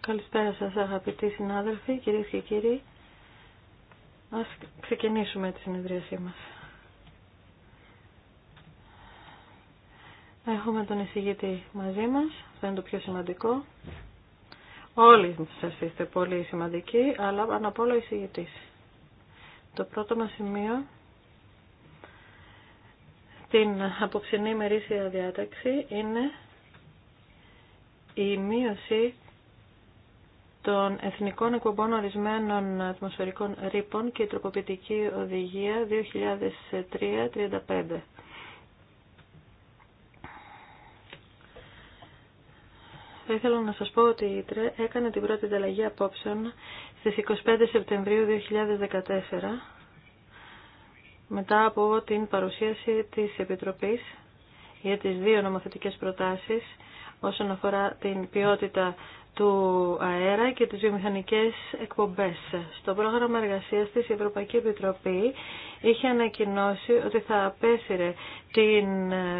Καλησπέρα σας αγαπητοί συνάδελφοι, κυρίες και κύριοι. Ας ξεκινήσουμε τη συνεδρίασή μας. Έχουμε τον εισηγητή μαζί μας, αυτό είναι το πιο σημαντικό. Όλοι σας είστε πολύ σημαντικοί, αλλά πάνω απ' όλα εισηγητής. Το πρώτο μας σημείο στην απόψινή μερίσια διάταξη είναι η μείωση των εθνικών εκπομπών ορισμένων ατμοσφαιρικών ρήπων και η τροποποιητική οδηγία 2003-35. Θα ήθελα να σας πω ότι η ΤΡΕ έκανε την πρώτη ανταλλαγή απόψεων στις 25 Σεπτεμβρίου 2014 μετά από την παρουσίαση της Επιτροπής για τις δύο νομοθετικές προτάσεις όσον αφορά την ποιότητα του αέρα και τις βιομηχανικές εκπομπές. Στο πρόγραμμα εργασίας της η Ευρωπαϊκή Επιτροπή είχε ανακοινώσει ότι θα απέσυρε την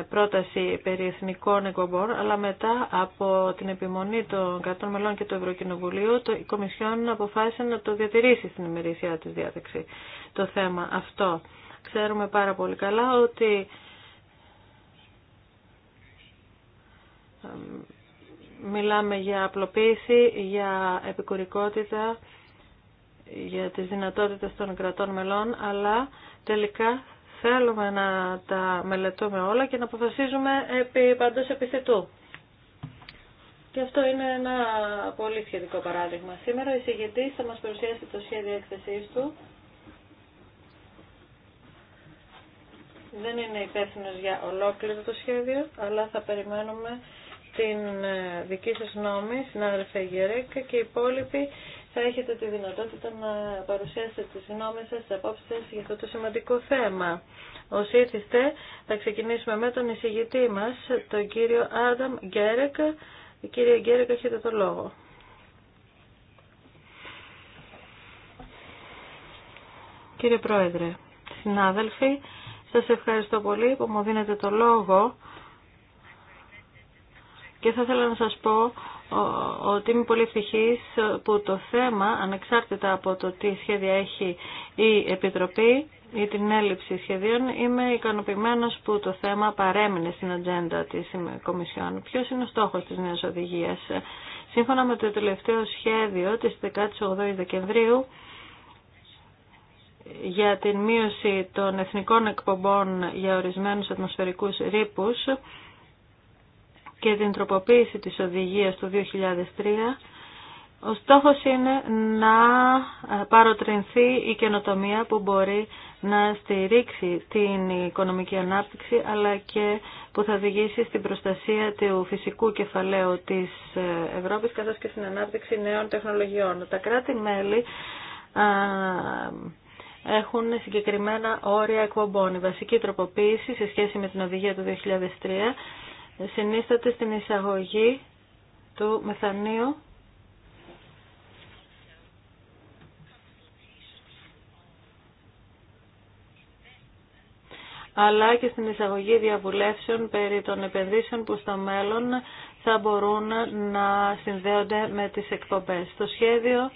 πρόταση περί εθνικών εκπομπών, αλλά μετά από την επιμονή των κρατών μελών και του Ευρωκοινοβουλίου, το, η Κομισιόν αποφάσισε να το διατηρήσει στην ημερήσια της διάταξη το θέμα αυτό. Ξέρουμε πάρα πολύ καλά ότι Μιλάμε για απλοποίηση, για επικουρικότητα, για τις δυνατότητες των κρατών μελών, αλλά τελικά θέλουμε να τα μελετούμε όλα και να αποφασίζουμε επί παντός επιθετού. Και αυτό είναι ένα πολύ σχετικό παράδειγμα. Σήμερα η εισηγητής θα μας παρουσιάσει το σχέδιο έκθεσής του. Δεν είναι υπεύθυνο για ολόκληρο το σχέδιο, αλλά θα περιμένουμε την ε, δική σας νόμη, συνάδελφε Γερέκα, και οι υπόλοιποι θα έχετε τη δυνατότητα να παρουσιάσετε τις γνώμες σας, τις απόψεις για αυτό το σημαντικό θέμα. Ως ήρθιστε, θα ξεκινήσουμε με τον εισηγητή μας, τον κύριο Άνταμ Γκέρεκ. Κύριε Γκέρεκ, έχετε το λόγο. Κύριε Πρόεδρε, συνάδελφοι, σας ευχαριστώ πολύ που μου δίνετε το λόγο και θα ήθελα να σας πω ότι είμαι πολύ ευτυχής που το θέμα, ανεξάρτητα από το τι σχέδια έχει η Επιτροπή ή την έλλειψη σχεδίων, είμαι ικανοποιημένος που το θέμα παρέμεινε στην ατζέντα της Κομισιόν. Ποιος είναι ο στόχος της νέας οδηγίας. Σύμφωνα με το τελευταίο σχέδιο της 18 Δεκεμβρίου, για την μείωση των εθνικών εκπομπών για ορισμένους ατμοσφαιρικούς ρήπους, και την τροποποίηση της οδηγίας του 2003, ο στόχος είναι να παροτρινθεί η καινοτομία που μπορεί να στηρίξει την οικονομική ανάπτυξη αλλά και που θα οδηγήσει στην προστασία του φυσικού κεφαλαίου της Ευρώπης καθώς και στην ανάπτυξη νέων τεχνολογιών. Τα κράτη-μέλη έχουν συγκεκριμένα όρια εκπομπών. Η βασική τροποποίηση σε σχέση με την οδηγία του 2003 συνίσταται στην εισαγωγή του μεθανίου αλλά και στην εισαγωγή διαβουλεύσεων περί των επενδύσεων που στο μέλλον θα μπορούν να συνδέονται με τις εκπομπές. Το σχέδιο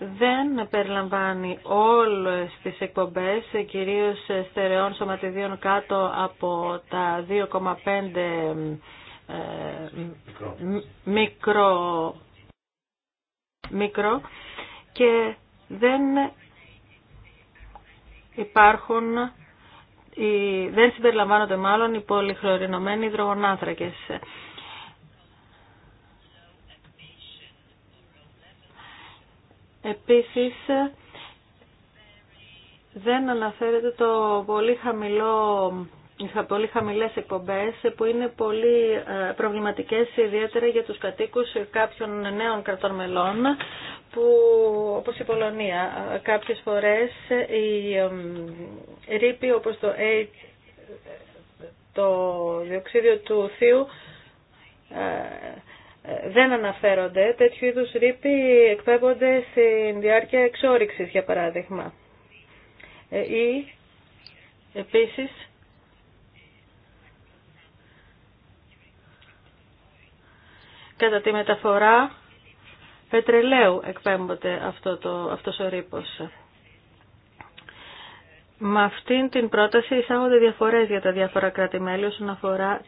δεν περιλαμβάνει όλες τις εκπομπές, κυρίως στερεών σωματιδίων κάτω από τα 2,5 ε, μικρό, μικρό και δεν υπάρχουν δεν συμπεριλαμβάνονται μάλλον οι πολυχλωρινωμένοι υδρογονάνθρακες. Επίσης, δεν αναφέρεται το πολύ χαμηλό είχα πολύ χαμηλές εκπομπές που είναι πολύ ε, προβληματικές ιδιαίτερα για τους κατοίκους κάποιων νέων κρατών μελών που όπως η Πολωνία ε, κάποιες φορές η ε, ρήπη όπως το, το διοξίδιο του θείου ε, δεν αναφέρονται. Τέτοιου είδους ρήποι εκπέμπονται στην διάρκεια εξόριξης, για παράδειγμα. Ε, ή, επίσης, κατά τη μεταφορά πετρελαίου εκπέμπονται αυτό το, αυτός ο ρήπος. Με αυτήν την πρόταση εισάγονται διαφορές για τα διάφορα κράτη-μέλη όσον αφορά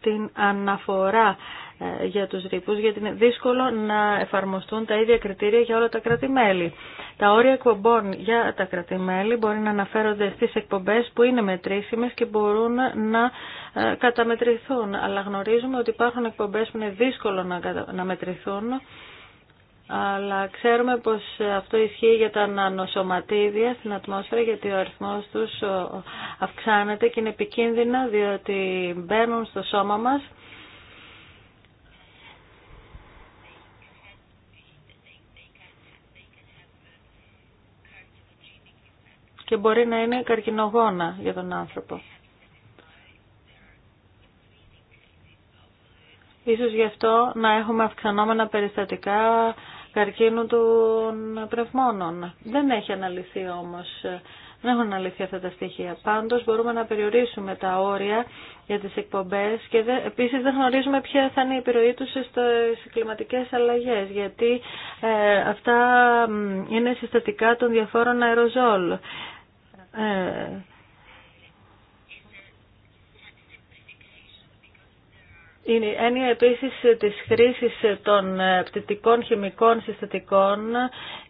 την αναφορά ε, για τους ρήπους, γιατί είναι δύσκολο να εφαρμοστούν τα ίδια κριτήρια για όλα τα κρατημέλη. Τα όρια εκπομπών για τα κρατημέλη μπορεί να αναφέρονται στις εκπομπές που είναι μετρήσιμες και μπορούν να ε, καταμετρηθούν, αλλά γνωρίζουμε ότι υπάρχουν εκπομπές που είναι δύσκολο να μετρηθούν αλλά ξέρουμε πως αυτό ισχύει για τα νανοσωματίδια στην ατμόσφαιρα γιατί ο αριθμός τους αυξάνεται και είναι επικίνδυνα διότι μπαίνουν στο σώμα μας και μπορεί να είναι καρκινογόνα για τον άνθρωπο. Ίσως γι' αυτό να έχουμε αυξανόμενα περιστατικά καρκίνου των πνευμόνων. Δεν έχει αναλυθεί όμως, δεν έχουν αναλυθεί αυτά τα στοιχεία. Πάντως μπορούμε να περιορίσουμε τα όρια για τις εκπομπές και δε, επίσης δεν γνωρίζουμε ποια θα είναι η επιρροή τους στις κλιματικές αλλαγές γιατί ε, αυτά είναι συστατικά των διαφόρων αεροζόλ. Ε, η έννοια επίσης της χρήσης των ε, πτυτικών χημικών συστατικών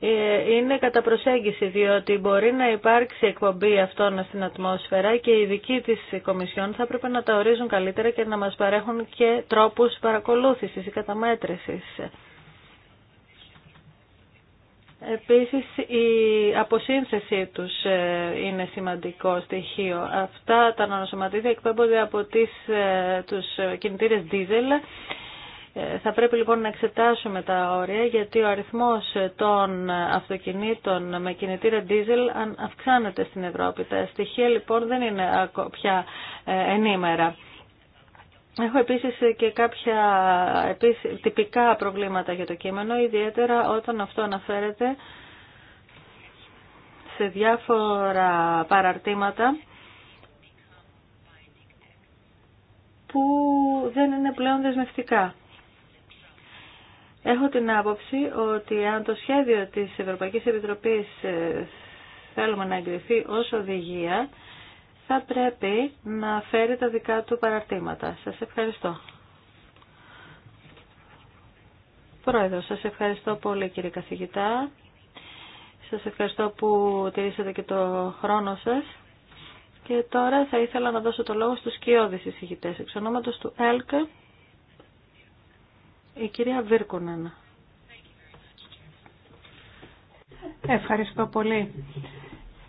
ε, είναι κατά προσέγγιση διότι μπορεί να υπάρξει εκπομπή αυτών στην ατμόσφαιρα και οι δικοί της Κομισιόν θα έπρεπε να τα ορίζουν καλύτερα και να μας παρέχουν και τρόπους παρακολούθησης ή καταμέτρησης. Επίσης η αποσύνθεσή τους ε, είναι σημαντικό στοιχείο. Αυτά τα νοσοματίδια εκπέμπονται από τις, ε, τους κινητήρες δίζελ. Ε, θα πρέπει λοιπόν να εξετάσουμε τα όρια γιατί ο αριθμός των αυτοκινήτων με κινητήρα δίζελ αυξάνεται στην Ευρώπη. Τα στοιχεία λοιπόν δεν είναι πια ενήμερα. Έχω επίσης και κάποια επίσης, τυπικά προβλήματα για το κείμενο, ιδιαίτερα όταν αυτό αναφέρεται σε διάφορα παραρτήματα που δεν είναι πλέον δεσμευτικά. Έχω την άποψη ότι αν το σχέδιο της Ευρωπαϊκής Επιτροπής ε, θέλουμε να εγκριθεί ως οδηγία, θα πρέπει να φέρει τα δικά του παραρτήματα. Σας ευχαριστώ. Πρόεδρο, σας ευχαριστώ πολύ κύριε καθηγητά. Σας ευχαριστώ που τηρήσατε και το χρόνο σας. Και τώρα θα ήθελα να δώσω το λόγο στους κοιόδης εισηγητές. Εξ ονόματος του ΕΛΚΑ, η κυρία Βίρκουνεν. Ευχαριστώ πολύ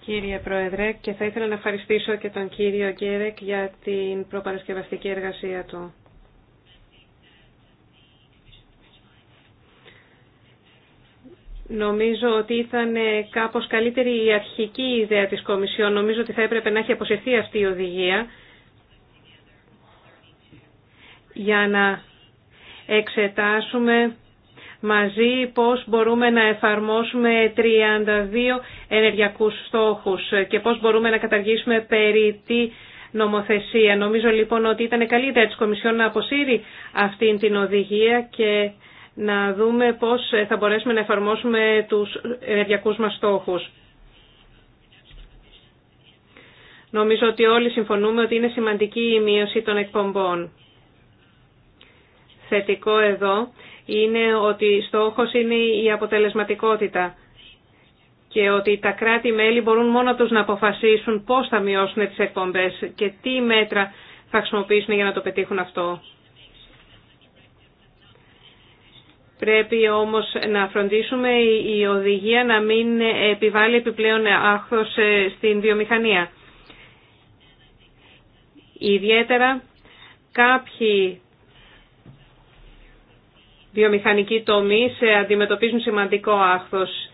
Κύριε Πρόεδρε, και θα ήθελα να ευχαριστήσω και τον κύριο Γκέρεκ για την προπαρασκευαστική εργασία του. Νομίζω ότι ήταν ε, κάπως καλύτερη η αρχική ιδέα της Κομισιόν. Νομίζω ότι θα έπρεπε να έχει αποσυρθεί αυτή η οδηγία για να εξετάσουμε μαζί πώς μπορούμε να εφαρμόσουμε 32 ενεργειακούς στόχους και πώς μπορούμε να καταργήσουμε περί τη νομοθεσία. Νομίζω λοιπόν ότι ήταν καλή ιδέα της Κομισιόν να αποσύρει αυτή την οδηγία και να δούμε πώς θα μπορέσουμε να εφαρμόσουμε τους ενεργειακούς μας στόχους. Νομίζω ότι όλοι συμφωνούμε ότι είναι σημαντική η μείωση των εκπομπών. Θετικό εδώ είναι ότι στόχος είναι η αποτελεσματικότητα και ότι τα κράτη-μέλη μπορούν μόνο τους να αποφασίσουν πώς θα μειώσουν τις εκπομπές και τι μέτρα θα χρησιμοποιήσουν για να το πετύχουν αυτό. Πρέπει όμως να φροντίσουμε η οδηγία να μην επιβάλλει επιπλέον άχθος ε, στην βιομηχανία. Ιδιαίτερα κάποιοι βιομηχανικοί τομείς ε, αντιμετωπίζουν σημαντικό άχθος.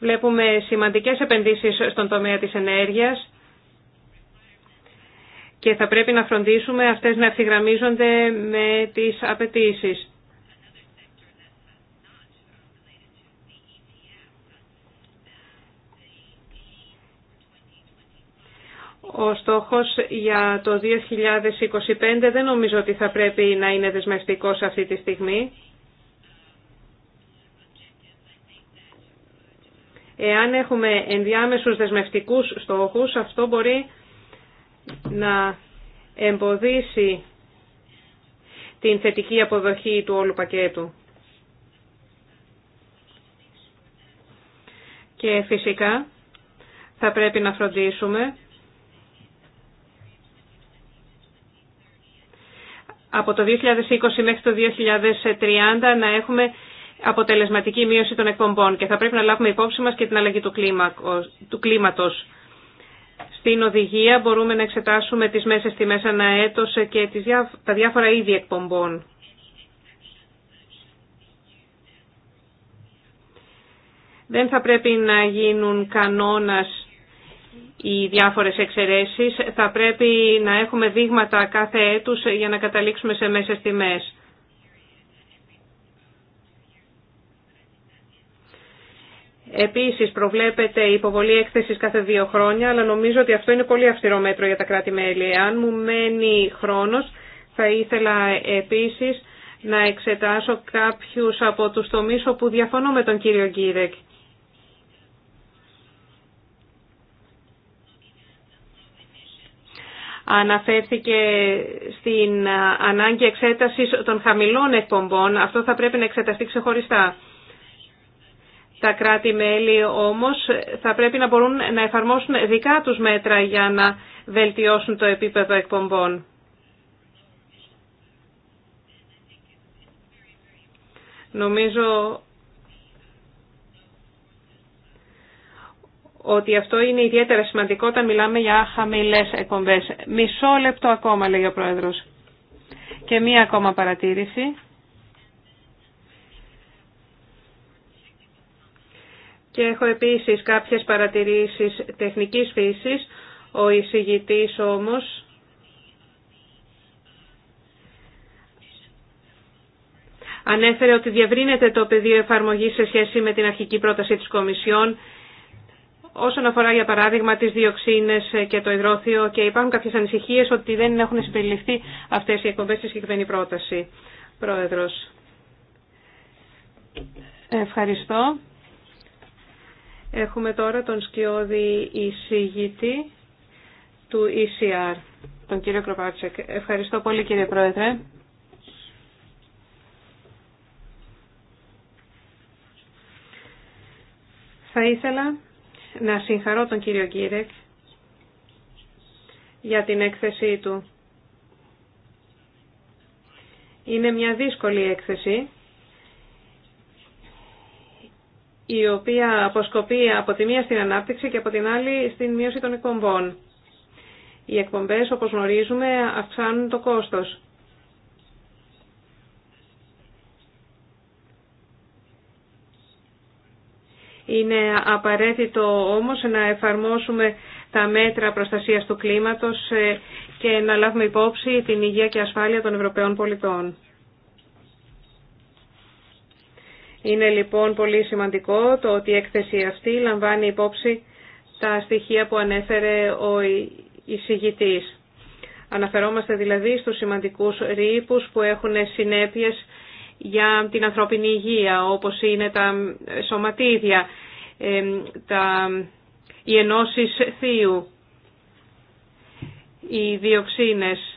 Βλέπουμε σημαντικές επενδύσεις στον τομέα της ενέργειας και θα πρέπει να φροντίσουμε αυτές να ευθυγραμμίζονται με τις απαιτήσει. Ο στόχος για το 2025 δεν νομίζω ότι θα πρέπει να είναι δεσμευτικός αυτή τη στιγμή. Εάν έχουμε ενδιάμεσους δεσμευτικούς στόχους, αυτό μπορεί να εμποδίσει την θετική αποδοχή του όλου πακέτου. Και φυσικά θα πρέπει να φροντίσουμε από το 2020 μέχρι το 2030 να έχουμε αποτελεσματική μείωση των εκπομπών και θα πρέπει να λάβουμε υπόψη μας και την αλλαγή του, του κλίματος. Στην οδηγία μπορούμε να εξετάσουμε τις μέσες τιμές ανά έτος και τα διάφορα είδη εκπομπών. Δεν θα πρέπει να γίνουν κανόνας οι διάφορες εξαιρέσεις, θα πρέπει να έχουμε δείγματα κάθε έτους για να καταλήξουμε σε μέσες τιμές. Επίσης προβλέπεται η υποβολή έκθεσης κάθε δύο χρόνια, αλλά νομίζω ότι αυτό είναι πολύ αυστηρό μέτρο για τα κράτη-μέλη. Αν μου μένει χρόνος, θα ήθελα επίσης να εξετάσω κάποιους από τους τομείς όπου διαφωνώ με τον κύριο Γκίρεκ. αναφέρθηκε στην ανάγκη εξέτασης των χαμηλών εκπομπών. Αυτό θα πρέπει να εξεταστεί ξεχωριστά. Τα κράτη-μέλη όμως θα πρέπει να μπορούν να εφαρμόσουν δικά τους μέτρα για να βελτιώσουν το επίπεδο εκπομπών. Νομίζω ότι αυτό είναι ιδιαίτερα σημαντικό όταν μιλάμε για χαμηλές εκπομπές. Μισό λεπτό ακόμα, λέει ο Πρόεδρος. Και μία ακόμα παρατήρηση. Και έχω επίσης κάποιες παρατηρήσεις τεχνικής φύσης. Ο εισηγητής όμως ανέφερε ότι διευρύνεται το πεδίο εφαρμογής σε σχέση με την αρχική πρόταση της Κομισιόν όσον αφορά για παράδειγμα τις διοξίνες και το υδρόθιο και υπάρχουν κάποιες ανησυχίες ότι δεν έχουν συμπεριληφθεί αυτές οι εκπομπές στη συγκεκριμένη πρόταση. Πρόεδρος. Ευχαριστώ. Έχουμε τώρα τον σκιώδη εισηγητή του ECR, τον κύριο Κροπάτσεκ. Ευχαριστώ πολύ κύριε Πρόεδρε. Θα ήθελα να συγχαρώ τον κύριο Γκίρεκ για την έκθεσή του. Είναι μια δύσκολη έκθεση η οποία αποσκοπεί από τη μία στην ανάπτυξη και από την άλλη στην μείωση των εκπομπών. Οι εκπομπές, όπως γνωρίζουμε, αυξάνουν το κόστος. Είναι απαραίτητο όμως να εφαρμόσουμε τα μέτρα προστασίας του κλίματος ε, και να λάβουμε υπόψη την υγεία και ασφάλεια των Ευρωπαίων πολιτών. Είναι λοιπόν πολύ σημαντικό το ότι η έκθεση αυτή λαμβάνει υπόψη τα στοιχεία που ανέφερε ο εισηγητής. Αναφερόμαστε δηλαδή στους σημαντικούς ρήπους που έχουν συνέπειες για την ανθρώπινη υγεία, όπως είναι τα σωματίδια, τα, οι ενώσεις θείου, οι διοξίνες.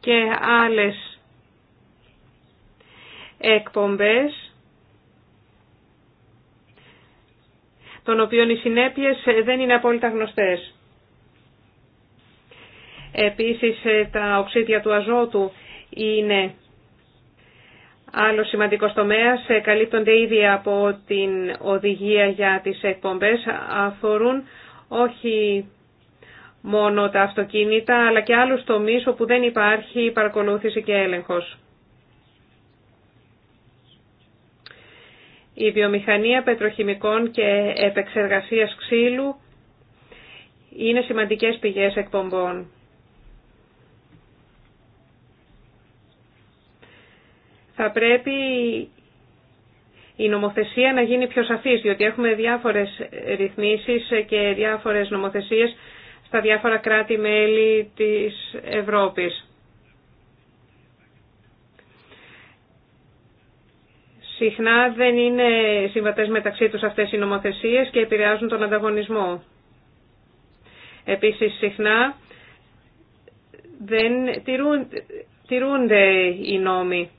και άλλες εκπομπές των οποίων οι συνέπειες δεν είναι απόλυτα γνωστές. Επίσης ε, τα οξύδια του αζότου είναι άλλο σημαντικό τομέα. Ε, καλύπτονται ήδη από την οδηγία για τις εκπομπές. Αφορούν όχι μόνο τα αυτοκίνητα, αλλά και άλλους τομείς όπου δεν υπάρχει παρακολούθηση και έλεγχος. Η βιομηχανία πετροχημικών και επεξεργασίας ξύλου είναι σημαντικές πηγές εκπομπών. θα πρέπει η νομοθεσία να γίνει πιο σαφής, διότι έχουμε διάφορες ρυθμίσεις και διάφορες νομοθεσίες στα διάφορα κράτη-μέλη της Ευρώπης. Συχνά δεν είναι συμβατές μεταξύ τους αυτές οι νομοθεσίες και επηρεάζουν τον ανταγωνισμό. Επίσης συχνά δεν τηρούν, τηρούνται οι νόμοι.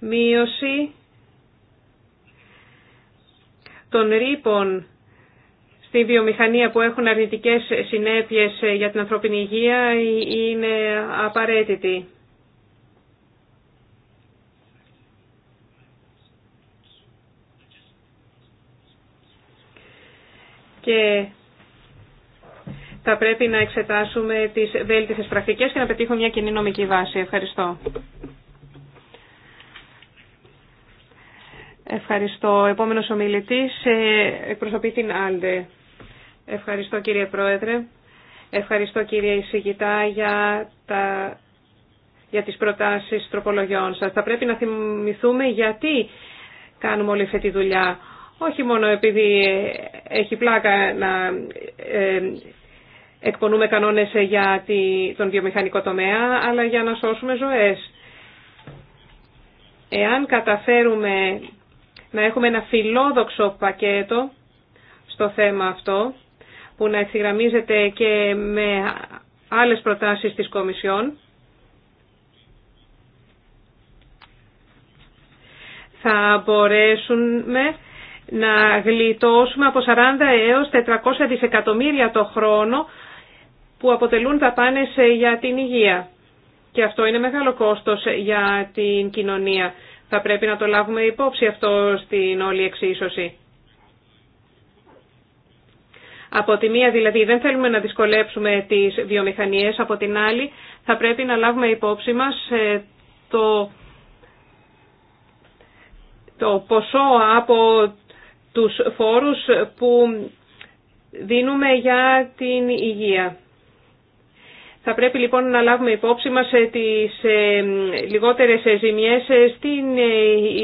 μείωση των ρήπων στη βιομηχανία που έχουν αρνητικές συνέπειες για την ανθρώπινη υγεία είναι απαραίτητη. Και θα πρέπει να εξετάσουμε τις βέλτιστες πρακτικές και να πετύχουμε μια κοινή νομική βάση. Ευχαριστώ. Ευχαριστώ. Επόμενος ομιλητής ε, εκπροσωπεί την Άλντε. Ευχαριστώ κύριε Πρόεδρε. Ευχαριστώ κύριε Ισηγητά για, τα... για τις προτάσεις τροπολογιών σας. Θα πρέπει να θυμηθούμε γιατί κάνουμε όλη αυτή τη δουλειά. Όχι μόνο επειδή ε, έχει πλάκα να ε, εκπονούμε κανόνες για τον βιομηχανικό τομέα, αλλά για να σώσουμε ζωές. Εάν καταφέρουμε να έχουμε ένα φιλόδοξο πακέτο στο θέμα αυτό που να ευθυγραμμίζεται και με άλλες προτάσεις της Κομισιόν. Θα μπορέσουμε να γλιτώσουμε από 40 έως 400 δισεκατομμύρια το χρόνο που αποτελούν τα δαπάνες για την υγεία. Και αυτό είναι μεγάλο κόστος για την κοινωνία. Θα πρέπει να το λάβουμε υπόψη αυτό στην όλη εξίσωση. Από τη μία δηλαδή δεν θέλουμε να δυσκολέψουμε τις βιομηχανίες, από την άλλη θα πρέπει να λάβουμε υπόψη μας ε, το, το ποσό από τους φόρους που δίνουμε για την υγεία. Θα πρέπει λοιπόν να λάβουμε υπόψη μας ε, τις ε, λιγότερες ε, ζημιές στην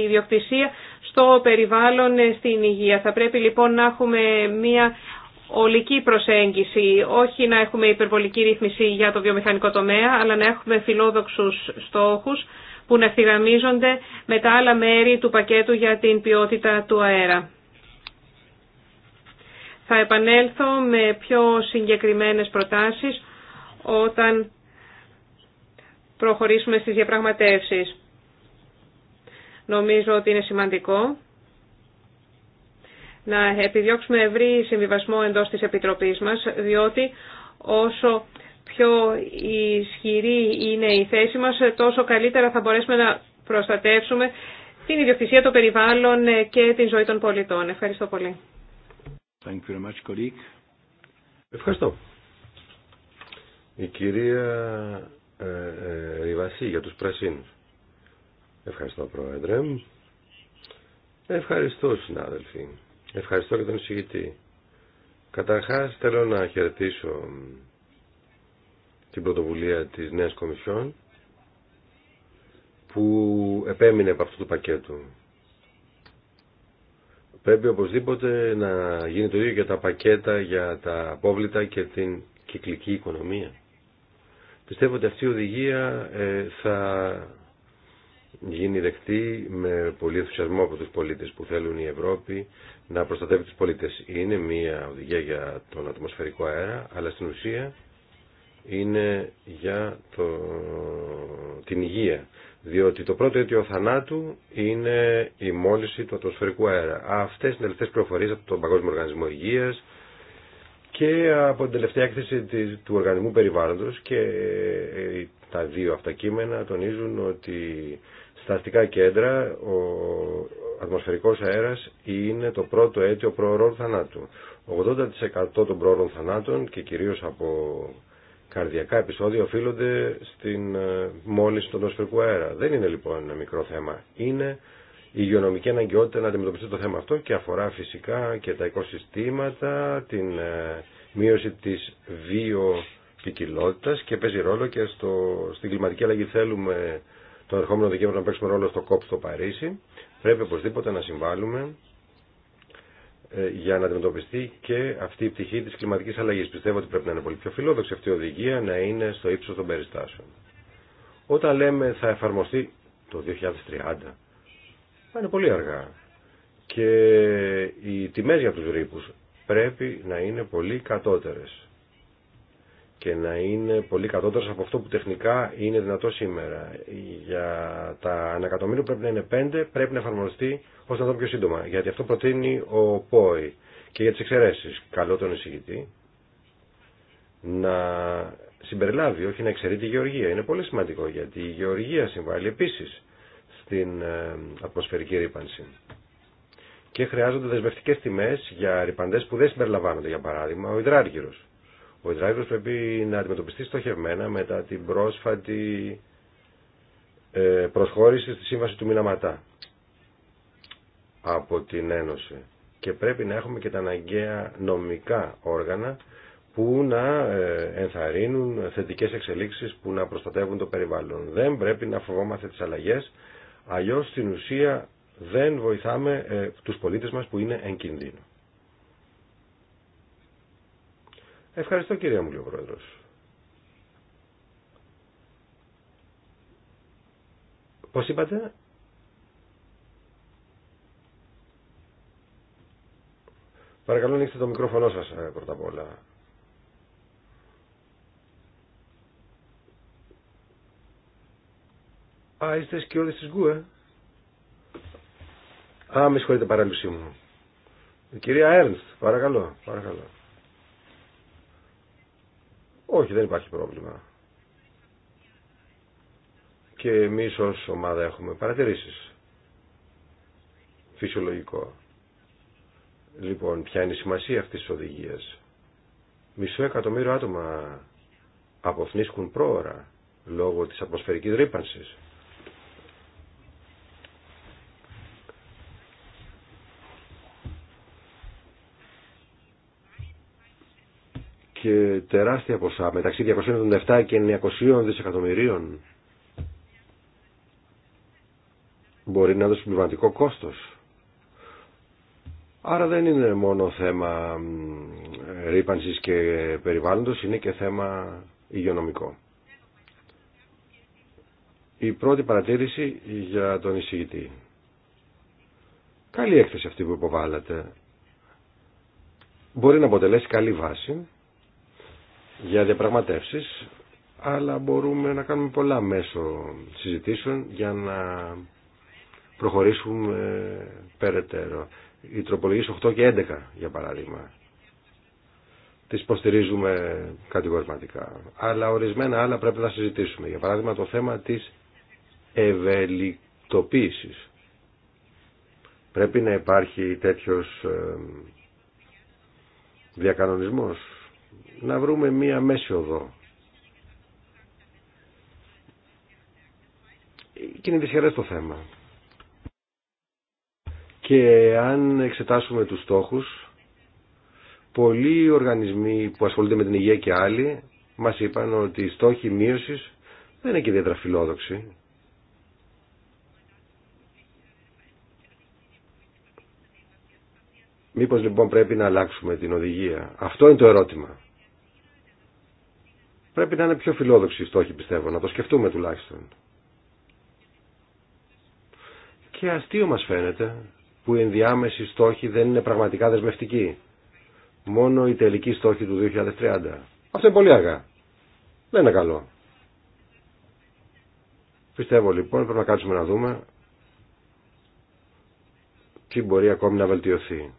ιδιοκτησία, στο περιβάλλον, στην υγεία. Θα πρέπει λοιπόν να έχουμε μια ολική προσέγγιση, όχι να έχουμε υπερβολική ρύθμιση για το βιομηχανικό τομέα, αλλά να έχουμε φιλόδοξους στόχους που να ευθυγραμμίζονται με τα άλλα μέρη του πακέτου για την ποιότητα του αέρα. Θα επανέλθω με πιο συγκεκριμένες προτάσεις όταν προχωρήσουμε στις διαπραγματεύσεις. Νομίζω ότι είναι σημαντικό να επιδιώξουμε ευρύ συμβιβασμό εντός της Επιτροπής μας, διότι όσο πιο ισχυρή είναι η θέση μας, τόσο καλύτερα θα μπορέσουμε να προστατεύσουμε την ιδιοκτησία, των περιβάλλων και την ζωή των πολιτών. Ευχαριστώ πολύ. Ευχαριστώ. Η κυρία ε, ε, Ριβασί για τους Πρασίνους. Ευχαριστώ Πρόεδρε. Ευχαριστώ συνάδελφοι. Ευχαριστώ και τον εισηγητή. Καταρχάς θέλω να χαιρετήσω την πρωτοβουλία της Νέας Κομισιόν που επέμεινε από αυτό του πακέτο Πρέπει οπωσδήποτε να γίνει το ίδιο για τα πακέτα, για τα απόβλητα και την κυκλική οικονομία. Πιστεύω ότι αυτή η οδηγία ε, θα γίνει δεκτή με πολύ ενθουσιασμό από τους πολίτες που θέλουν η Ευρώπη να προστατεύει τους πολίτες. Είναι μια οδηγία για τον ατμοσφαιρικό αέρα, αλλά στην ουσία είναι για το... την υγεία. Διότι το πρώτο αίτιο θανάτου είναι η μόλυνση του ατμοσφαιρικού αέρα. Αυτές είναι τελευταίες πληροφορίες από τον Παγκόσμιο Οργανισμό Υγείας, και από την τελευταία έκθεση του Οργανισμού Περιβάλλοντος και ε, ε, τα δύο αυτά κείμενα τονίζουν ότι στα αστικά κέντρα ο ατμοσφαιρικός αέρας είναι το πρώτο αίτιο προωρών θανάτου. 80% των προωρών θανάτων και κυρίως από καρδιακά επεισόδια οφείλονται στην ε, μόλιση του ατμοσφαιρικού αέρα. Δεν είναι λοιπόν ένα μικρό θέμα. Είναι υγειονομική αναγκαιότητα να αντιμετωπιστεί το θέμα αυτό και αφορά φυσικά και τα οικοσυστήματα, την ε, μείωση της βιοπικιλότητας και παίζει ρόλο και στο, στην κλιματική αλλαγή θέλουμε τον ερχόμενο Δεκέμβριο να παίξουμε ρόλο στο COP στο Παρίσι. Πρέπει οπωσδήποτε να συμβάλλουμε ε, για να αντιμετωπιστεί και αυτή η πτυχή της κλιματικής αλλαγής. Πιστεύω ότι πρέπει να είναι πολύ πιο φιλόδοξη αυτή η οδηγία, να είναι στο ύψος των περιστάσεων. Όταν λέμε θα εφαρμοστεί το 2030, είναι πολύ αργά. Και οι τιμές για τους ρήπους πρέπει να είναι πολύ κατώτερες. Και να είναι πολύ κατώτερες από αυτό που τεχνικά είναι δυνατό σήμερα. Για τα ανακατομμύρια πρέπει να είναι 5, πρέπει να εφαρμοστεί ώστε να το πιο σύντομα. Γιατί αυτό προτείνει ο ΠΟΗ. Και για τις εξαιρέσεις, καλό τον εισηγητή να συμπεριλάβει, όχι να εξαιρεί τη γεωργία. Είναι πολύ σημαντικό γιατί η γεωργία συμβάλλει επίσης στην ε, ατμοσφαιρική ρήπανση. Και χρειάζονται δεσμευτικέ τιμέ για ρηπαντέ που δεν συμπεριλαμβάνονται, για παράδειγμα, ο υδράργυρο. Ο υδράργυρο πρέπει να αντιμετωπιστεί στοχευμένα μετά την πρόσφατη ε, προσχώρηση στη σύμβαση του Μιναματά από την Ένωση. Και πρέπει να έχουμε και τα αναγκαία νομικά όργανα που να ε, ενθαρρύνουν θετικέ εξελίξεις που να προστατεύουν το περιβάλλον. Δεν πρέπει να φοβόμαστε τις αλλαγέ. Αλλιώς στην ουσία δεν βοηθάμε ε, τους πολίτες μας που είναι εν κινδύνου. Ευχαριστώ κυρία μου, λέει ο Πώς είπατε? Παρακαλώ ανοίξτε το μικρόφωνο σας ε, πρώτα απ' όλα. Α, είστε και όλες γκουε. Α, με συγχωρείτε παραλήψη μου. κυρία Έρνστ, παρακαλώ, παρακαλώ. Όχι, δεν υπάρχει πρόβλημα. Και εμείς ως ομάδα έχουμε παρατηρήσεις. Φυσιολογικό. Λοιπόν, ποια είναι η σημασία αυτής της οδηγίας. Μισό εκατομμύριο άτομα αποφνίσκουν πρόωρα λόγω της ατμοσφαιρικής ρήπανσης. και τεράστια ποσά, μεταξύ 277 και 900 δισεκατομμυρίων. Μπορεί να δώσει πληματικό κόστος. Άρα δεν είναι μόνο θέμα ε, ρήπανσης και περιβάλλοντος, είναι και θέμα υγειονομικό. Η πρώτη παρατήρηση για τον εισηγητή. Καλή έκθεση αυτή που υποβάλλατε. Μπορεί να αποτελέσει καλή βάση για διαπραγματεύσεις, αλλά μπορούμε να κάνουμε πολλά μέσω συζητήσεων για να προχωρήσουμε ε, περαιτέρω. Οι τροπολογίες 8 και 11, για παράδειγμα, τις υποστηρίζουμε κατηγορηματικά. Αλλά ορισμένα άλλα πρέπει να συζητήσουμε. Για παράδειγμα, το θέμα της ευελικτοποίησης. Πρέπει να υπάρχει τέτοιος ε, διακανονισμός να βρούμε μία μέση οδό. Και είναι δυσχερές το θέμα. Και αν εξετάσουμε τους στόχους, πολλοί οργανισμοί που ασχολούνται με την υγεία και άλλοι μας είπαν ότι οι στόχοι μείωσης δεν είναι και ιδιαίτερα φιλόδοξοι. Μήπως λοιπόν πρέπει να αλλάξουμε την οδηγία. Αυτό είναι το ερώτημα. Πρέπει να είναι πιο φιλόδοξοι οι στόχοι, πιστεύω, να το σκεφτούμε τουλάχιστον. Και αστείο μας φαίνεται που οι ενδιάμεσοι στόχοι δεν είναι πραγματικά δεσμευτικοί. Μόνο οι τελικοί στόχοι του 2030. Αυτό είναι πολύ αργά. Δεν είναι καλό. Πιστεύω λοιπόν πρέπει να κάτσουμε να δούμε τι μπορεί ακόμη να βελτιωθεί.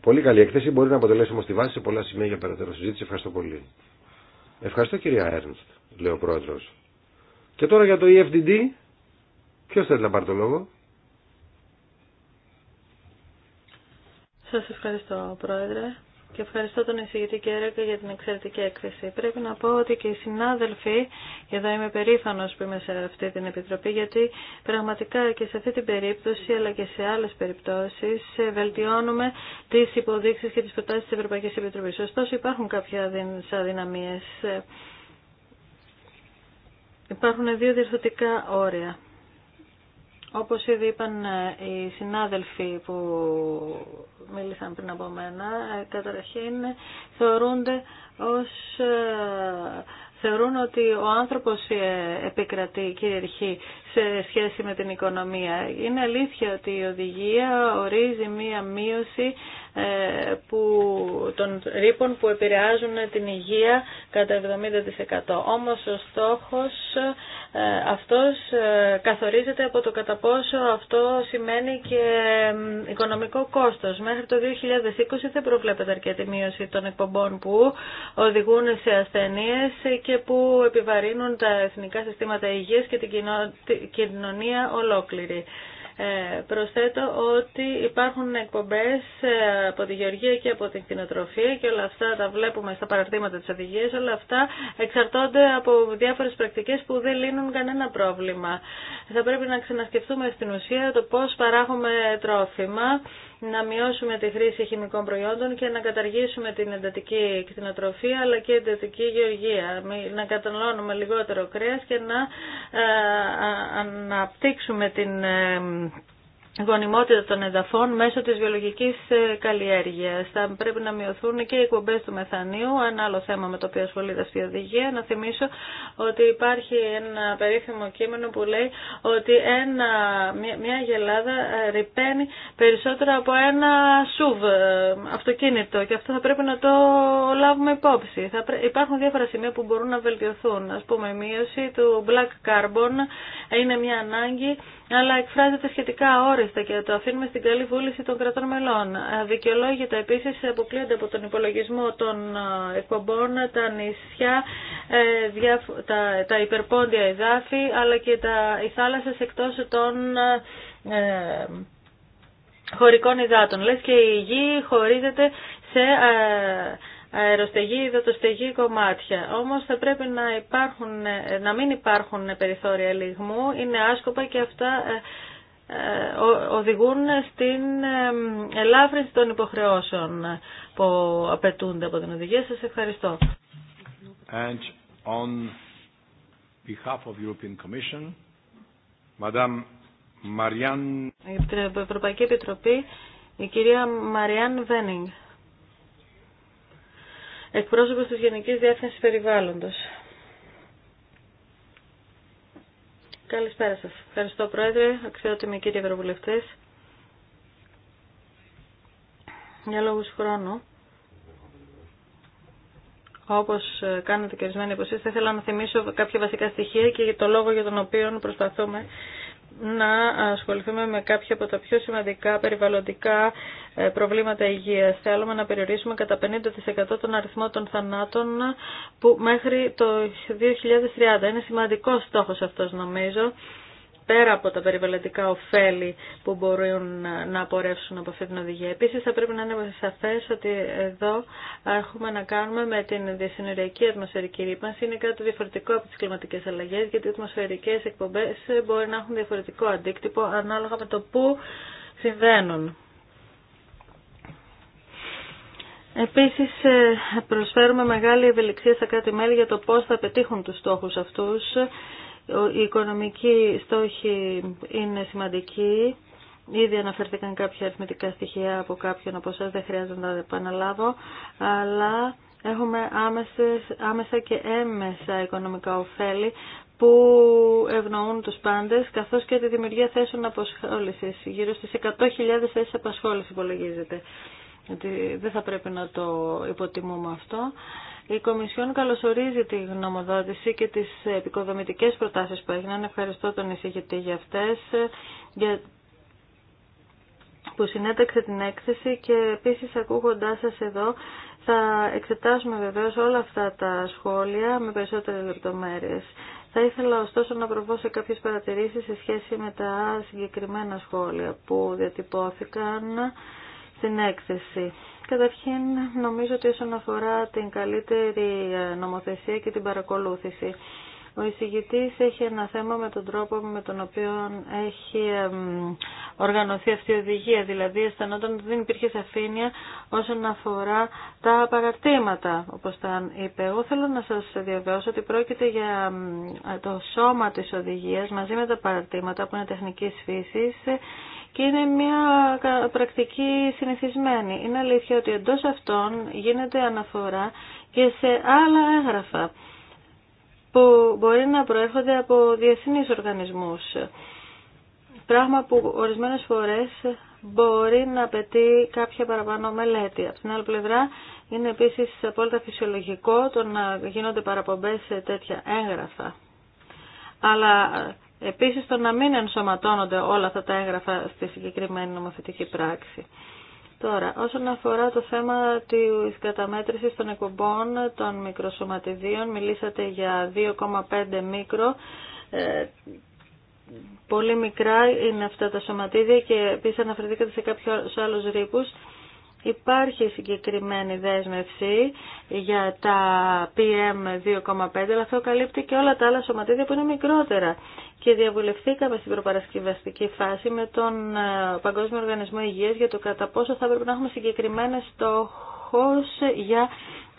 Πολύ καλή έκθεση, μπορεί να αποτελέσει όμω τη βάση σε πολλά σημεία για περαιτέρω συζήτηση. Ευχαριστώ πολύ. Ευχαριστώ κυρία Έρνστ, λέει ο πρόεδρο. Και τώρα για το EFDD, ποιο θέλει να πάρει το λόγο. σα ευχαριστώ, Πρόεδρε και ευχαριστώ τον εισηγητή Κέρεκα για την εξαιρετική έκθεση. Πρέπει να πω ότι και οι συνάδελφοι, και εδώ είμαι περήφανο που είμαι σε αυτή την Επιτροπή, γιατί πραγματικά και σε αυτή την περίπτωση, αλλά και σε άλλες περιπτώσεις, βελτιώνουμε τις υποδείξεις και τις προτάσει τη Ευρωπαϊκής Επιτροπής. Ωστόσο υπάρχουν κάποια αδυναμίες. Ε, υπάρχουν δύο διορθωτικά όρια. Όπως ήδη είπαν ε, οι συνάδελφοι που μίλησαν πριν από μένα, ε, καταρχήν θεωρούνται ως ε, θεωρούν ότι ο άνθρωπος επικρατεί, κυριαρχεί σε σχέση με την οικονομία. Είναι αλήθεια ότι η οδηγία ορίζει μία μείωση ε, που, των ρήπων που επηρεάζουν την υγεία κατά 70%. Όμως ο στόχος ε, αυτός ε, καθορίζεται από το κατά πόσο αυτό σημαίνει και οικονομικό κόστος. Μέχρι το 2020 δεν προβλέπεται αρκετή μείωση των εκπομπών που οδηγούν σε ασθενείες και που επιβαρύνουν τα εθνικά συστήματα υγείας και την κοινωνία ολόκληρη. Ε, προσθέτω ότι υπάρχουν εκπομπές ε, από τη γεωργία και από την κτηνοτροφία και όλα αυτά τα βλέπουμε στα παραρτήματα της οδηγίας, όλα αυτά εξαρτώνται από διάφορες πρακτικές που δεν λύνουν κανένα πρόβλημα. Θα πρέπει να ξανασκεφτούμε στην ουσία το πώς παράγουμε τρόφιμα να μειώσουμε τη χρήση χημικών προϊόντων και να καταργήσουμε την εντατική κτηνοτροφία αλλά και την εντατική γεωργία. Να καταναλώνουμε λιγότερο κρέας και να ε, αναπτύξουμε την ε, γονιμότητα των εδαφών μέσω της βιολογικής ε, καλλιέργειας. Θα πρέπει να μειωθούν και οι εκπομπέ του μεθανίου, ένα άλλο θέμα με το οποίο ασχολείται αυτή η οδηγία. Να θυμίσω ότι υπάρχει ένα περίφημο κείμενο που λέει ότι ένα, μια γελάδα ε, ρηπαίνει περισσότερο από ένα σουβ ε, αυτοκίνητο και αυτό θα πρέπει να το λάβουμε υπόψη. Θα Υπάρχουν διάφορα σημεία που μπορούν να βελτιωθούν. Ας πούμε, η μείωση του black carbon είναι μια ανάγκη αλλά εκφράζεται σχετικά αόριστα και το αφήνουμε στην καλή βούληση των κρατών μελών. Δικαιολόγητα επίσης αποκλείονται από τον υπολογισμό των ε, εκπομπών τα νησιά, ε, τα υπερπόντια εδάφη, αλλά και τα, οι θάλασσες εκτός των ε, χωρικών υδάτων. Λες και η γη χωρίζεται σε αεροστεγή, υδατοστεγή κομμάτια. Όμως θα πρέπει να, υπάρχουν, να μην υπάρχουν περιθώρια λιγμού, είναι άσκοπα και αυτά ε, ε, οδηγούν στην ε, ελάφρυνση των υποχρεώσεων που απαιτούνται από την οδηγία. Σας ευχαριστώ. And on behalf of Η Ευρωπαϊκή Επιτροπή, η κυρία Μαριάν Βένιγκ εκπρόσωπος της Γενικής Διεύθυνσης Περιβάλλοντος. Καλησπέρα σας. Ευχαριστώ Πρόεδρε, αξιότιμοι κύριοι Ευρωβουλευτές. Για λόγους χρόνου, όπως κάνετε και ορισμένοι από εσείς, θα ήθελα να θυμίσω κάποια βασικά στοιχεία και το λόγο για τον οποίο προσπαθούμε να ασχοληθούμε με κάποια από τα πιο σημαντικά περιβαλλοντικά ε, προβλήματα υγείας. Θέλουμε να περιορίσουμε κατά 50% τον αριθμό των θανάτων που μέχρι το 2030. Είναι σημαντικός στόχος αυτός νομίζω πέρα από τα περιβαλλοντικά ωφέλη που μπορούν να απορρεύσουν από αυτή την οδηγία. Επίση, θα πρέπει να είναι σαφέ ότι εδώ έχουμε να κάνουμε με την διασυνοριακή ατμοσφαιρική ρήπανση. Είναι κάτι διαφορετικό από τι κλιματικέ αλλαγέ, γιατί οι ατμοσφαιρικές εκπομπέ μπορεί να έχουν διαφορετικό αντίκτυπο ανάλογα με το πού συμβαίνουν. Επίσης ε, προσφέρουμε μεγάλη ευελιξία στα κράτη-μέλη για το πώς θα πετύχουν τους στόχους αυτούς οι οικονομικοί στόχοι είναι σημαντικοί. Ήδη αναφέρθηκαν κάποια αριθμητικά στοιχεία από κάποιον από εσάς, δεν χρειάζεται να τα επαναλάβω, αλλά έχουμε άμεσες, άμεσα και έμεσα οικονομικά ωφέλη που ευνοούν τους πάντες, καθώς και τη δημιουργία θέσεων απασχόλησης. Γύρω στις 100.000 θέσεις απασχόλησης υπολογίζεται. Δεν θα πρέπει να το υποτιμούμε αυτό. Η Κομισιόν καλωσορίζει τη γνωμοδότηση και τις επικοδομητικές προτάσεις που έγιναν. Ευχαριστώ τον εισηγητή για αυτές, για που συνέταξε την έκθεση και επίσης ακούγοντάς σας εδώ θα εξετάσουμε βεβαίως όλα αυτά τα σχόλια με περισσότερες λεπτομέρειες. Θα ήθελα ωστόσο να προβώ σε κάποιες παρατηρήσεις σε σχέση με τα συγκεκριμένα σχόλια που διατυπώθηκαν στην έκθεση. Καταρχήν, νομίζω ότι όσον αφορά την καλύτερη ε, νομοθεσία και την παρακολούθηση, ο εισηγητής έχει ένα θέμα με τον τρόπο με τον οποίο έχει οργανωθεί αυτή η οδηγία. Δηλαδή αισθανόταν ότι δεν υπήρχε σαφήνεια όσον αφορά τα παραρτήματα, όπως τα είπε. Εγώ θέλω να σας διαβεβαιώσω ότι πρόκειται για το σώμα της οδηγίας μαζί με τα παραρτήματα που είναι τεχνικής φύσης και είναι μια πρακτική συνηθισμένη. Είναι αλήθεια ότι εντός αυτών γίνεται αναφορά και σε άλλα έγγραφα που μπορεί να προέρχονται από διεθνείς οργανισμούς. Πράγμα που ορισμένες φορές μπορεί να απαιτεί κάποια παραπάνω μελέτη. Από την άλλη πλευρά είναι επίσης απόλυτα φυσιολογικό το να γίνονται παραπομπές σε τέτοια έγγραφα. Αλλά Επίσης το να μην ενσωματώνονται όλα αυτά τα έγγραφα στη συγκεκριμένη νομοθετική πράξη. Τώρα, όσον αφορά το θέμα της καταμέτρησης των εκπομπών των μικροσωματιδίων, μιλήσατε για 2,5 μικρο. Ε, πολύ μικρά είναι αυτά τα σωματίδια και επίσης αναφερθήκατε σε κάποιους άλλους ρήπους. Υπάρχει συγκεκριμένη δέσμευση για τα PM2,5, αλλά αυτό καλύπτει και όλα τα άλλα σωματίδια που είναι μικρότερα. Και διαβουλευτήκαμε στην προπαρασκευαστική φάση με τον ε, Παγκόσμιο Οργανισμό Υγείας για το κατά πόσο θα πρέπει να έχουμε συγκεκριμένα στόχους για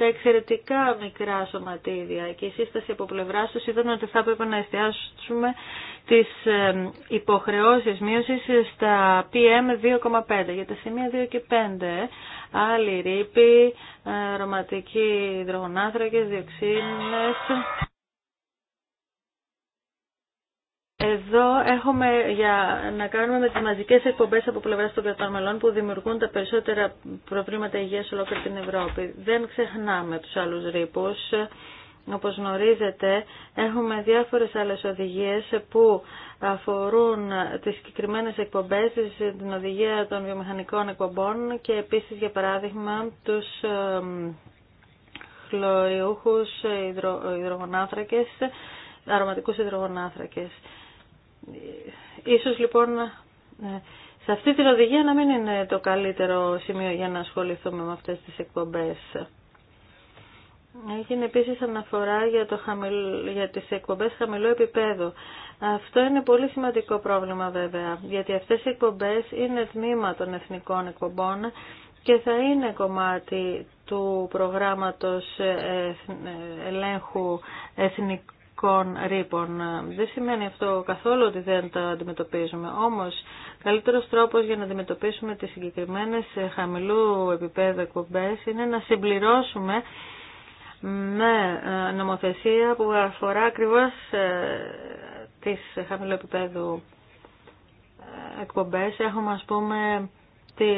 τα εξαιρετικά μικρά σωματίδια και η σύσταση από πλευρά του είδαν ότι θα έπρεπε να εστιάσουμε τις ε, υποχρεώσεις μείωση στα PM2,5 για τα σημεία 2 και 5 άλλη ρήπη, ε, ρωματικοί υδρογονάθρακε, διοξίνε. Εδώ έχουμε για να κάνουμε με τις μαζικές εκπομπές από πλευρά των κρατών μελών που δημιουργούν τα περισσότερα προβλήματα υγείας ολόκληρη την Ευρώπη. Δεν ξεχνάμε τους άλλους ρήπους. Όπως γνωρίζετε, έχουμε διάφορες άλλες οδηγίες που αφορούν τις συγκεκριμένες εκπομπές, την οδηγία των βιομηχανικών εκπομπών και επίσης, για παράδειγμα, τους χλωριούχους υδρο, αρωματικούς υδρογονάθρακες. Ίσως λοιπόν ε, σε αυτή την οδηγία να μην είναι το καλύτερο σημείο για να ασχοληθούμε με αυτές τις εκπομπές. Έγινε επίσης αναφορά για, το χαμηλ... για τις εκπομπές χαμηλού επίπεδου. Αυτό είναι πολύ σημαντικό πρόβλημα βέβαια, γιατί αυτές οι εκπομπές είναι τμήμα των εθνικών εκπομπών και θα είναι κομμάτι του προγράμματος ε, ε, ελέγχου εθνικού ρήπων. Δεν σημαίνει αυτό καθόλου ότι δεν τα αντιμετωπίζουμε. Όμως, καλύτερος τρόπος για να αντιμετωπίσουμε τις συγκεκριμένες χαμηλού επίπεδου εκπομπέ είναι να συμπληρώσουμε με ε, νομοθεσία που αφορά ακριβώς ε, τις χαμηλού επίπεδου ε, εκπομπές. Έχουμε, ας πούμε, τις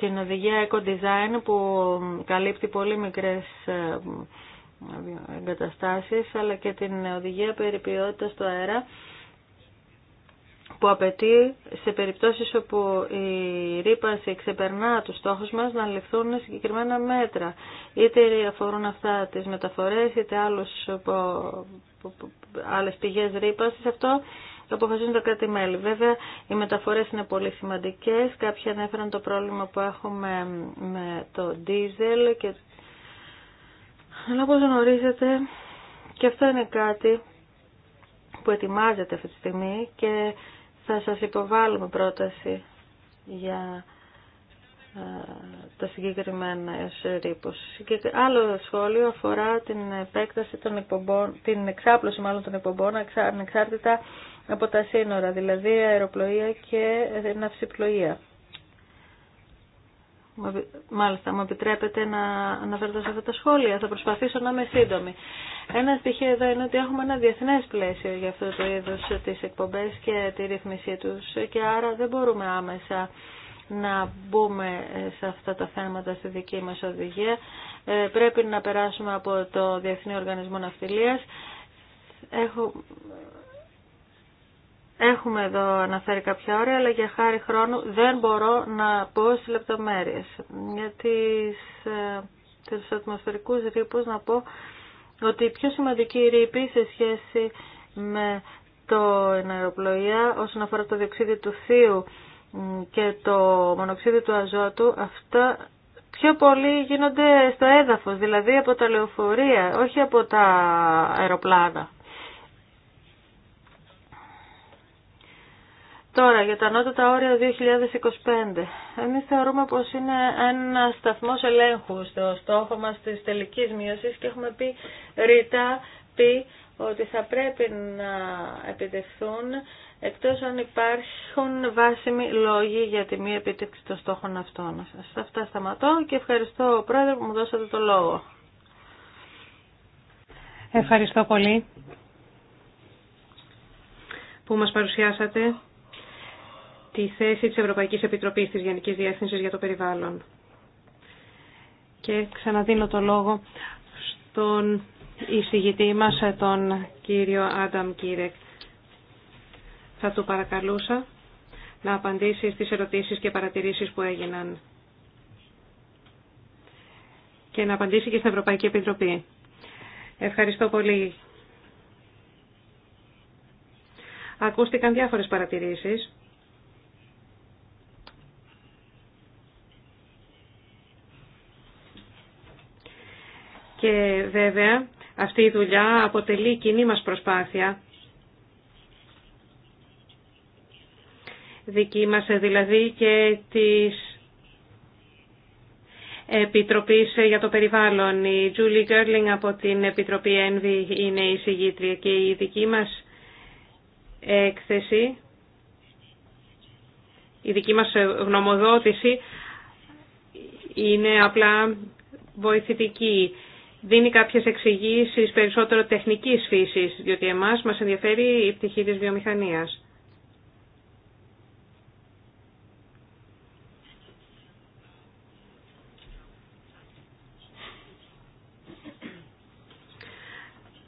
την οδηγία Eco Design που καλύπτει πολύ μικρές ε, εγκαταστάσεις αλλά και την οδηγία περί ποιότητας του αέρα που απαιτεί σε περιπτώσεις όπου η ρήπανση ξεπερνά τους στόχους μας να ληφθούν συγκεκριμένα μέτρα. Είτε αφορούν αυτά τις μεταφορές είτε άλλους, άλλες πηγές ρήπανσης. Αυτό το αποφασίζουν τα κράτη-μέλη. Βέβαια, οι μεταφορές είναι πολύ σημαντικές. Κάποιοι ανέφεραν το πρόβλημα που έχουμε με το ντίζελ. Και... Αλλά όπως γνωρίζετε, και αυτό είναι κάτι που ετοιμάζεται αυτή τη στιγμή και θα σας υποβάλουμε πρόταση για ε, τα συγκεκριμένα και Άλλο σχόλιο αφορά την επέκταση των εξάπλωση μάλλον των εκπομπών ανεξάρτητα από τα σύνορα, δηλαδή αεροπλοεία και ναυσιπλοεία. Μάλιστα, μου επιτρέπετε να αναφερθώ σε αυτά τα σχόλια. Θα προσπαθήσω να είμαι σύντομη. Ένα στοιχείο εδώ είναι ότι έχουμε ένα διεθνέ πλαίσιο για αυτό το είδο τη εκπομπέ και τη ρύθμιση του και άρα δεν μπορούμε άμεσα να μπούμε σε αυτά τα θέματα στη δική μα οδηγία. Ε, πρέπει να περάσουμε από το Διεθνή Οργανισμό Ναυτιλίας. Έχω, Έχουμε εδώ αναφέρει κάποια όρια, αλλά για χάρη χρόνου δεν μπορώ να πω στι λεπτομέρειε. Για του ε, τους ατμοσφαιρικούς να πω ότι η πιο σημαντική ρήπη σε σχέση με το αεροπλοεία όσον αφορά το διοξίδιο του θείου και το μονοξίδιο του αζότου, αυτά πιο πολύ γίνονται στο έδαφος, δηλαδή από τα λεωφορεία, όχι από τα αεροπλάνα. Τώρα, για τα ανώτατα όρια 2025. Εμείς θεωρούμε πως είναι ένα σταθμός ελέγχου στο στόχο μας της τελικής μείωσης και έχουμε πει ρητά πει ότι θα πρέπει να επιτευχθούν εκτός αν υπάρχουν βάσιμοι λόγοι για τη μη επίτευξη των στόχων αυτών. Σε αυτά σταματώ και ευχαριστώ Πρόεδρε που μου δώσατε το λόγο. Ευχαριστώ πολύ που μας παρουσιάσατε τη θέση της Ευρωπαϊκής Επιτροπής της Γενικής Διεύθυνσης για το Περιβάλλον. Και ξαναδίνω το λόγο στον εισηγητή μας, τον κύριο Άνταμ Κίρεκ. Θα του παρακαλούσα να απαντήσει στις ερωτήσεις και παρατηρήσεις που έγιναν και να απαντήσει και στην Ευρωπαϊκή Επιτροπή. Ευχαριστώ πολύ. Ακούστηκαν διάφορες παρατηρήσεις. Και βέβαια αυτή η δουλειά αποτελεί κοινή μας προσπάθεια. Δική μας δηλαδή και της Επιτροπής για το Περιβάλλον. Η Τζούλη Γκέρλινγκ από την Επιτροπή ΕΝΒΗ είναι η συγγήτρια και η δική μας έκθεση, η δική μας γνωμοδότηση είναι απλά βοηθητική δίνει κάποιες εξηγήσει περισσότερο τεχνικής φύσης, διότι εμάς μας ενδιαφέρει η πτυχή της βιομηχανίας.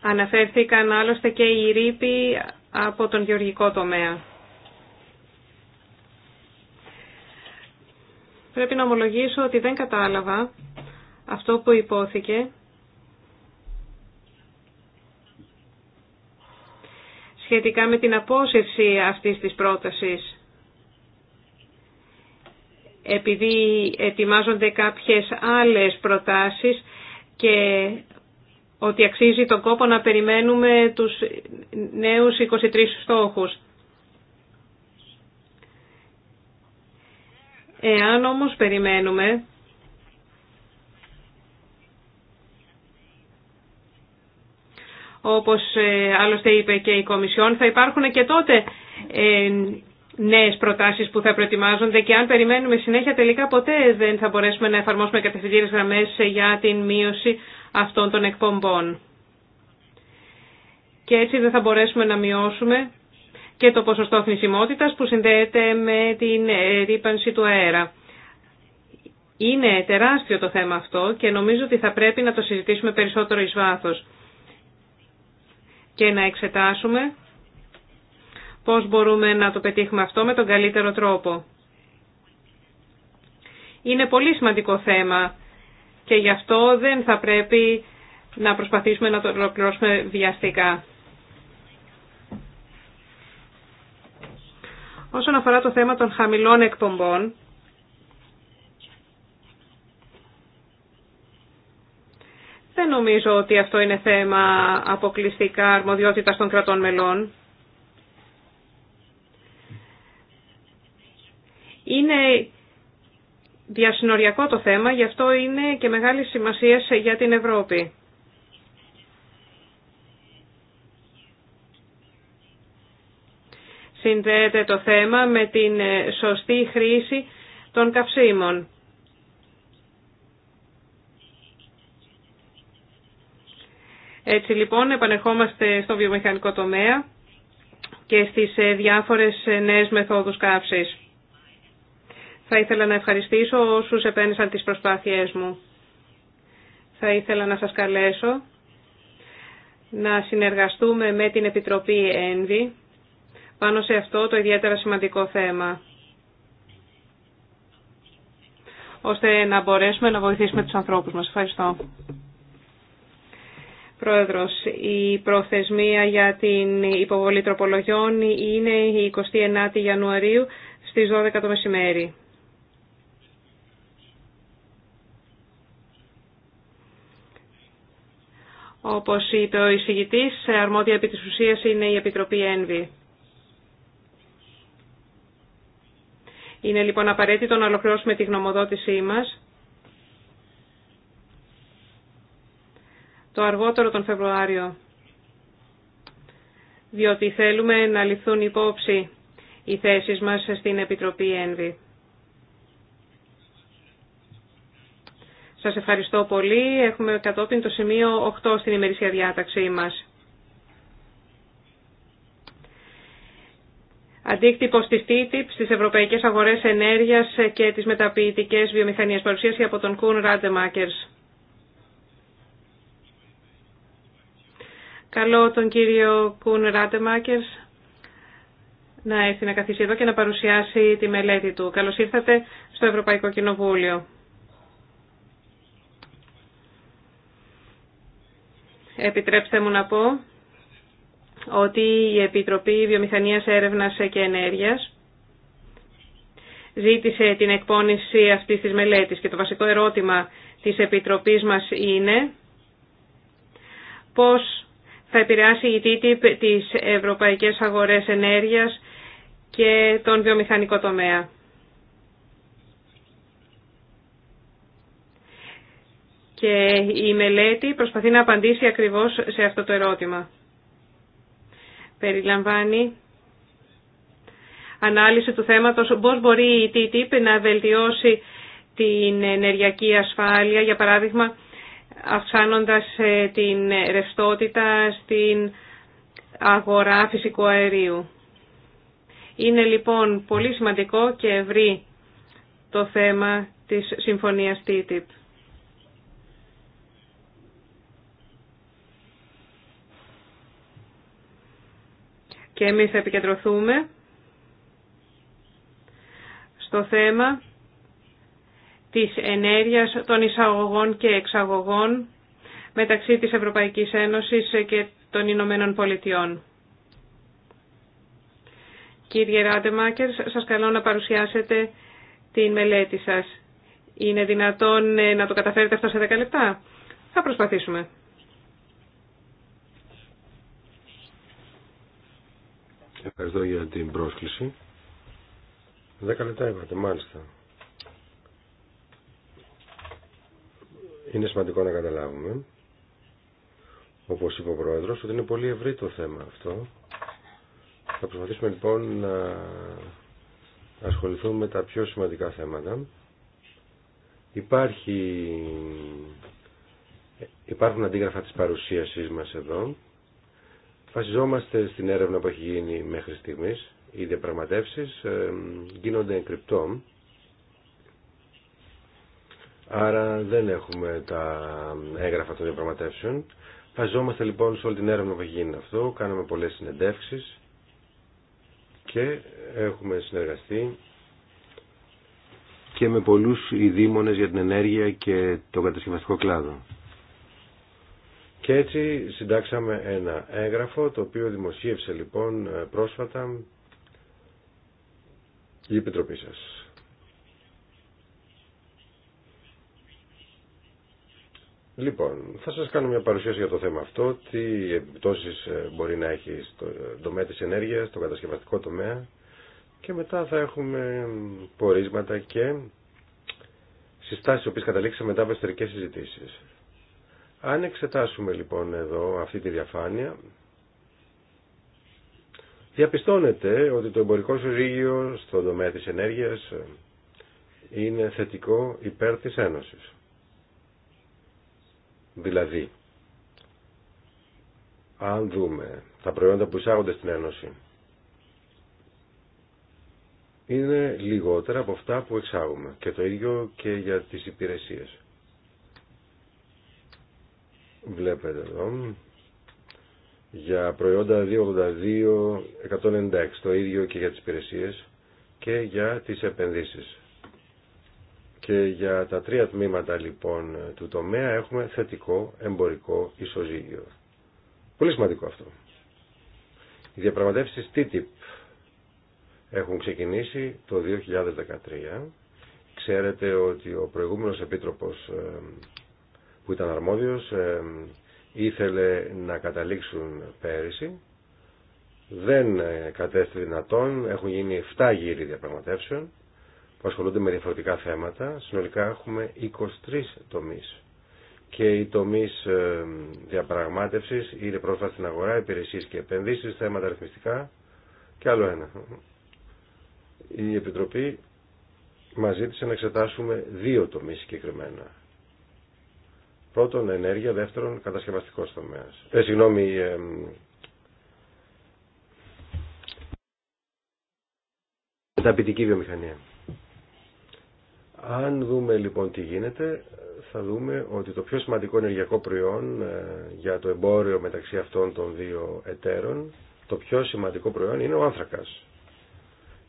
Αναφέρθηκαν άλλωστε και οι ρήποι από τον γεωργικό τομέα. Πρέπει να ομολογήσω ότι δεν κατάλαβα αυτό που υπόθηκε σχετικά με την απόσυρση αυτής της πρότασης. Επειδή ετοιμάζονται κάποιες άλλες προτάσεις και ότι αξίζει τον κόπο να περιμένουμε τους νέους 23 στόχους. Εάν όμως περιμένουμε όπως ε, άλλωστε είπε και η Κομισιόν, θα υπάρχουν και τότε ε, νέες προτάσεις που θα προετοιμάζονται και αν περιμένουμε συνέχεια τελικά ποτέ δεν θα μπορέσουμε να εφαρμόσουμε κατευθυντήρες γραμμές για την μείωση αυτών των εκπομπών. Και έτσι δεν θα μπορέσουμε να μειώσουμε και το ποσοστό θνησιμότητας που συνδέεται με την ε, ρήπανση του αέρα. Είναι τεράστιο το θέμα αυτό και νομίζω ότι θα πρέπει να το συζητήσουμε περισσότερο εις βάθος και να εξετάσουμε πώς μπορούμε να το πετύχουμε αυτό με τον καλύτερο τρόπο. Είναι πολύ σημαντικό θέμα και γι' αυτό δεν θα πρέπει να προσπαθήσουμε να το ολοκληρώσουμε βιαστικά. Όσον αφορά το θέμα των χαμηλών εκπομπών, δεν νομίζω ότι αυτό είναι θέμα αποκλειστικά αρμοδιότητας των κρατών μελών. Είναι διασυνοριακό το θέμα, γι' αυτό είναι και μεγάλη σημασία για την Ευρώπη. Συνδέεται το θέμα με την σωστή χρήση των καυσίμων. Έτσι λοιπόν επανερχόμαστε στο βιομηχανικό τομέα και στις ε, διάφορες ε, νέες μεθόδους κάψης. Θα ήθελα να ευχαριστήσω όσους επένδυσαν τις προσπάθειές μου. Θα ήθελα να σας καλέσω να συνεργαστούμε με την Επιτροπή ΕΝΒΗ πάνω σε αυτό το ιδιαίτερα σημαντικό θέμα ώστε να μπορέσουμε να βοηθήσουμε τους ανθρώπους μας. Ευχαριστώ. Πρόεδρος, η προθεσμία για την υποβολή τροπολογιών είναι η 29η Ιανουαρίου στις 12 το μεσημέρι. Όπως είπε ο εισηγητής, αρμόδια επί της ουσίας είναι η Επιτροπή Ένβη. Είναι λοιπόν απαραίτητο να ολοκληρώσουμε τη γνωμοδότησή μας το αργότερο τον Φεβρουάριο, διότι θέλουμε να ληφθούν υπόψη οι θέσεις μας στην Επιτροπή ΕΝΒΗ. Σας ευχαριστώ πολύ. Έχουμε κατόπιν το σημείο 8 στην ημερήσια διάταξή μας. Αντίκτυπο τη TTIP στι Ευρωπαϊκές αγορέ ενέργεια και τις Μεταποιητικές Βιομηχανίες. Παρουσίαση από τον Κουν Ράντεμάκερ. Καλό τον κύριο Κουν Ράτεμάκερς να έρθει να καθίσει εδώ και να παρουσιάσει τη μελέτη του. Καλώς ήρθατε στο Ευρωπαϊκό Κοινοβούλιο. Επιτρέψτε μου να πω ότι η Επιτροπή Βιομηχανίας Έρευνας και Ενέργειας ζήτησε την εκπόνηση αυτής της μελέτης και το βασικό ερώτημα της Επιτροπής μας είναι πώς θα επηρεάσει η TTIP τις ευρωπαϊκές αγορές ενέργειας και τον βιομηχανικό τομέα. Και η μελέτη προσπαθεί να απαντήσει ακριβώς σε αυτό το ερώτημα. Περιλαμβάνει ανάλυση του θέματος πώς μπορεί η TTIP να βελτιώσει την ενεργειακή ασφάλεια, για παράδειγμα, αυξάνοντας ε, την ρευστότητα στην αγορά φυσικού αερίου. Είναι λοιπόν πολύ σημαντικό και ευρύ το θέμα της συμφωνίας TTIP. Και εμείς θα επικεντρωθούμε στο θέμα της ενέργειας, των εισαγωγών και εξαγωγών μεταξύ της Ευρωπαϊκής Ένωσης και των Ηνωμένων Πολιτειών. Κύριε Μάκερ, σας καλώ να παρουσιάσετε την μελέτη σας. Είναι δυνατόν ε, να το καταφέρετε αυτό σε 10 λεπτά. Θα προσπαθήσουμε. Ευχαριστώ για την πρόσκληση. 10 λεπτά είπατε, μάλιστα. Είναι σημαντικό να καταλάβουμε, όπως είπε ο Πρόεδρος, ότι είναι πολύ ευρύ το θέμα αυτό. Θα προσπαθήσουμε λοιπόν να ασχοληθούμε με τα πιο σημαντικά θέματα. Υπάρχει... Υπάρχουν αντίγραφα της παρουσίασής μας εδώ. Φασιζόμαστε στην έρευνα που έχει γίνει μέχρι στιγμής. Οι διαπραγματεύσεις ε, γίνονται κρυπτό Άρα δεν έχουμε τα έγγραφα των διαπραγματεύσεων. Βαζόμαστε λοιπόν σε όλη την έρευνα που έχει γίνει αυτό. Κάναμε πολλές συνεντεύξεις και έχουμε συνεργαστεί και με πολλούς ειδήμονες για την ενέργεια και το κατασκευαστικό κλάδο. Και έτσι συντάξαμε ένα έγγραφο το οποίο δημοσίευσε λοιπόν πρόσφατα η Επιτροπή σας. Λοιπόν, θα σας κάνω μια παρουσίαση για το θέμα αυτό, τι επιπτώσεις ε, μπορεί να έχει στον ε, τομέα της ενέργειας, στο κατασκευαστικό τομέα και μετά θα έχουμε πορίσματα και συστάσεις οποίες καταλήξαμε μετά από εσωτερικές συζητήσεις. Αν εξετάσουμε λοιπόν εδώ αυτή τη διαφάνεια, διαπιστώνεται ότι το εμπορικό συζύγιο στον τομέα της ενέργειας ε, είναι θετικό υπέρ της Ένωσης. Δηλαδή, αν δούμε τα προϊόντα που εισάγονται στην Ένωση, είναι λιγότερα από αυτά που εξάγουμε. Και το ίδιο και για τις υπηρεσίες. Βλέπετε εδώ. Για προϊόντα 282-196, το ίδιο και για τις υπηρεσίες και για τις επενδύσεις. Και για τα τρία τμήματα λοιπόν του τομέα έχουμε θετικό εμπορικό ισοζύγιο. Πολύ σημαντικό αυτό. Οι διαπραγματεύσεις TTIP έχουν ξεκινήσει το 2013. Ξέρετε ότι ο προηγούμενος επίτροπος ε, που ήταν αρμόδιος ε, ήθελε να καταλήξουν πέρυσι. Δεν ε, κατέστη δυνατόν, έχουν γίνει 7 γύροι διαπραγματεύσεων που ασχολούνται με διαφορετικά θέματα. Συνολικά έχουμε 23 τομείς. Και οι τομείς ε, διαπραγμάτευσης είναι πρόσβαση στην αγορά, υπηρεσίες και επενδύσεις, θέματα αριθμιστικά και άλλο ένα. Η Επιτροπή μας ζήτησε να εξετάσουμε δύο τομείς συγκεκριμένα. Πρώτον, ενέργεια, δεύτερον, κατασκευαστικό τομέας. Ε, συγγνώμη, ε, μεταπητική βιομηχανία. Αν δούμε λοιπόν τι γίνεται, θα δούμε ότι το πιο σημαντικό ενεργειακό προϊόν ε, για το εμπόριο μεταξύ αυτών των δύο εταίρων, το πιο σημαντικό προϊόν είναι ο άνθρακας.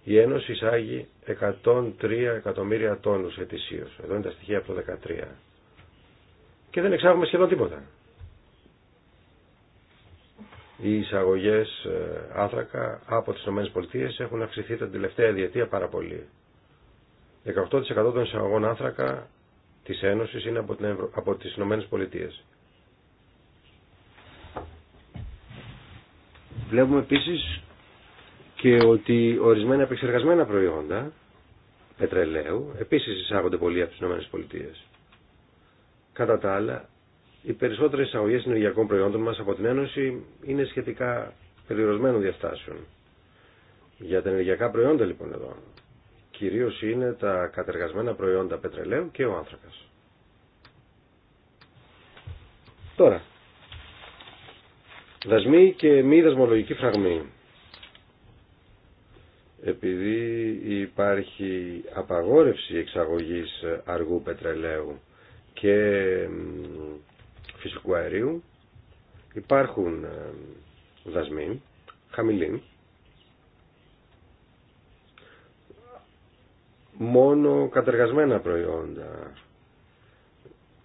Η Ένωση εισάγει 103 εκατομμύρια τόνους ετησίως. Εδώ είναι τα στοιχεία από το 2013. Και δεν εξάγουμε σχεδόν τίποτα. Οι εισαγωγές ε, άνθρακα από τις ΗΠΑ έχουν αυξηθεί τα τελευταία διετία πάρα πολύ. 18% των εισαγωγών άνθρακα της Ένωσης είναι από, την Ευρω... από τις Ηνωμένες Πολιτείες. Βλέπουμε επίσης και ότι ορισμένα επεξεργασμένα προϊόντα πετρελαίου επίσης εισάγονται πολύ από τις Ηνωμένες Πολιτείες. Κατά τα άλλα, οι περισσότερες εισαγωγές ενεργειακών προϊόντων μας από την Ένωση είναι σχετικά περιορισμένων διαστάσεων. Για τα ενεργειακά προϊόντα λοιπόν εδώ κυρίως είναι τα κατεργασμένα προϊόντα πετρελαίου και ο άνθρακας. Τώρα, δασμοί και μη δασμολογική φραγμή. Επειδή υπάρχει απαγόρευση εξαγωγής αργού πετρελαίου και φυσικού αερίου, υπάρχουν ε, δασμοί χαμηλοί μόνο κατεργασμένα προϊόντα,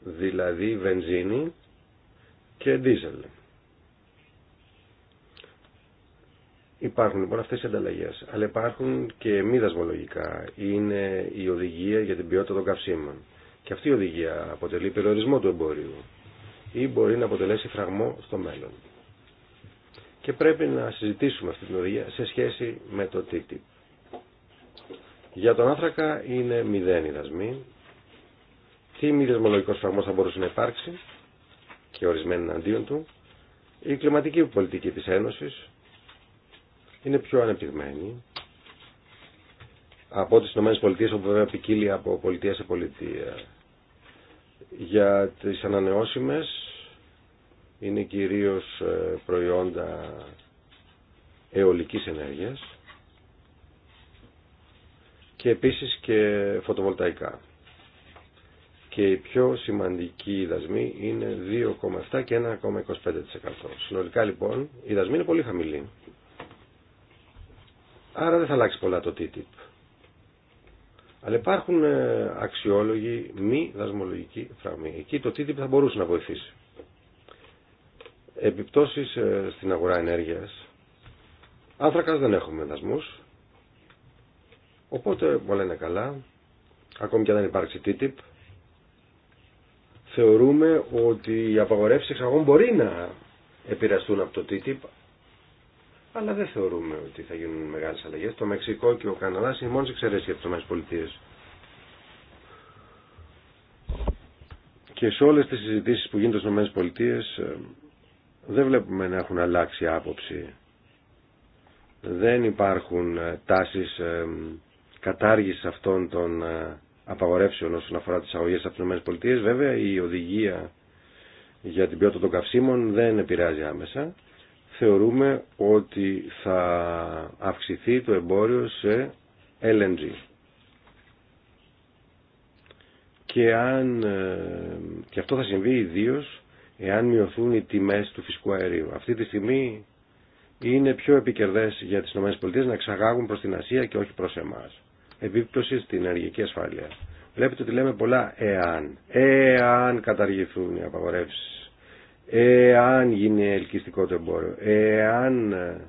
δηλαδή βενζίνη και δίζελ. Υπάρχουν λοιπόν αυτές οι ανταλλαγές, αλλά υπάρχουν και μη δασμολογικά. Είναι η οδηγία για την ποιότητα των καυσίμων. Και αυτή η οδηγία αποτελεί περιορισμό του εμπορίου ή μπορεί να αποτελέσει φραγμό στο μέλλον. Και πρέπει να συζητήσουμε αυτή την οδηγία σε σχέση με το TTIP. Για τον άνθρακα είναι μηδέν η δασμή. Τι μη φραγμό θα μπορούσε να υπάρξει και ορισμένοι αντίον του. Η κλιματική πολιτική της Ένωσης είναι πιο ανεπτυγμένη από τις ΗΠΑ όπου βέβαια ποικίλει από πολιτεία σε πολιτεία. Για τις ανανεώσιμες είναι κυρίως ε, προϊόντα αιωλικής ενέργειας και επίσης και φωτοβολταϊκά. Και οι πιο σημαντική δασμή είναι 2,7 και 1,25%. Συνολικά λοιπόν η δασμοί είναι πολύ χαμηλή. Άρα δεν θα αλλάξει πολλά το TTIP. Αλλά υπάρχουν ε, αξιόλογοι μη δασμολογικοί φραγμοί. Εκεί το TTIP θα μπορούσε να βοηθήσει. Επιπτώσεις ε, στην αγορά ενέργειας. Άνθρακας δεν έχουμε δασμούς. Οπότε όλα είναι καλά. Ακόμη και αν δεν υπάρξει TTIP, θεωρούμε ότι οι απαγορεύσει εξαγών μπορεί να επηρεαστούν από το TTIP, αλλά δεν θεωρούμε ότι θα γίνουν μεγάλες αλλαγές. Το Μεξικό και ο Καναδάς είναι μόνε εξαιρέσει για τις ΗΠΑ. Και σε όλε τις συζητήσει που γίνονται στις ΗΠΑ ε, δεν βλέπουμε να έχουν αλλάξει άποψη. Δεν υπάρχουν τάσεις ε, κατάργηση αυτών των ε, απαγορεύσεων όσον αφορά τις αγωγές από τις ΗΠΑ. Βέβαια η οδηγία για την ποιότητα των καυσίμων δεν επηρεάζει άμεσα. Θεωρούμε ότι θα αυξηθεί το εμπόριο σε LNG. Και, αν, ε, και αυτό θα συμβεί ιδίω εάν μειωθούν οι τιμές του φυσικού αερίου. Αυτή τη στιγμή είναι πιο επικερδές για τις ΗΠΑ να εξαγάγουν προς την Ασία και όχι προς εμάς επίπτωση στην ενεργειακή ασφάλεια. Βλέπετε ότι λέμε πολλά εάν. Εάν καταργηθούν οι απαγορεύσει. Εάν γίνει ελκυστικό το εμπόριο. Εάν ε,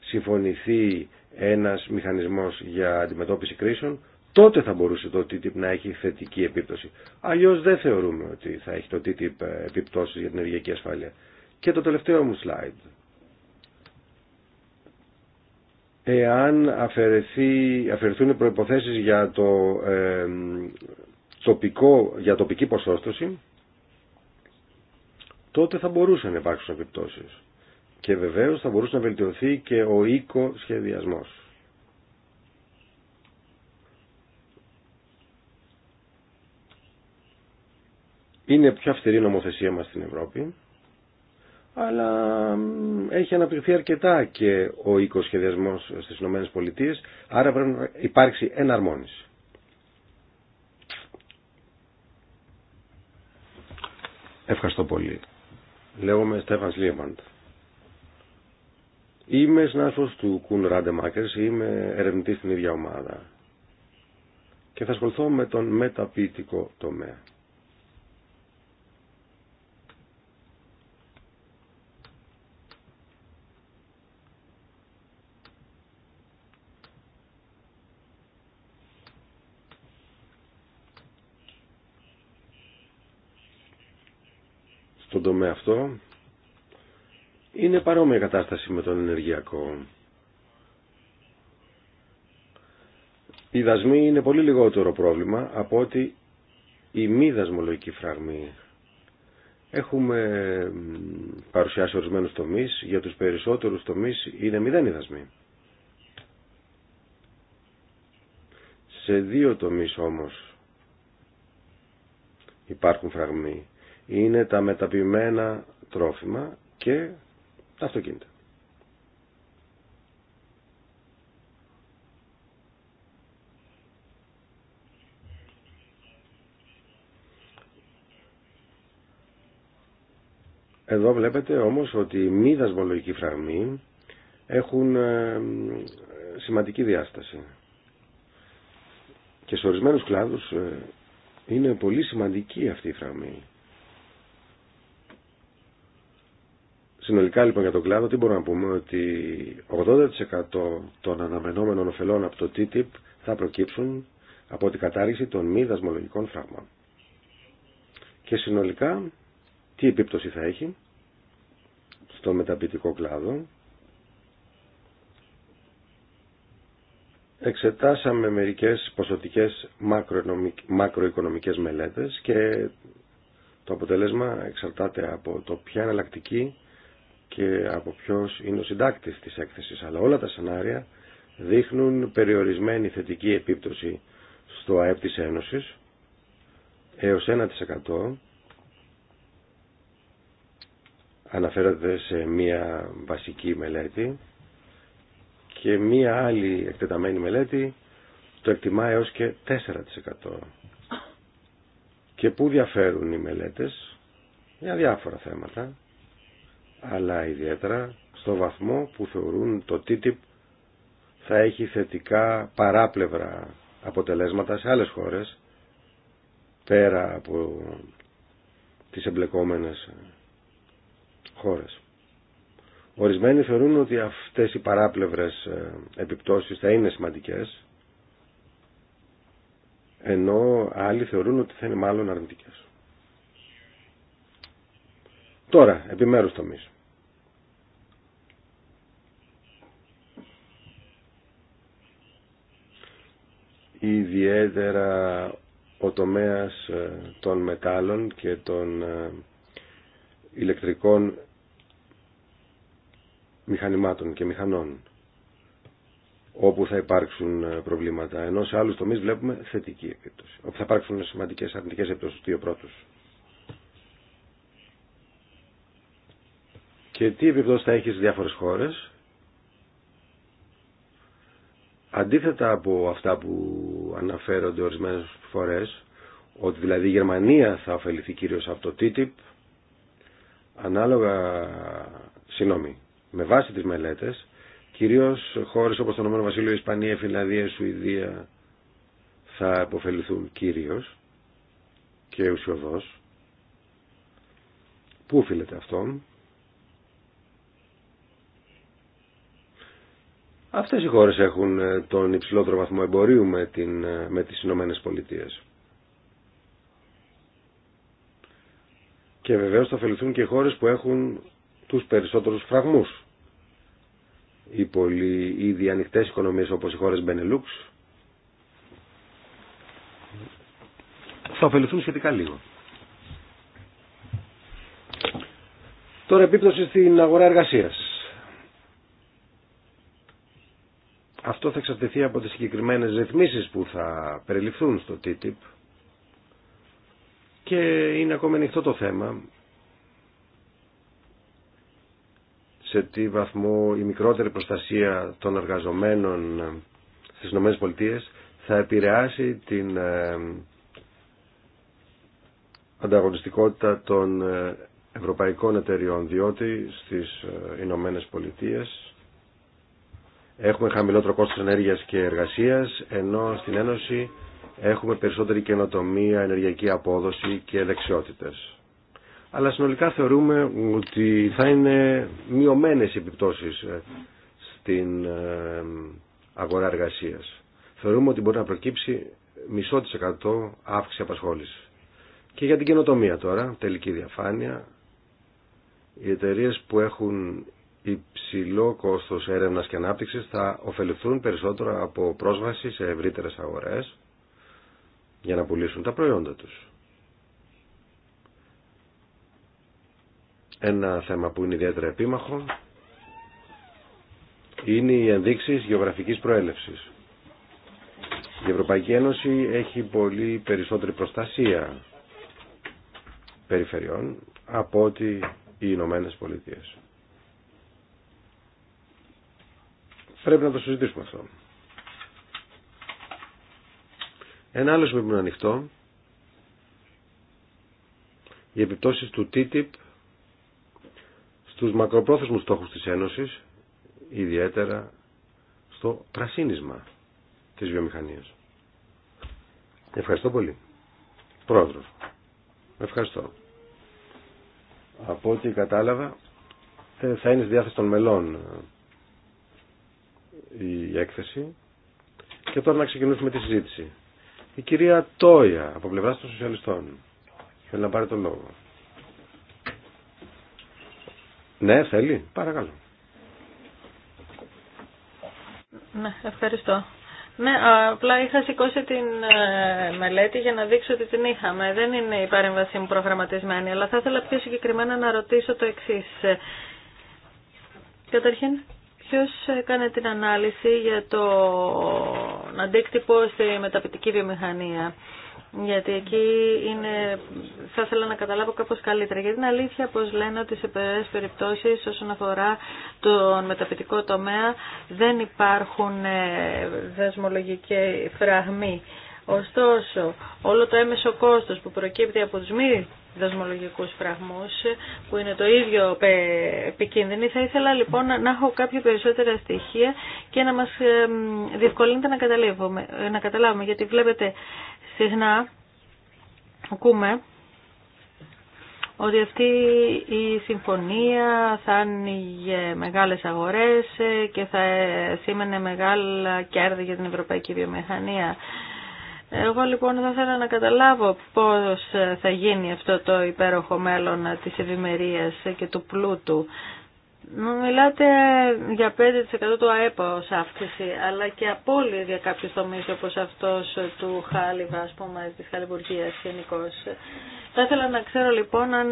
συμφωνηθεί ένας μηχανισμός για αντιμετώπιση κρίσεων, τότε θα μπορούσε το TTIP να έχει θετική επίπτωση. Αλλιώς δεν θεωρούμε ότι θα έχει το TTIP ε, επιπτώσεις για την ενεργειακή ασφάλεια. Και το τελευταίο μου slide. εάν αφαιρεθεί, αφαιρεθούν οι προϋποθέσεις για, το, ε, τοπικό, για τοπική ποσόστοση, τότε θα μπορούσαν να υπάρξουν επιπτώσεις. Και βεβαίως θα μπορούσε να βελτιωθεί και ο οίκο σχεδιασμός. Είναι πιο αυστηρή νομοθεσία μας στην Ευρώπη αλλά έχει αναπτυχθεί αρκετά και ο οίκος σχεδιασμός στις Ηνωμένες Πολιτείες, άρα πρέπει να υπάρξει εναρμόνιση. Ευχαριστώ πολύ. Λέγομαι Στέφαν Σλίεμπαντ. Είμαι συνάδελφος του Κουν Ράντεμάκερς, είμαι ερευνητής στην ίδια ομάδα και θα ασχοληθώ με τον μεταποιητικό τομέα. με αυτό είναι παρόμοια κατάσταση με τον ενεργειακό. Η δασμοί είναι πολύ λιγότερο πρόβλημα από ότι η μη δασμολογική φραγμή. Έχουμε παρουσιάσει ορισμένους τομείς, για τους περισσότερους τομείς είναι μηδέν οι δασμοί. Σε δύο τομείς όμως υπάρχουν φραγμοί είναι τα μεταποιημένα τρόφιμα και τα αυτοκίνητα. Εδώ βλέπετε όμως ότι οι μη δασμολογικοί φραγμοί έχουν ε, σημαντική διάσταση. Και σε ορισμένους κλάδους ε, είναι πολύ σημαντική αυτή η φραγμή. Συνολικά λοιπόν για τον κλάδο τι μπορούμε να πούμε ότι 80% των αναμενόμενων ωφελών από το TTIP θα προκύψουν από την κατάργηση των μη δασμολογικών φράγμων. Και συνολικά τι επίπτωση θα έχει στο μεταπητικό κλάδο. Εξετάσαμε μερικές ποσοτικές μακροοικονομικές μελέτες και το αποτέλεσμα εξαρτάται από το ποια εναλλακτική και από ποιό είναι ο συντάκτη της έκθεση, Αλλά όλα τα σενάρια δείχνουν περιορισμένη θετική επίπτωση στο ΑΕΠ τη Ένωση έω 1% αναφέρονται σε μία βασική μελέτη και μία άλλη εκτεταμένη μελέτη το εκτιμά έως και 4%. Και πού διαφέρουν οι μελέτες για διάφορα θέματα αλλά ιδιαίτερα στο βαθμό που θεωρούν το TTIP θα έχει θετικά παράπλευρα αποτελέσματα σε άλλες χώρες πέρα από τις εμπλεκόμενες χώρες. Ορισμένοι θεωρούν ότι αυτές οι παράπλευρες ε, επιπτώσεις θα είναι σημαντικές ενώ άλλοι θεωρούν ότι θα είναι μάλλον αρνητικές. Τώρα, επιμέρους τομείς. ιδιαίτερα ο τομέας ε, των μετάλλων και των ε, ηλεκτρικών μηχανημάτων και μηχανών όπου θα υπάρξουν ε, προβλήματα. Ενώ σε άλλους τομείς βλέπουμε θετική επίπτωση. Όπου θα υπάρξουν σημαντικές αρνητικές επίπτωσεις δύο πρώτους. Και τι επιπτώσεις θα έχει στις διάφορες χώρες. Αντίθετα από αυτά που αναφέρονται ορισμένες φορές, ότι δηλαδή η Γερμανία θα ωφεληθεί κυρίως από το TTIP, ανάλογα, συγγνώμη, με βάση τις μελέτες, κυρίως χώρες όπως το Ηνωμένο Βασίλειο, Ισπανία, Φιλανδία, Σουηδία θα αποφεληθούν κυρίως και ουσιοδός. Πού οφείλεται αυτό, Αυτές οι χώρες έχουν ε, τον υψηλότερο βαθμό εμπορίου με, την, ε, με τις Ηνωμένε Πολιτείες. Και βεβαίως θα ωφεληθούν και οι χώρες που έχουν τους περισσότερους φραγμούς. Οι πολύ ήδη ανοιχτέ οικονομίες όπως οι χώρες Μπενελούξ θα ωφεληθούν σχετικά λίγο. Τώρα επίπτωση στην αγορά εργασίας. Αυτό θα εξαρτηθεί από τις συγκεκριμένες ρυθμίσεις που θα περιληφθούν στο TTIP και είναι ακόμα ανοιχτό το θέμα σε τι βαθμό η μικρότερη προστασία των εργαζομένων στις ΗΠΑ θα επηρεάσει την ε, ανταγωνιστικότητα των ε, ευρωπαϊκών εταιριών διότι στις ε, Ηνωμένε Πολιτείες έχουμε χαμηλότερο κόστος ενέργειας και εργασίας, ενώ στην Ένωση έχουμε περισσότερη καινοτομία, ενεργειακή απόδοση και δεξιότητες. Αλλά συνολικά θεωρούμε ότι θα είναι μειωμένες οι επιπτώσεις ε, στην ε, αγορά εργασίας. Θεωρούμε ότι μπορεί να προκύψει μισό της εκατό αύξηση απασχόλησης. Και για την καινοτομία τώρα, τελική διαφάνεια, οι εταιρείε που έχουν υψηλό κόστος έρευνας και ανάπτυξης θα ωφεληθούν περισσότερο από πρόσβαση σε ευρύτερες αγορές για να πουλήσουν τα προϊόντα τους. Ένα θέμα που είναι ιδιαίτερα επίμαχο είναι οι ενδείξεις γεωγραφικής προέλευσης. Η Ευρωπαϊκή Ένωση έχει πολύ περισσότερη προστασία περιφερειών από ό,τι οι Ηνωμένε Πολιτείες. Πρέπει να το συζητήσουμε αυτό. Ένα άλλο σημείο που είναι ανοιχτό, οι επιπτώσεις του TTIP στους μακροπρόθεσμους στόχους της Ένωσης, ιδιαίτερα στο πρασίνισμα της βιομηχανίας. Ευχαριστώ πολύ. Πρόεδρο. Ευχαριστώ. Από ό,τι κατάλαβα, ε, θα είναι στη διάθεση των μελών η έκθεση και τώρα να ξεκινήσουμε τη συζήτηση. Η κυρία Τόια από πλευρά των Σοσιαλιστών θέλει να πάρει τον λόγο. Ναι, θέλει. Παρακαλώ. Ναι, ευχαριστώ. Ναι, απλά είχα σηκώσει την ε, μελέτη για να δείξω ότι την είχαμε. Δεν είναι η παρέμβασή μου προγραμματισμένη, αλλά θα ήθελα πιο συγκεκριμένα να ρωτήσω το εξή. Ε, καταρχήν, Ποιος έκανε την ανάλυση για το αντίκτυπο στη μεταπητική βιομηχανία. Γιατί εκεί είναι, θα ήθελα να καταλάβω κάπως καλύτερα. Γιατί είναι αλήθεια πως λένε ότι σε περαίες περιπτώσεις όσον αφορά τον μεταπητικό τομέα δεν υπάρχουν ε, δεσμολογικές φραγμοί. Ωστόσο, όλο το έμεσο κόστος που προκύπτει από τους μη δασμολογικούς φραγμούς που είναι το ίδιο επικίνδυνοι. Θα ήθελα λοιπόν να έχω κάποια περισσότερα στοιχεία και να μας διευκολύνεται να, καταλάβουμε, να καταλάβουμε γιατί βλέπετε συχνά ακούμε ότι αυτή η συμφωνία θα άνοιγε μεγάλες αγορές και θα σήμαινε μεγάλα κέρδη για την ευρωπαϊκή βιομηχανία. Εγώ λοιπόν θα ήθελα να καταλάβω πώς θα γίνει αυτό το υπέροχο μέλλον της ευημερία και του πλούτου Μιλάτε για 5% του ΑΕΠΑ ως αύξηση, αλλά και απόλυτη για κάποιους τομείς όπως αυτός του χάλιβα, ας πούμε, της χαλιβουργίας γενικώ. Θα ήθελα να ξέρω λοιπόν αν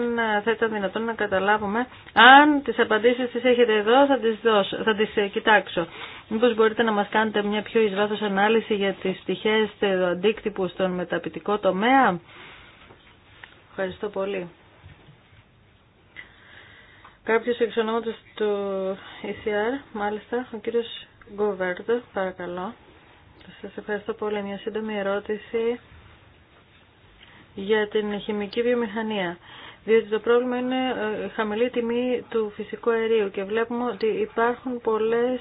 θα ήταν δυνατόν να καταλάβουμε, αν τις απαντήσεις τις έχετε εδώ θα τις, δώσω, θα ε, κοιτάξω. Μήπως μπορείτε να μας κάνετε μια πιο εις ανάλυση για τις πτυχές του αντίκτυπου στον μεταπητικό τομέα. Ευχαριστώ πολύ. Κάποιος εξ ονόματος του ECR, μάλιστα, ο κύριος Γκοβέρντο, παρακαλώ. Σας ευχαριστώ πολύ. Μια σύντομη ερώτηση για την χημική βιομηχανία. Διότι το πρόβλημα είναι η ε, χαμηλή τιμή του φυσικού αερίου και βλέπουμε ότι υπάρχουν πολλές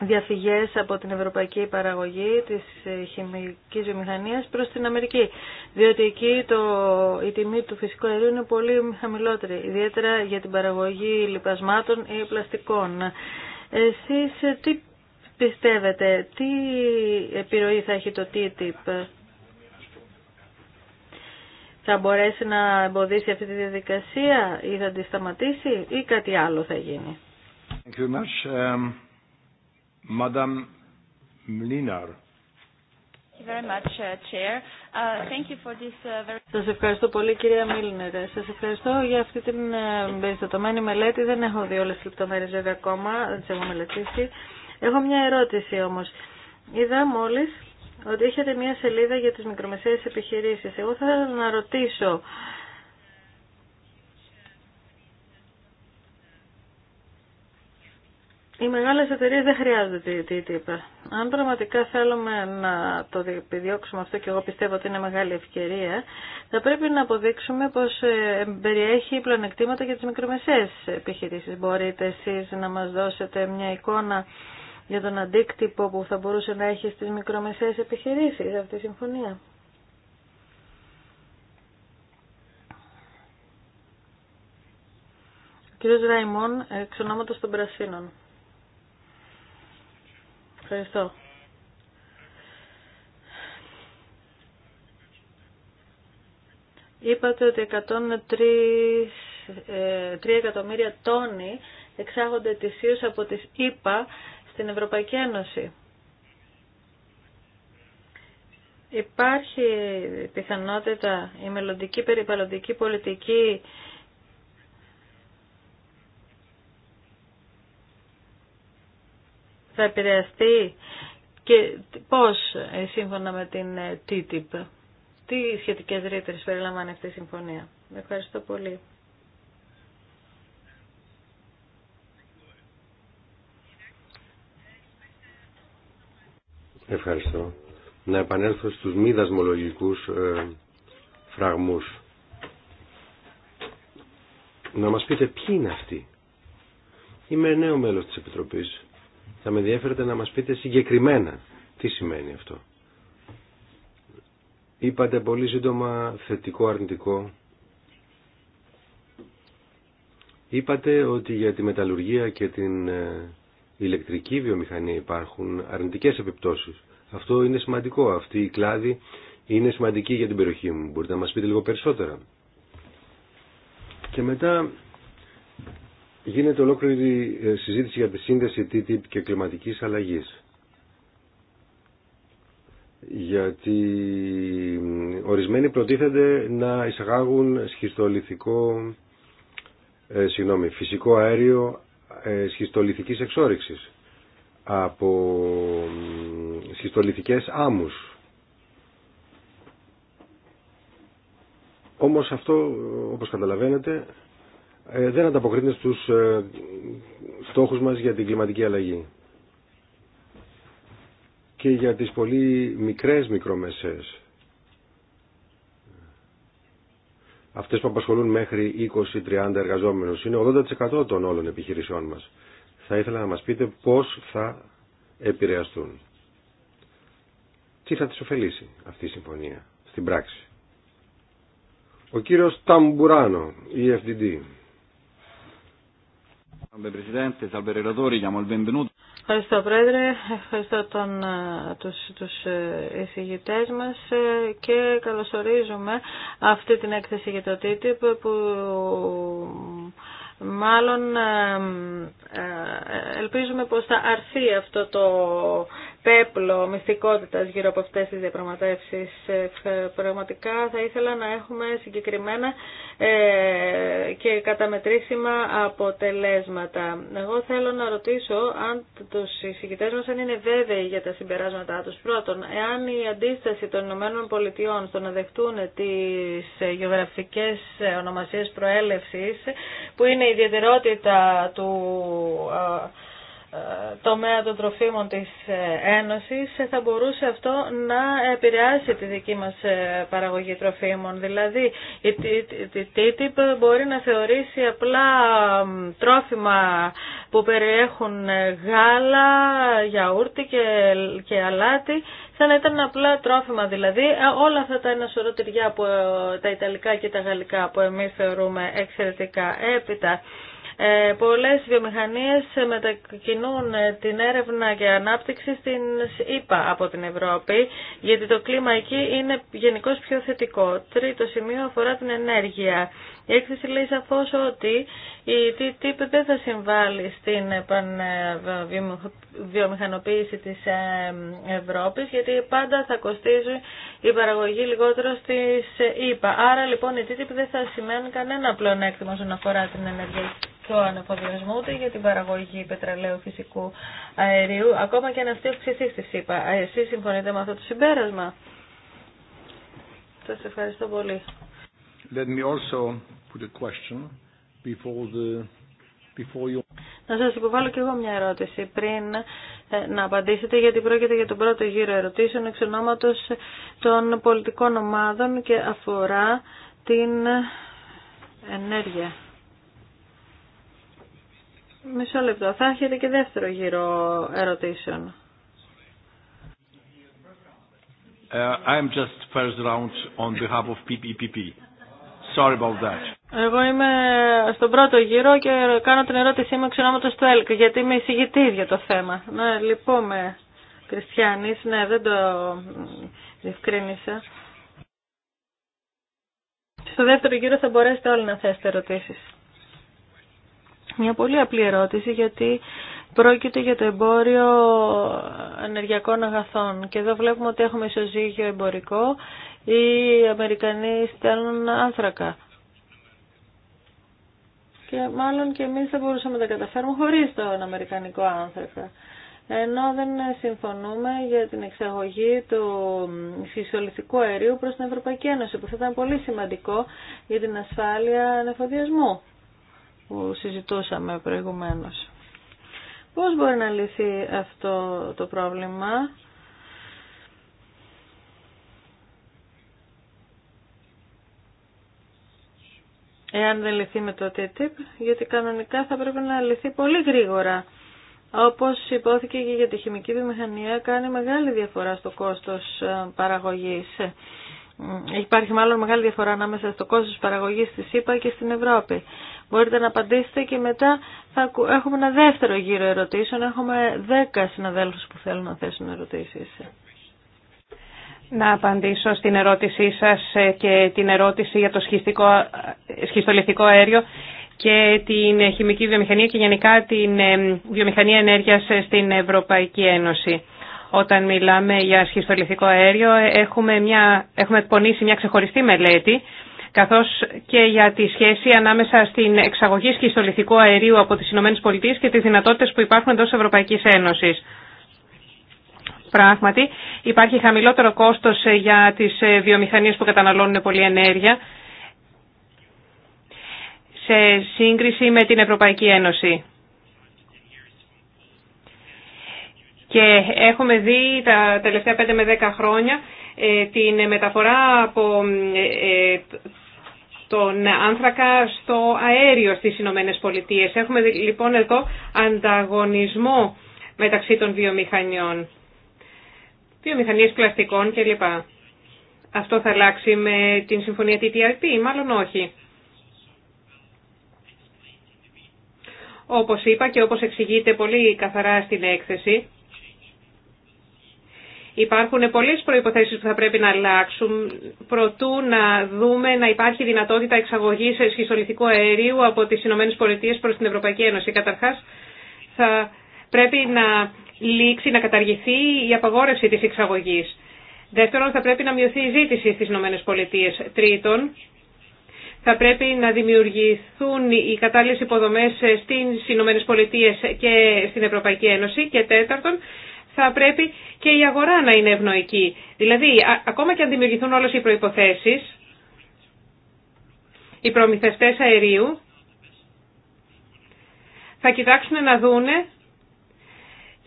διαφυγές από την ευρωπαϊκή παραγωγή της ε, χημικής βιομηχανίας προς την Αμερική. Διότι εκεί το, η τιμή του φυσικού αερίου είναι πολύ χαμηλότερη, ιδιαίτερα για την παραγωγή λιπασμάτων ή πλαστικών. Εσείς ε, τι πιστεύετε, τι επιρροή θα έχει το TTIP θα μπορέσει να εμποδίσει αυτή τη διαδικασία ή θα τη σταματήσει ή κάτι άλλο θα γίνει. Um, Madame Mlinar. Σας ευχαριστώ πολύ κυρία Μίλνερ. Σα ευχαριστώ για αυτή την ε, περιστατωμένη μελέτη. Δεν έχω δει όλες τις λεπτομέρειες βέβαια ακόμα, δεν τι έχω μελετήσει. Έχω μια ερώτηση όμω. Είδα μόλι ότι είχατε μια σελίδα για τι μικρομεσαίες επιχειρήσει. Εγώ θα ήθελα να ρωτήσω Οι μεγάλες εταιρείε δεν χρειάζονται τη TTIP. Αν πραγματικά θέλουμε να το επιδιώξουμε αυτό και εγώ πιστεύω ότι είναι μεγάλη ευκαιρία, θα πρέπει να αποδείξουμε πως ε, περιέχει πλανεκτήματα για τι μικρομεσαίες επιχειρήσει. Μπορείτε εσεί να μα δώσετε μια εικόνα για τον αντίκτυπο που θα μπορούσε να έχει στι μικρομεσαίε επιχειρήσει αυτή η συμφωνία. κύριος Ραϊμόν, εξ ονόματος των Πρασίνων. Ευχαριστώ. Είπατε ότι 103 ε, εκατομμύρια τόνοι εξάγονται ετησίως από τις ΗΠΑ στην Ευρωπαϊκή Ένωση. Υπάρχει πιθανότητα η μελλοντική περιβαλλοντική πολιτική θα επηρεαστεί και πώς ε, σύμφωνα με την ε, TTIP. Τι σχετικές ρήτρες περιλαμβάνει αυτή η συμφωνία. Ευχαριστώ πολύ. Ευχαριστώ. Να επανέλθω στους μη δασμολογικούς ε, φραγμούς. Να μας πείτε ποιοι είναι αυτοί. Είμαι νέο μέλος της Επιτροπής θα με ενδιαφέρεται να μας πείτε συγκεκριμένα τι σημαίνει αυτό. Είπατε πολύ σύντομα θετικό αρνητικό. Είπατε ότι για τη μεταλλουργία και την ε, ηλεκτρική βιομηχανία υπάρχουν αρνητικές επιπτώσεις. Αυτό είναι σημαντικό. Αυτή η κλάδη είναι σημαντική για την περιοχή μου. Μπορείτε να μας πείτε λίγο περισσότερα. Και μετά γίνεται ολόκληρη ε, συζήτηση για τη σύνδεση TTIP και κλιματικής αλλαγής. Γιατί ορισμένοι προτίθενται να εισαγάγουν σχιστολιθικό, ε, συγγνώμη, φυσικό αέριο ε, σχιστολιθικής από σχιστολιθικές άμμους. Όμως αυτό, όπως καταλαβαίνετε, ε, δεν ανταποκρίνεται στους ε, στόχους μας για την κλιματική αλλαγή και για τις πολύ μικρές μικρομεσαίες. Αυτές που απασχολούν μέχρι 20-30 εργαζόμενους είναι 80% των όλων επιχειρήσεών μας. Θα ήθελα να μας πείτε πώς θα επηρεαστούν. Τι θα τις ωφελήσει αυτή η συμφωνία στην πράξη. Ο κύριος Ταμπουράνο, EFDD. Ευχαριστώ Πρόεδρε, ευχαριστώ τον, ε, τους, τους ε, εισηγητές μας ε, και καλωσορίζουμε αυτή την έκθεση για το TTIP που μάλλον ελπίζουμε πως θα αρθεί αυτό το πέπλο μυστικότητας γύρω από αυτές τις διαπραγματεύσεις. Ε, πραγματικά θα ήθελα να έχουμε συγκεκριμένα ε, και καταμετρήσιμα αποτελέσματα. Εγώ θέλω να ρωτήσω αν τους συγκεκριτές μας αν είναι βέβαιοι για τα συμπεράσματά τους. Πρώτον, εάν η αντίσταση των Ηνωμένων Πολιτειών στο να δεχτούν τις γεωγραφικές ονομασίες προέλευσης που είναι η ιδιαιτερότητα του τομέα των τροφίμων της Ένωσης θα μπορούσε αυτό να επηρεάσει τη δική μας παραγωγή τροφίμων. Δηλαδή η TTIP μπορεί να θεωρήσει απλά τρόφιμα που περιέχουν γάλα, γιαούρτι και, και αλάτι σαν να ήταν απλά τρόφιμα δηλαδή όλα αυτά τα ένα σωρό τα ιταλικά και τα γαλλικά που εμείς θεωρούμε εξαιρετικά έπειτα ε, πολλές βιομηχανίες μετακινούν ε, την έρευνα και ανάπτυξη στην ΕΠΑ από την Ευρώπη, γιατί το κλίμα εκεί είναι γενικώ πιο θετικό. Τρίτο σημείο αφορά την ενέργεια. Η έκθεση λέει σαφώ ότι η TTIP δεν θα συμβάλλει στην βιομηχανοποίηση της ε, Ευρώπης, γιατί πάντα θα κοστίζει η παραγωγή λιγότερο στις ΕΠΑ. Άρα λοιπόν η TTIP δεν θα σημαίνει κανένα πλεονέκτημα όσον αφορά την ενέργεια τον εφοδιασμό ούτε για την παραγωγή πετρελαίου φυσικού αερίου, ακόμα και αν αυτή αυξηθεί στη ΣΥΠΑ. Ε, Εσεί συμφωνείτε με αυτό το συμπέρασμα. Σα ευχαριστώ πολύ. Let me also put a question before the... Before you... Να σας υποβάλω και εγώ μια ερώτηση πριν ε, να απαντήσετε γιατί πρόκειται για τον πρώτο γύρο ερωτήσεων εξ ονόματος των πολιτικών ομάδων και αφορά την ενέργεια. Μισό λεπτό. Θα έχετε και δεύτερο γύρο ερωτήσεων. Εγώ είμαι στον πρώτο γύρο και κάνω την ερώτησή μου εξονόματος του ΕΛΚ, γιατί είμαι εισηγητή για το θέμα. Ναι, λυπούμε, Κριστιανής, ναι, δεν το διευκρίνησα. Στο δεύτερο γύρο θα μπορέσετε όλοι να θέσετε ερωτήσεις. Μια πολύ απλή ερώτηση γιατί πρόκειται για το εμπόριο ενεργειακών αγαθών και εδώ βλέπουμε ότι έχουμε ισοζύγιο εμπορικό οι Αμερικανοί στέλνουν άνθρακα. Και μάλλον και εμείς θα μπορούσαμε να τα καταφέρουμε χωρίς τον Αμερικανικό άνθρακα. Ενώ δεν συμφωνούμε για την εξαγωγή του φυσιολογικού αερίου προς την Ευρωπαϊκή Ένωση, που θα ήταν πολύ σημαντικό για την ασφάλεια ανεφοδιασμού που συζητούσαμε προηγουμένως. Πώς μπορεί να λυθεί αυτό το πρόβλημα εάν δεν λυθεί με το TTIP, γιατί κανονικά θα πρέπει να λυθεί πολύ γρήγορα. Όπως υπόθηκε και για τη χημική βιομηχανία, κάνει μεγάλη διαφορά στο κόστος ε, παραγωγής. Υπάρχει μάλλον μεγάλη διαφορά ανάμεσα στο κόστος παραγωγής της ΣΥΠΑ και στην Ευρώπη. Μπορείτε να απαντήσετε και μετά θα έχουμε ένα δεύτερο γύρο ερωτήσεων. Έχουμε δέκα συναδέλφους που θέλουν να θέσουν ερωτήσεις. Να απαντήσω στην ερώτησή σας ε, και την ερώτηση για το σχιστικό, σχιστολιθικό αέριο και την χημική βιομηχανία και γενικά την ε, βιομηχανία ενέργειας ε, στην Ευρωπαϊκή Ένωση όταν μιλάμε για σχιστολιθικό αέριο έχουμε, μια, έχουμε εκπονήσει μια ξεχωριστή μελέτη καθώς και για τη σχέση ανάμεσα στην εξαγωγή σχιστολιθικού αερίου από τις ΗΠΑ και τις δυνατότητες που υπάρχουν εντός Ευρωπαϊκής Ένωσης. Πράγματι, υπάρχει χαμηλότερο κόστος για τις βιομηχανίες που καταναλώνουν πολλή ενέργεια σε σύγκριση με την Ευρωπαϊκή Ένωση. Και έχουμε δει τα τελευταία 5 με 10 χρόνια ε, την μεταφορά από ε, ε, τον άνθρακα στο αέριο στις Ηνωμένε Πολιτείε. Έχουμε λοιπόν εδώ ανταγωνισμό μεταξύ των βιομηχανιών, βιομηχανίες πλαστικών κλπ. Αυτό θα αλλάξει με την συμφωνία TTIP, μάλλον όχι. Όπως είπα και όπως εξηγείται πολύ καθαρά στην έκθεση, Υπάρχουν πολλές προϋποθέσεις που θα πρέπει να αλλάξουν προτού να δούμε να υπάρχει δυνατότητα εξαγωγής σχιστολιθικού αερίου από τις Ηνωμένες Πολιτείες προς την Ευρωπαϊκή Ένωση. Καταρχάς θα πρέπει να λήξει, να καταργηθεί η απαγόρευση της εξαγωγής. Δεύτερον, θα πρέπει να μειωθεί η ζήτηση στις Ηνωμένες Πολιτείες. Τρίτον, θα πρέπει να δημιουργηθούν οι κατάλληλες υποδομές στις Ηνωμένες Πολιτείες και στην Ευρωπαϊκή Ένωση. Και τέταρτον, θα πρέπει και η αγορά να είναι ευνοϊκή. Δηλαδή, ακόμα και αν δημιουργηθούν όλες οι προϋποθέσεις, οι προμηθευτές αερίου θα κοιτάξουν να δούνε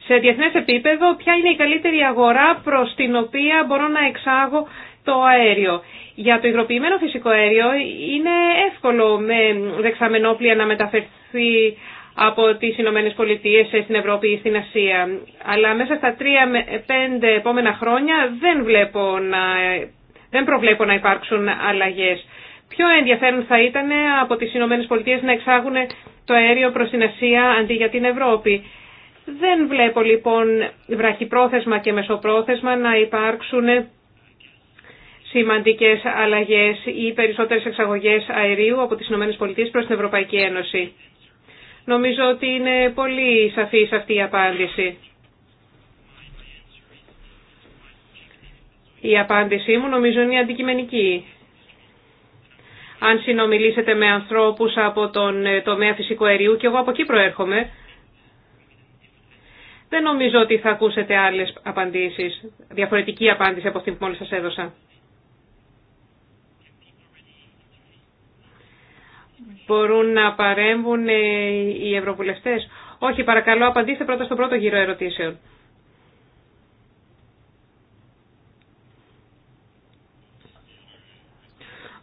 σε διεθνές επίπεδο ποια είναι η καλύτερη αγορά προς την οποία μπορώ να εξάγω το αέριο. Για το υγροποιημένο φυσικό αέριο είναι εύκολο με δεξαμενόπλια να μεταφερθεί από τις Ηνωμένες Πολιτείες στην Ευρώπη ή στην Ασία. Αλλά μέσα στα τρία με πέντε επόμενα χρόνια δεν, βλέπω να, δεν προβλέπω να υπάρξουν αλλαγές. Πιο ενδιαφέρον θα ήταν από τις Ηνωμένες Πολιτείες να εξάγουν το αέριο προς την Ασία αντί για την Ευρώπη. Δεν βλέπω λοιπόν βραχυπρόθεσμα και μεσοπρόθεσμα να υπάρξουν σημαντικές αλλαγές ή περισσότερες εξαγωγές αερίου από τις ΗΠΑ προς την Ευρωπαϊκή Ένωση. Νομίζω ότι είναι πολύ σαφής αυτή η απάντηση. Η απάντησή μου νομίζω είναι αντικειμενική. Αν συνομιλήσετε με ανθρώπους από τον τομέα φυσικού αερίου, και εγώ από εκεί προέρχομαι, δεν νομίζω ότι θα ακούσετε άλλες απαντήσεις, διαφορετική απάντηση από αυτή που μόλις σας έδωσα. μπορούν να παρέμβουν ε, οι ευρωβουλευτές. Όχι, παρακαλώ, απαντήστε πρώτα στον πρώτο γύρο ερωτήσεων.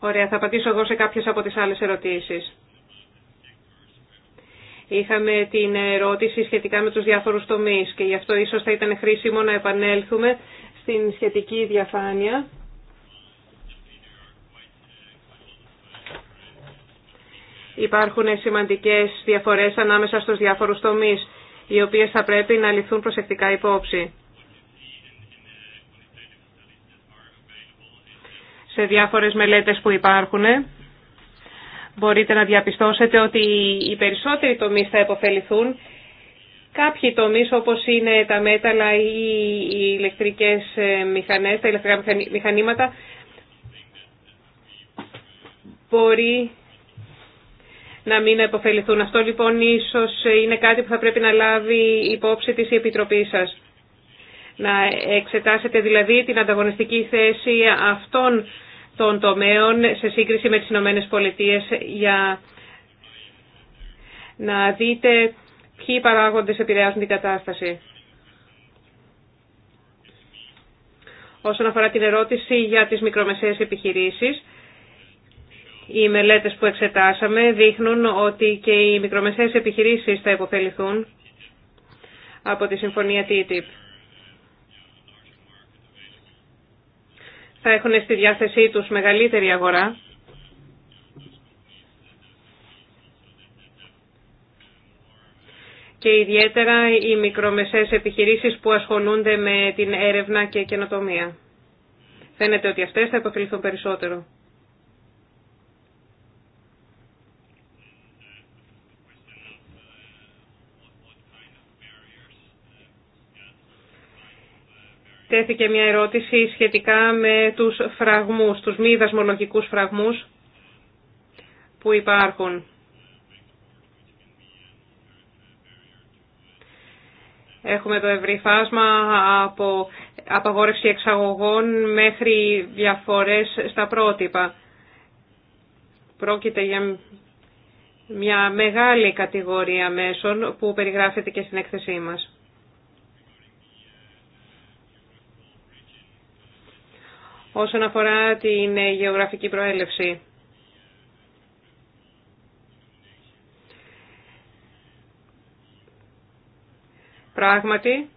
Ωραία, θα απαντήσω εγώ σε κάποιες από τις άλλες ερωτήσεις. Είχαμε την ερώτηση σχετικά με τους διάφορους τομείς και γι' αυτό ίσως θα ήταν χρήσιμο να επανέλθουμε στην σχετική διαφάνεια Υπάρχουν σημαντικές διαφορές ανάμεσα στους διάφορους τομείς, οι οποίες θα πρέπει να ληφθούν προσεκτικά υπόψη. Σε διάφορες μελέτες που υπάρχουν, μπορείτε να διαπιστώσετε ότι οι περισσότεροι τομείς θα επωφεληθούν. Κάποιοι τομείς όπως είναι τα μέταλλα ή οι ηλεκτρικές ε, μηχανές, τα ηλεκτρικά μηχανήματα, μπορεί να μην επωφεληθούν. Αυτό λοιπόν ίσως είναι κάτι που θα πρέπει να λάβει υπόψη της η Επιτροπή σας. Να εξετάσετε δηλαδή την ανταγωνιστική θέση αυτών των τομέων σε σύγκριση με τις Ηνωμένε Πολιτείες για να δείτε ποιοι παράγοντες επηρεάζουν την κατάσταση. Όσον αφορά την ερώτηση για τις μικρομεσαίες επιχειρήσεις, οι μελέτες που εξετάσαμε δείχνουν ότι και οι μικρομεσαίες επιχειρήσεις θα υποφεληθούν από τη συμφωνία TTIP. Θα έχουν στη διάθεσή τους μεγαλύτερη αγορά. Και ιδιαίτερα οι μικρομεσαίες επιχειρήσεις που ασχολούνται με την έρευνα και καινοτομία. Φαίνεται ότι αυτές θα υποφεληθούν περισσότερο. τέθηκε μια ερώτηση σχετικά με τους φραγμούς, τους μη δασμολογικούς φραγμούς που υπάρχουν. Έχουμε το ευρύ φάσμα από απαγόρευση εξαγωγών μέχρι διαφορές στα πρότυπα. Πρόκειται για μια μεγάλη κατηγορία μέσων που περιγράφεται και στην έκθεσή μας. όσον αφορά την ε, γεωγραφική προέλευση. Πράγματι,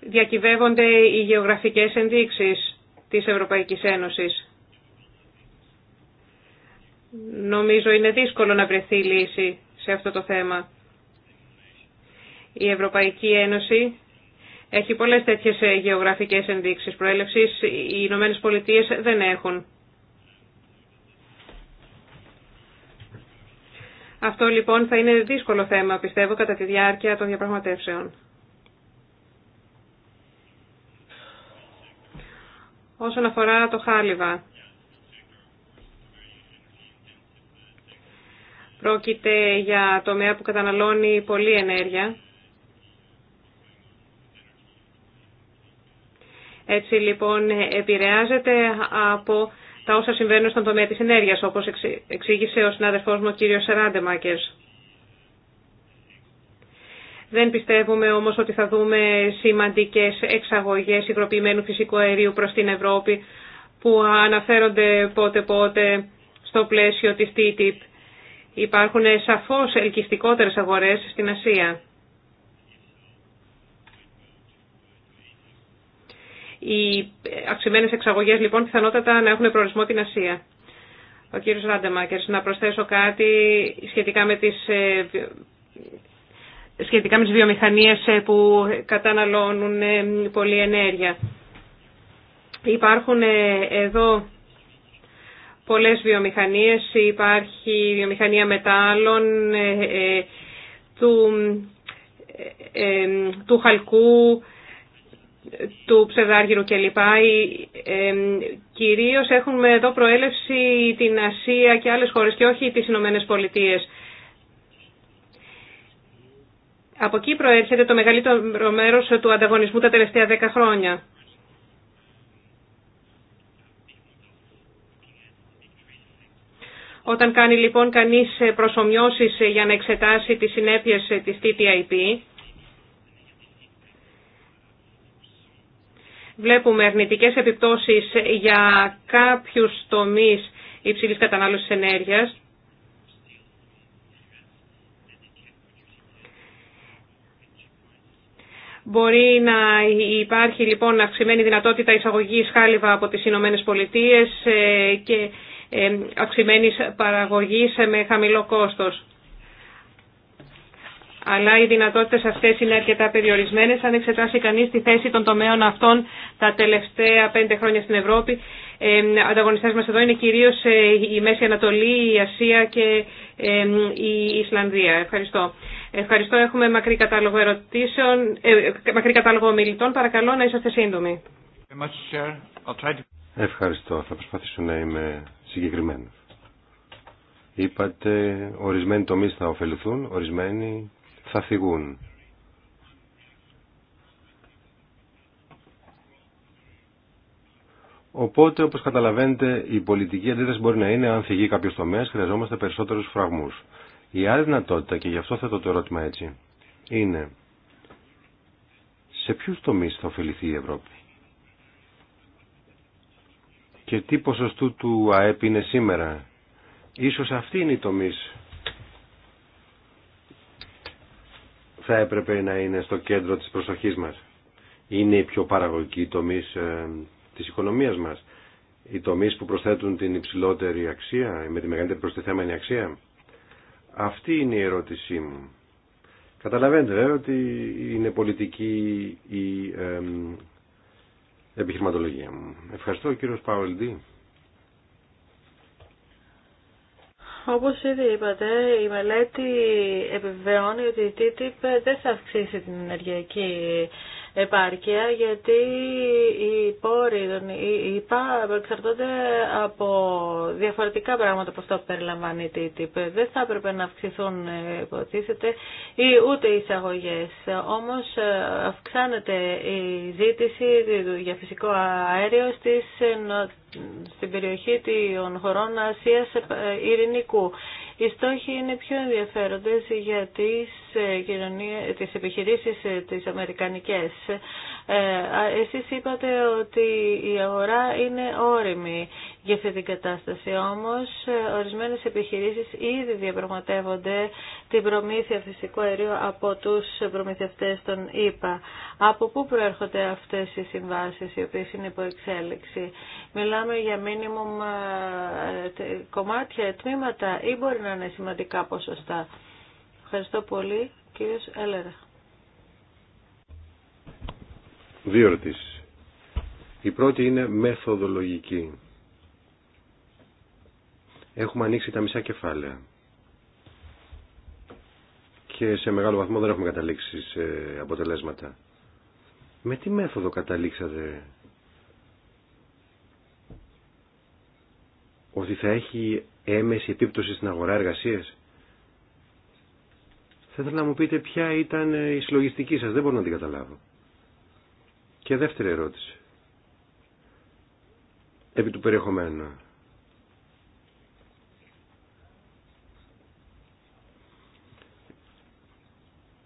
διακυβεύονται οι γεωγραφικές ενδείξεις της Ευρωπαϊκής Ένωσης. Νομίζω είναι δύσκολο να βρεθεί λύση σε αυτό το θέμα. Η Ευρωπαϊκή Ένωση έχει πολλέ τέτοιε ε, γεωγραφικές ενδείξει προέλευση. οι Ηνωμένε Πολιτείε δεν έχουν. Αυτό λοιπόν θα είναι δύσκολο θέμα, πιστεύω, κατά τη διάρκεια των διαπραγματεύσεων. Όσον αφορά το χάλιβα, πρόκειται για τομέα που καταναλώνει πολλή ενέργεια. Έτσι λοιπόν επηρεάζεται από τα όσα συμβαίνουν στον τομέα της ενέργειας, όπως εξήγησε ο συνάδελφός μου ο κύριος Δεν πιστεύουμε όμως ότι θα δούμε σημαντικές εξαγωγές υγροποιημένου φυσικού αερίου προς την Ευρώπη που αναφέρονται πότε-πότε στο πλαίσιο της TTIP. Υπάρχουν σαφώς ελκυστικότερες αγορές στην Ασία. Οι αυξημένε εξαγωγέ λοιπόν πιθανότατα να έχουν προορισμό την Ασία. Ο κύριος Ράντεμακερς, να προσθέσω κάτι σχετικά με τις ε, σχετικά με τις βιομηχανίες ε, που καταναλώνουν ε, πολλή ενέργεια. Υπάρχουν εδώ πολλές βιομηχανίες, υπάρχει βιομηχανία μετάλλων, του, του χαλκού, του ψευδάργυρου κλπ. Κυρίως έχουμε εδώ προέλευση την Ασία και άλλες χώρες και όχι τις Ηνωμένε Πολιτείε. Από εκεί προέρχεται το μεγαλύτερο μέρος του ανταγωνισμού τα τελευταία δέκα χρόνια. Όταν κάνει λοιπόν κανείς προσωμιώσεις για να εξετάσει τις συνέπειες της TTIP, βλέπουμε αρνητικές επιπτώσεις για κάποιους τομείς υψηλής κατανάλωσης ενέργειας. Μπορεί να υπάρχει λοιπόν αυξημένη δυνατότητα εισαγωγής χάλιβα από τις Ηνωμένε Πολιτείες ε, και ε, αυξημένης παραγωγής με χαμηλό κόστος αλλά οι δυνατότητες αυτές είναι αρκετά περιορισμένες. Αν εξετάσει κανείς τη θέση των τομέων αυτών τα τελευταία πέντε χρόνια στην Ευρώπη, ε, ανταγωνιστές μας εδώ είναι κυρίως ε, η Μέση Ανατολή, η Ασία και η Ισλανδία. Ευχαριστώ. Ευχαριστώ. Έχουμε μακρύ κατάλογο, ερωτήσεων, ε, μακρύ κατάλογο ομιλητών. Παρακαλώ να είσαστε σύντομοι. Ευχαριστώ. Θα προσπαθήσω να είμαι συγκεκριμένο. Είπατε, ορισμένοι τομείς θα ωφεληθούν, ορισμένοι θα φυγούν. Οπότε, όπως καταλαβαίνετε, η πολιτική αντίθεση μπορεί να είναι αν φυγεί κάποιος τομέας, χρειαζόμαστε περισσότερους φραγμούς. Η άλλη δυνατότητα, και γι' αυτό θέτω το ερώτημα έτσι, είναι σε ποιους τομείς θα ωφεληθεί η Ευρώπη και τι ποσοστού του ΑΕΠ είναι σήμερα. Ίσως αυτή είναι η τομής θα έπρεπε να είναι στο κέντρο της προσοχής μας. Είναι οι πιο παραγωγικοί τομείς της οικονομίας μας. Οι τομείς που προσθέτουν την υψηλότερη αξία, με τη μεγαλύτερη προστιθέμενη αξία. Αυτή είναι η ερώτησή μου. Καταλαβαίνετε βέβαια ότι είναι πολιτική η ε, επιχειρηματολογία μου. Ευχαριστώ κύριος Παολντή. Όπως ήδη είπατε, η μελέτη επιβεβαιώνει ότι η TTIP δεν θα αυξήσει την ενεργειακή επάρκεια γιατί οι πόροι, οι υπά εξαρτώνται από διαφορετικά πράγματα από αυτό που περιλαμβάνει η TTIP. Δεν θα έπρεπε να αυξηθούν υποτίθεται ή ούτε οι εισαγωγές. Όμως ε, αυξάνεται η ουτε οι εισαγωγε ομως αυξανεται η ζητηση για φυσικό αέριο στις ε, στην περιοχή των χωρών Ασίας ε, Ειρηνικού. Οι στόχοι είναι πιο ενδιαφέροντες για τις κοινωνίες, τις επιχειρήσεις ε, τις αμερικανικές. Ε, εσείς είπατε ότι η αγορά είναι όρημη για αυτή την κατάσταση. Όμως, ε, ορισμένες επιχειρήσεις ήδη διαπραγματεύονται την προμήθεια φυσικού αερίου από τους προμηθευτές των ΗΠΑ. Από πού προέρχονται αυτές οι συμβάσεις οι οποίες είναι υπό εξέλιξη. Μιλάμε για μίνιμουμ κομμάτια, τμήματα ή μπορεί να είναι σημαντικά ποσοστά. Ευχαριστώ πολύ, κύριος Έλερα. Δύο ερωτήσεις. Η πρώτη είναι μεθοδολογική. Έχουμε ανοίξει τα μισά κεφάλαια. Και σε μεγάλο βαθμό δεν έχουμε καταλήξει σε αποτελέσματα. Με τι μέθοδο καταλήξατε ότι θα έχει έμεση επίπτωση στην αγορά εργασίας θα ήθελα να μου πείτε ποια ήταν η συλλογιστική σας. Δεν μπορώ να την καταλάβω. Και δεύτερη ερώτηση. Επί του περιεχομένου.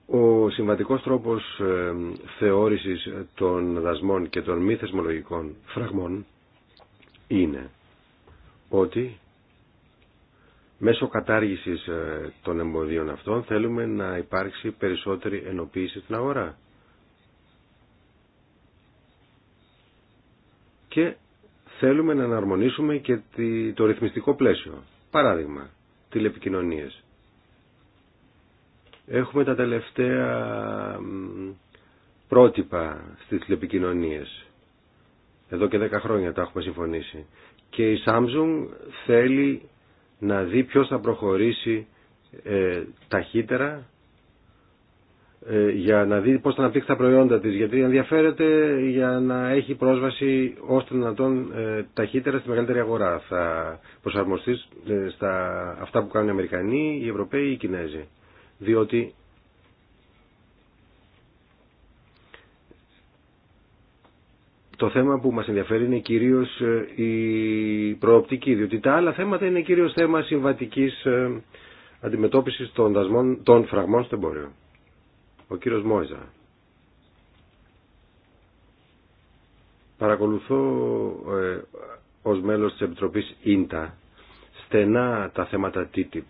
Ο συμβατικός τρόπος ε, θεώρησης των δασμών και των μη θεσμολογικών φραγμών είναι ότι Μέσω κατάργησης ε, των εμποδίων αυτών θέλουμε να υπάρξει περισσότερη ενοποίηση στην αγορά. Και θέλουμε να αναρμονίσουμε και το ρυθμιστικό πλαίσιο. Παράδειγμα, τηλεπικοινωνίες. Έχουμε τα τελευταία πρότυπα στις τηλεπικοινωνίες. Εδώ και 10 χρόνια τα έχουμε συμφωνήσει. Και η Samsung θέλει να δει ποιος θα προχωρήσει ε, ταχύτερα ε, για να δει πώς θα αναπτύξει τα προϊόντα της γιατί ενδιαφέρεται για να έχει πρόσβαση ώστε να τον ε, ταχύτερα στη μεγαλύτερη αγορά θα προσαρμοστεί στα αυτά που κάνουν οι Αμερικανοί, οι Ευρωπαίοι ή οι Κινέζοι διότι Το θέμα που μας ενδιαφέρει είναι κυρίως ε, η προοπτική, διότι τα άλλα θέματα είναι κυρίως θέμα συμβατικής ε, αντιμετώπισης των, δασμών, των φραγμών στο εμπόριο. Ο κύριος Μόιζα. Παρακολουθώ ε, ως μέλος της Επιτροπής ΙΝΤΑ στενά τα θέματα TTIP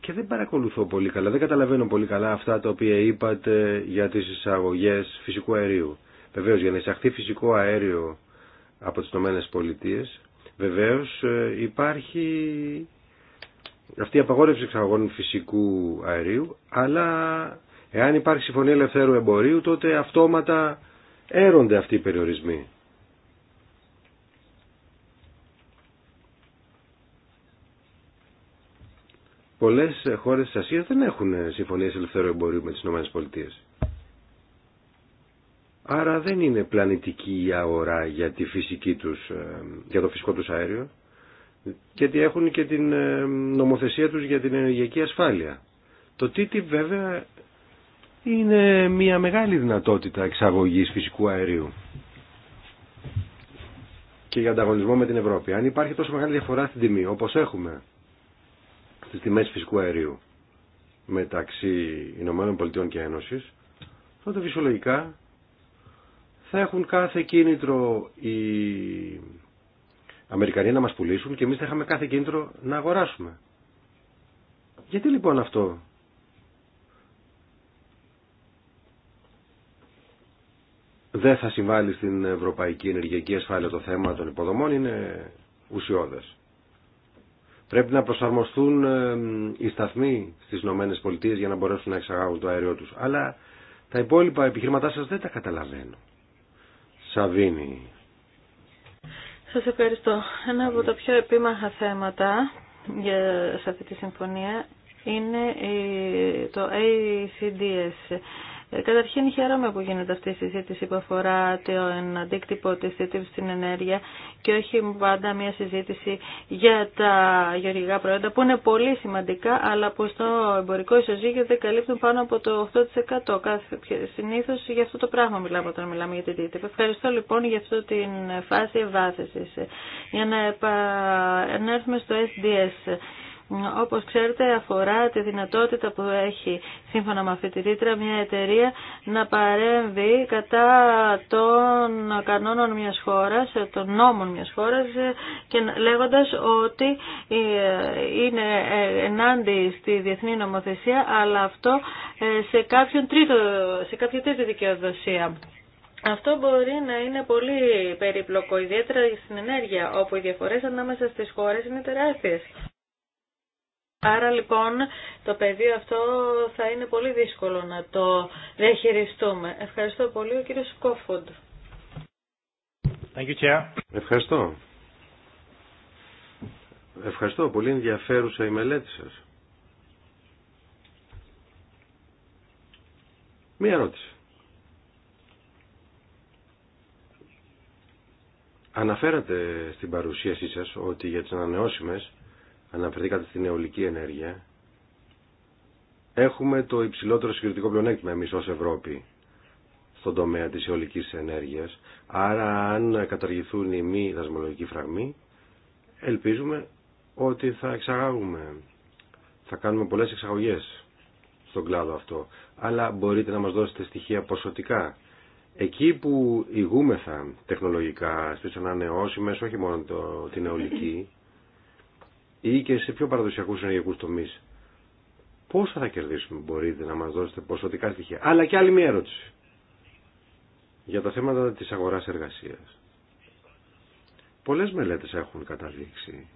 και δεν παρακολουθώ πολύ καλά, δεν καταλαβαίνω πολύ καλά αυτά τα οποία είπατε για τις εισαγωγές φυσικού αερίου. Βεβαίως για να εισαχθεί φυσικό αέριο από τις Ηνωμένες Πολιτείες, βεβαίως ε, υπάρχει αυτή η απαγόρευση εξαγωγών φυσικού αερίου, αλλά εάν υπάρχει συμφωνία ελευθέρου εμπορίου, τότε αυτόματα έρονται αυτοί οι περιορισμοί. Πολλές χώρες της Ασίας δεν έχουν συμφωνίες ελευθέρου εμπορίου με τις ΗΠΑ. Άρα δεν είναι πλανητική η αγορά για, τη φυσική τους, ε, για το φυσικό τους αέριο γιατί έχουν και την ε, νομοθεσία τους για την ενεργειακή ασφάλεια. Το TTIP βέβαια είναι μια μεγάλη δυνατότητα εξαγωγής φυσικού αερίου και για ανταγωνισμό με την Ευρώπη. Αν υπάρχει τόσο μεγάλη διαφορά στην τιμή όπως έχουμε στις τιμές φυσικού αερίου μεταξύ Ηνωμένων Πολιτειών και Ένωσης τότε φυσιολογικά θα έχουν κάθε κίνητρο οι Αμερικανοί να μας πουλήσουν και εμείς θα είχαμε κάθε κίνητρο να αγοράσουμε. Γιατί λοιπόν αυτό. Δεν θα συμβάλλει στην ευρωπαϊκή ενεργειακή ασφάλεια το θέμα των υποδομών, είναι ουσιώδες. Πρέπει να προσαρμοστούν οι σταθμοί στις Ηνωμένες Πολιτείες για να μπορέσουν να εξαγάγουν το αέριό τους. Αλλά τα υπόλοιπα επιχειρηματά σας δεν τα καταλαβαίνω. Σαβίνη. Σας ευχαριστώ. Ένα από τα πιο επίμαχα θέματα για, σε αυτή τη συμφωνία είναι το ACDS ε, καταρχήν χαίρομαι που γίνεται αυτή η συζήτηση που αφορά τον αντίκτυπο της θετήψης στην ενέργεια και όχι πάντα μια συζήτηση για τα γεωργικά προϊόντα που είναι πολύ σημαντικά αλλά που στο εμπορικό ισοζύγιο δεν καλύπτουν πάνω από το 8%. Συνήθως για αυτό το πράγμα μιλάμε όταν μιλάμε για την TTIP. Ευχαριστώ λοιπόν για αυτή την φάση ευάθεσης. Για να επανέλθουμε στο SDS όπως ξέρετε αφορά τη δυνατότητα που έχει σύμφωνα με αυτή τη ρήτρα μια εταιρεία να παρέμβει κατά των κανόνων μιας χώρας, των νόμων μιας χώρας και λέγοντας ότι ε, είναι ε, ενάντι στη διεθνή νομοθεσία αλλά αυτό ε, σε, κάποιον τρίτο, σε κάποια τρίτη δικαιοδοσία. Αυτό μπορεί να είναι πολύ περίπλοκο, ιδιαίτερα στην ενέργεια, όπου οι διαφορές ανάμεσα στις χώρες είναι τεράστιες. Άρα λοιπόν το πεδίο αυτό θα είναι πολύ δύσκολο να το διαχειριστούμε. Ευχαριστώ πολύ ο κύριος Κόφοντ. Thank you, Ευχαριστώ. Ευχαριστώ. Πολύ ενδιαφέρουσα η μελέτη σας. Μία ερώτηση. Αναφέρατε στην παρουσίασή σας ότι για τις ανανεώσιμες αναφερθήκατε στην αιωλική ενέργεια, έχουμε το υψηλότερο συγκριτικό πλεονέκτημα εμείς ως Ευρώπη στον τομέα της αιωλικής ενέργειας. Άρα αν καταργηθούν οι μη δασμολογικοί φραγμοί, ελπίζουμε ότι θα εξαγάγουμε, θα κάνουμε πολλές εξαγωγές στον κλάδο αυτό. Αλλά μπορείτε να μας δώσετε στοιχεία ποσοτικά. Εκεί που ηγούμεθα τεχνολογικά στις ανανεώσιμες, όχι μόνο το, την αιωλική, ή και σε πιο παραδοσιακούς ενεργειακού τομεί. Πόσο θα κερδίσουμε μπορείτε να μας δώσετε ποσοτικά στοιχεία. Αλλά και άλλη μια ερώτηση. Για τα θέματα τη αγοράς εργασίας. Πολλέ μελέτες έχουν καταδείξει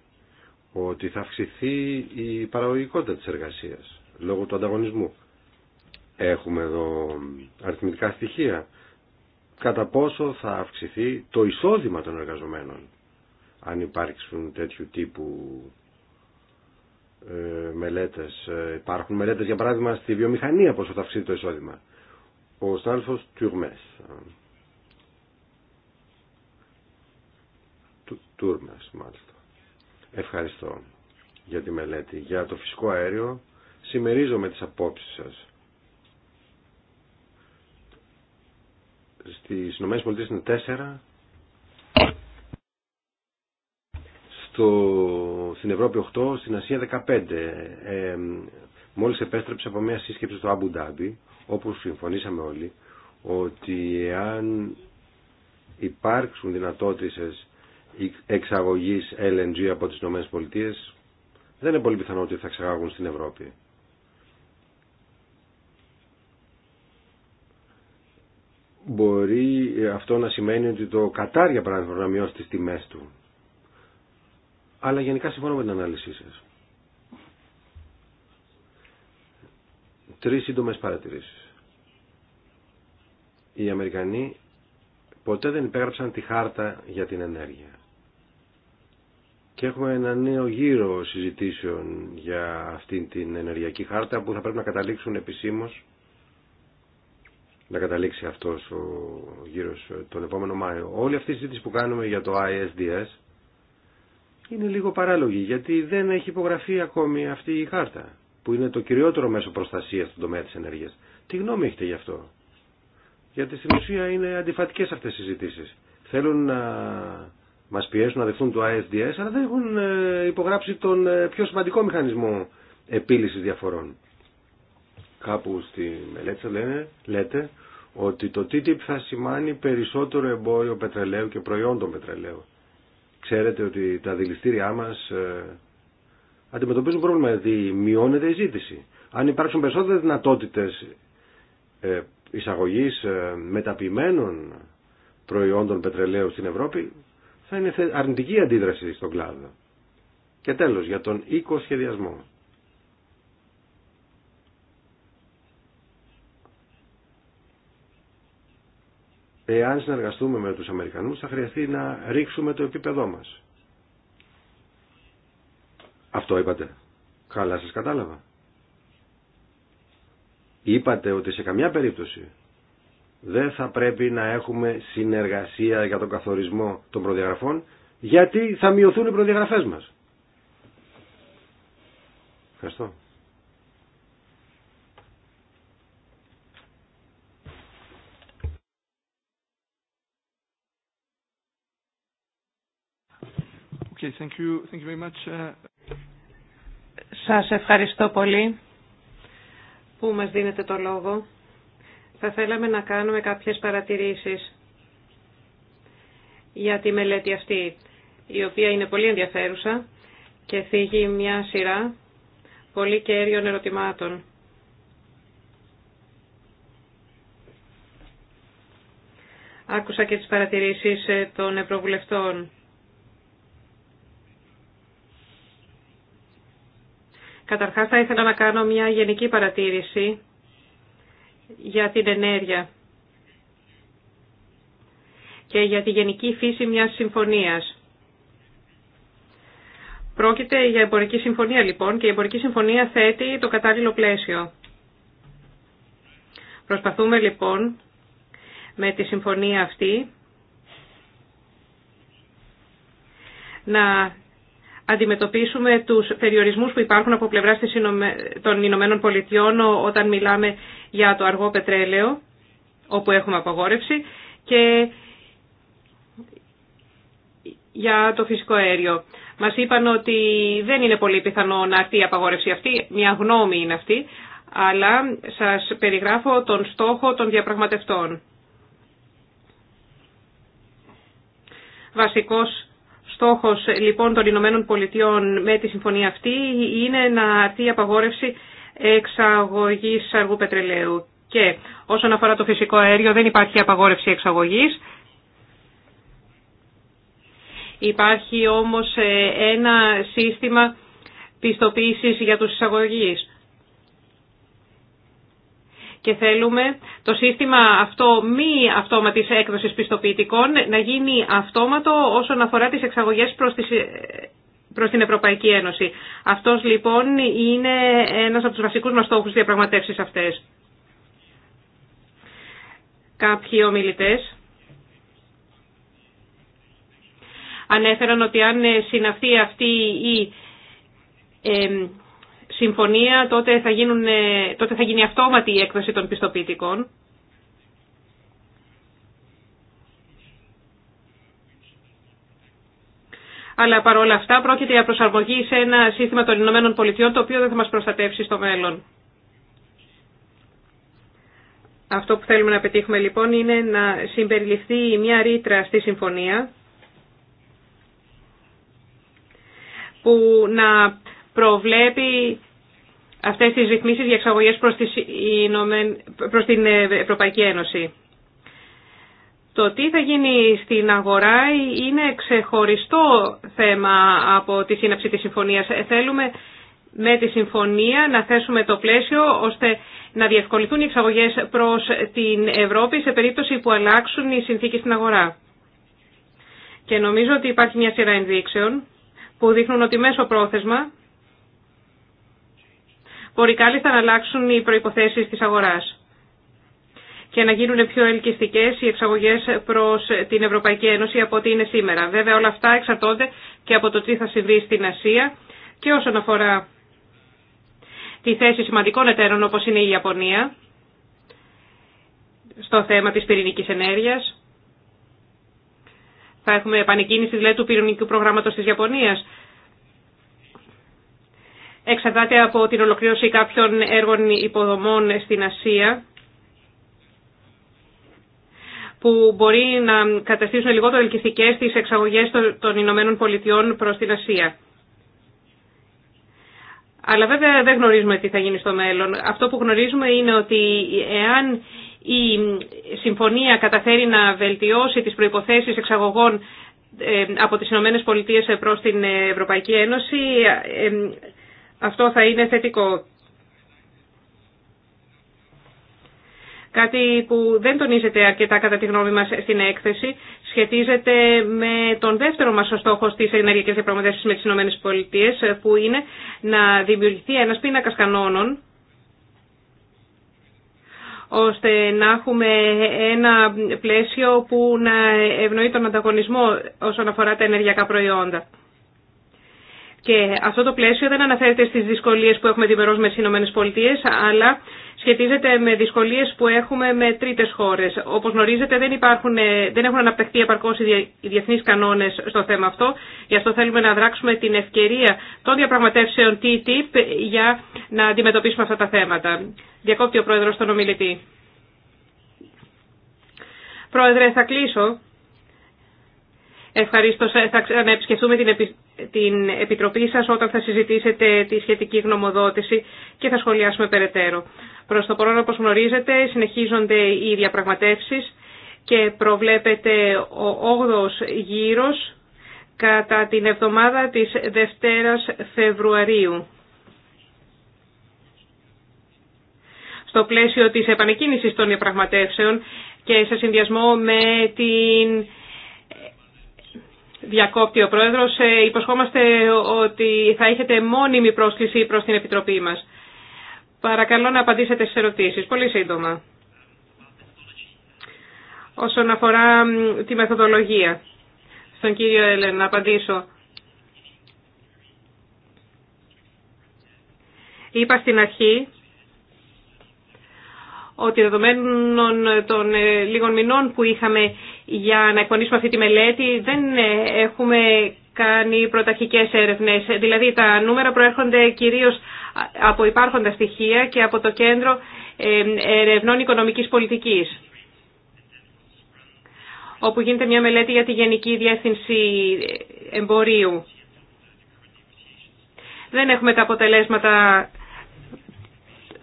ότι θα αυξηθεί η παραγωγικότητα της εργασίας λόγω του ανταγωνισμού. Έχουμε εδώ αριθμητικά στοιχεία. Κατά πόσο θα αυξηθεί το εισόδημα των εργαζομένων αν υπάρξουν τέτοιου τύπου μελέτες. Ε, υπάρχουν μελέτες, για παράδειγμα, στη βιομηχανία πόσο θα αυξήσει το εισόδημα. Ο Στάλφος Τουρμές. Τουρμές, μάλιστα. Ευχαριστώ για τη μελέτη. Για το φυσικό αέριο, συμμερίζομαι τις απόψεις σας. Στις ΗΠΑ είναι τέσσερα. Στο στην Ευρώπη 8, στην Ασία 15. Ε, μόλις επέστρεψε από μια σύσκεψη στο Αμπου Ντάμπι, όπου συμφωνήσαμε όλοι, ότι εάν υπάρξουν δυνατότητες εξαγωγής LNG από τις ΗΠΑ, δεν είναι πολύ πιθανό ότι θα εξαγάγουν στην Ευρώπη. Μπορεί αυτό να σημαίνει ότι το Κατάρ, για να μειώσει τις τιμές του αλλά γενικά συμφωνώ με την ανάλυση σας. Τρεις σύντομες παρατηρήσεις. Οι Αμερικανοί ποτέ δεν υπέγραψαν τη χάρτα για την ενέργεια. Και έχουμε ένα νέο γύρο συζητήσεων για αυτήν την ενεργειακή χάρτα που θα πρέπει να καταλήξουν επισήμως να καταλήξει αυτός ο γύρος τον επόμενο Μάιο. Όλη αυτή η συζήτηση που κάνουμε για το ISDS είναι λίγο παράλογη γιατί δεν έχει υπογραφεί ακόμη αυτή η χάρτα που είναι το κυριότερο μέσο προστασίας στον τομέα της ενέργειας. Τι γνώμη έχετε γι' αυτό. Γιατί στην ουσία είναι αντιφατικές αυτές οι συζητήσεις. Θέλουν να μας πιέσουν να δεχθούν το ISDS αλλά δεν έχουν ε, υπογράψει τον ε, πιο σημαντικό μηχανισμό επίλυσης διαφορών. Κάπου στη μελέτη λένε, λέτε ότι το TTIP θα σημάνει περισσότερο εμπόριο πετρελαίου και προϊόντων πετρελαίου. Ξέρετε ότι τα δηληστήριά μας ε, αντιμετωπίζουν πρόβλημα γιατί μειώνεται η ζήτηση. Αν υπάρξουν περισσότερες δυνατότητες ε, εισαγωγής ε, μεταποιημένων προϊόντων πετρελαίου στην Ευρώπη θα είναι αρνητική αντίδραση στον κλάδο. Και τέλος για τον σχεδιασμό. εάν συνεργαστούμε με τους Αμερικανούς θα χρειαστεί να ρίξουμε το επίπεδό μας. Αυτό είπατε. Καλά σας κατάλαβα. Είπατε ότι σε καμιά περίπτωση δεν θα πρέπει να έχουμε συνεργασία για τον καθορισμό των προδιαγραφών γιατί θα μειωθούν οι προδιαγραφές μας. Ευχαριστώ. Okay, thank you. Thank you very uh, Σας ευχαριστώ πολύ που μας δίνετε το λόγο. Θα θέλαμε να κάνουμε κάποιες παρατηρήσεις για τη μελέτη αυτή, η οποία είναι πολύ ενδιαφέρουσα και θίγει μια σειρά πολύ κέριων ερωτημάτων. Άκουσα και τις παρατηρήσεις ε, των Ευρωβουλευτών. Καταρχάς θα ήθελα να κάνω μια γενική παρατήρηση για την ενέργεια και για τη γενική φύση μιας συμφωνίας. Πρόκειται για εμπορική συμφωνία λοιπόν και η εμπορική συμφωνία θέτει το κατάλληλο πλαίσιο. Προσπαθούμε λοιπόν με τη συμφωνία αυτή να αντιμετωπίσουμε τους περιορισμούς που υπάρχουν από πλευράς των Ηνωμένων Πολιτειών όταν μιλάμε για το αργό πετρέλαιο, όπου έχουμε απαγόρευση, και για το φυσικό αέριο. Μας είπαν ότι δεν είναι πολύ πιθανό να αρθεί η απαγόρευση αυτή, μια γνώμη είναι αυτή, αλλά σας περιγράφω τον στόχο των διαπραγματευτών. Βασικός στόχος λοιπόν των Ηνωμένων Πολιτειών με τη συμφωνία αυτή είναι να αρθεί η απαγόρευση εξαγωγής αργού πετρελαίου. Και όσον αφορά το φυσικό αέριο δεν υπάρχει απαγόρευση εξαγωγής. Υπάρχει όμως ε, ένα σύστημα πιστοποίησης για τους εισαγωγείς και θέλουμε το σύστημα αυτό μη αυτόματης έκδοσης πιστοποιητικών να γίνει αυτόματο όσον αφορά τις εξαγωγές προς τις προς την Ευρωπαϊκή Ένωση. Αυτός λοιπόν είναι ένας από τους βασικούς μας στόχους διαπραγματεύσεις αυτές. Κάποιοι ομιλητές ανέφεραν ότι αν συναυθεί αυτή η ε, συμφωνία, τότε θα, γίνουν, ε, τότε θα γίνει αυτόματη η έκδοση των πιστοποιητικών. Αλλά παρόλα αυτά πρόκειται για προσαρμογή σε ένα σύστημα των Ηνωμένων Πολιτειών το οποίο δεν θα μας προστατεύσει στο μέλλον. Αυτό που θέλουμε να πετύχουμε λοιπόν είναι να συμπεριληφθεί μια ρήτρα στη συμφωνία που να προβλέπει αυτές τις ρυθμίσεις για εξαγωγές προς την ε, Ευρωπαϊκή Ένωση. Το τι θα γίνει στην αγορά είναι ξεχωριστό θέμα από τη σύναψη της συμφωνίας. Ε, θέλουμε με τη συμφωνία να θέσουμε το πλαίσιο ώστε να διευκολυθούν οι εξαγωγές προς την Ευρώπη σε περίπτωση που αλλάξουν οι συνθήκες στην αγορά. Και νομίζω ότι υπάρχει μια σειρά ενδείξεων που δείχνουν ότι μέσω πρόθεσμα μπορεί κάλλιστα να αλλάξουν οι προϋποθέσεις της αγοράς και να γίνουν πιο ελκυστικές οι εξαγωγές προς την Ευρωπαϊκή Ένωση από ό,τι είναι σήμερα. Βέβαια όλα αυτά εξαρτώνται και από το τι θα συμβεί στην Ασία και όσον αφορά τη θέση σημαντικών εταίρων όπως είναι η Ιαπωνία στο θέμα της πυρηνικής ενέργειας. Θα έχουμε επανεκκίνηση δηλαδή, του πυρηνικού προγράμματος της Ιαπωνίας εξαρτάται από την ολοκλήρωση κάποιων έργων υποδομών στην Ασία που μπορεί να καταστήσουν λιγότερο ελκυστικέ τι εξαγωγέ των Ηνωμένων Πολιτειών προς την Ασία. Αλλά βέβαια δεν γνωρίζουμε τι θα γίνει στο μέλλον. Αυτό που γνωρίζουμε είναι ότι εάν η συμφωνία καταφέρει να βελτιώσει τις προϋποθέσεις εξαγωγών ε, από τις Ηνωμένε Πολιτείες προς την Ευρωπαϊκή Ένωση ε, αυτό θα είναι θετικό. Κάτι που δεν τονίζεται αρκετά κατά τη γνώμη μας στην έκθεση σχετίζεται με τον δεύτερο μας στόχο στις ενεργειακές διαπραγματεύσεις με τις ΗΠΑ που είναι να δημιουργηθεί ένας πίνακας κανόνων ώστε να έχουμε ένα πλαίσιο που να ευνοεί τον ανταγωνισμό όσον αφορά τα ενεργειακά προϊόντα. Και αυτό το πλαίσιο δεν αναφέρεται στις δυσκολίες που έχουμε διμερώς με τις Ηνωμένες Πολιτείες, αλλά σχετίζεται με δυσκολίες που έχουμε με τρίτες χώρες. Όπως γνωρίζετε δεν, υπάρχουν, ε, δεν έχουν αναπτυχθεί επαρκώς οι διεθνείς κανόνες στο θέμα αυτό. Γι' αυτό θέλουμε να δράξουμε την ευκαιρία των διαπραγματεύσεων TTIP για να αντιμετωπίσουμε αυτά τα θέματα. Διακόπτει ο Πρόεδρος τον ομιλητή. Πρόεδρε, θα κλείσω Ευχαριστώ. Θα επισκεφθούμε την Επιτροπή σας όταν θα συζητήσετε τη σχετική γνωμοδότηση και θα σχολιάσουμε περαιτέρω. Προς το παρόν, όπως γνωρίζετε, συνεχίζονται οι διαπραγματεύσεις και προβλέπεται ο 8 γύρος κατά την εβδομάδα της Δευτέρας Φεβρουαρίου. Στο πλαίσιο της επανεκκίνησης των διαπραγματεύσεων και σε συνδυασμό με την Διακόπτει ο Πρόεδρος. Ε, υποσχόμαστε ότι θα έχετε μόνιμη πρόσκληση προς την Επιτροπή μας. Παρακαλώ να απαντήσετε στις ερωτήσεις. Πολύ σύντομα. Όσον αφορά τη μεθοδολογία. Στον κύριο Έλεν να απαντήσω. Είπα στην αρχή ότι δεδομένων των ε, λίγων μηνών που είχαμε για να εκπονήσουμε αυτή τη μελέτη δεν ε, έχουμε κάνει πρωταρχικές έρευνες. Δηλαδή τα νούμερα προέρχονται κυρίως από υπάρχοντα στοιχεία και από το Κέντρο ε, Ερευνών Οικονομικής Πολιτικής όπου γίνεται μια μελέτη για τη Γενική Διεύθυνση Εμπορίου. Δεν έχουμε τα αποτελέσματα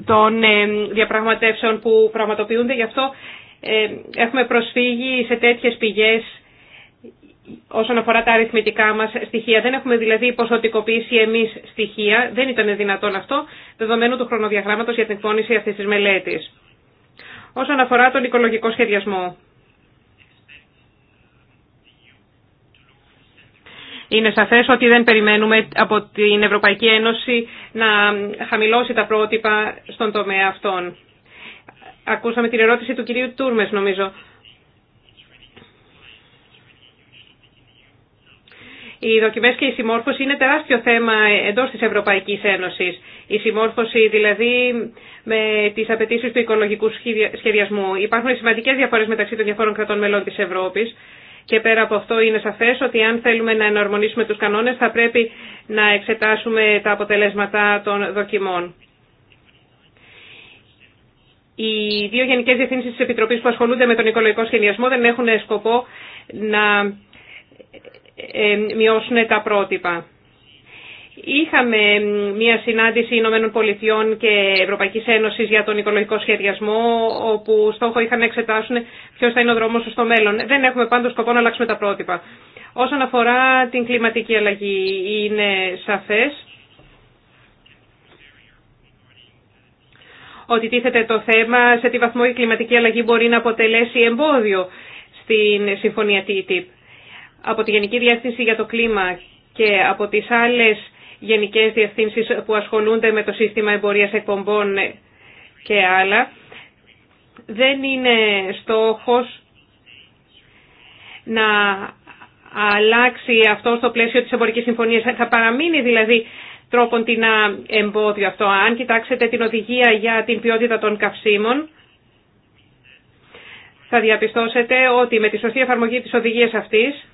των ε, διαπραγματεύσεων που πραγματοποιούνται, γι' αυτό ε, έχουμε προσφύγει σε τέτοιες πηγές όσον αφορά τα αριθμητικά μας στοιχεία. Δεν έχουμε δηλαδή ποσοτικοποιήσει εμείς στοιχεία. Δεν ήταν δυνατόν αυτό, δεδομένου του χρονοδιαγράμματος για την φώνηση αυτής της μελέτης. Όσον αφορά τον οικολογικό σχεδιασμό. Είναι σαφές ότι δεν περιμένουμε από την Ευρωπαϊκή Ένωση να χαμηλώσει τα πρότυπα στον τομέα αυτών. Ακούσαμε την ερώτηση του κυρίου Τούρμες, νομίζω. Οι δοκιμές και η συμμόρφωση είναι τεράστιο θέμα εντός της Ευρωπαϊκής Ένωσης. Η συμμόρφωση δηλαδή με τις απαιτήσεις του οικολογικού σχεδιασμού. Υπάρχουν σημαντικές διαφορές μεταξύ των διαφόρων κρατών μελών της Ευρώπης. Και πέρα από αυτό είναι σαφές ότι αν θέλουμε να εναρμονίσουμε τους κανόνες θα πρέπει να εξετάσουμε τα αποτελέσματα των δοκιμών. Οι δύο γενικές διευθύνσεις της Επιτροπής που ασχολούνται με τον οικολογικό σχεδιασμό δεν έχουν σκοπό να ε, μειώσουν τα πρότυπα. Είχαμε μια συνάντηση Ηνωμένων Πολιτειών και Ευρωπαϊκής Ένωσης για τον οικολογικό σχεδιασμό, όπου στόχο είχαν να εξετάσουν ποιο θα είναι ο δρόμος στο μέλλον. Δεν έχουμε πάντως σκοπό να αλλάξουμε τα πρότυπα. Όσον αφορά την κλιματική αλλαγή, είναι σαφές ότι τίθεται το θέμα σε τι βαθμό η κλιματική αλλαγή μπορεί να αποτελέσει εμπόδιο στην συμφωνία TTIP. Από τη Γενική Διεύθυνση για το Κλίμα και από τις άλλες γενικές διευθύνσεις που ασχολούνται με το σύστημα εμπορίας εκπομπών και άλλα, δεν είναι στόχος να αλλάξει αυτό στο πλαίσιο της εμπορικής συμφωνίας. Θα παραμείνει δηλαδή τρόπον την εμπόδιο αυτό. Αν κοιτάξετε την οδηγία για την ποιότητα των καυσίμων, θα διαπιστώσετε ότι με τη σωστή εφαρμογή της οδηγίας αυτής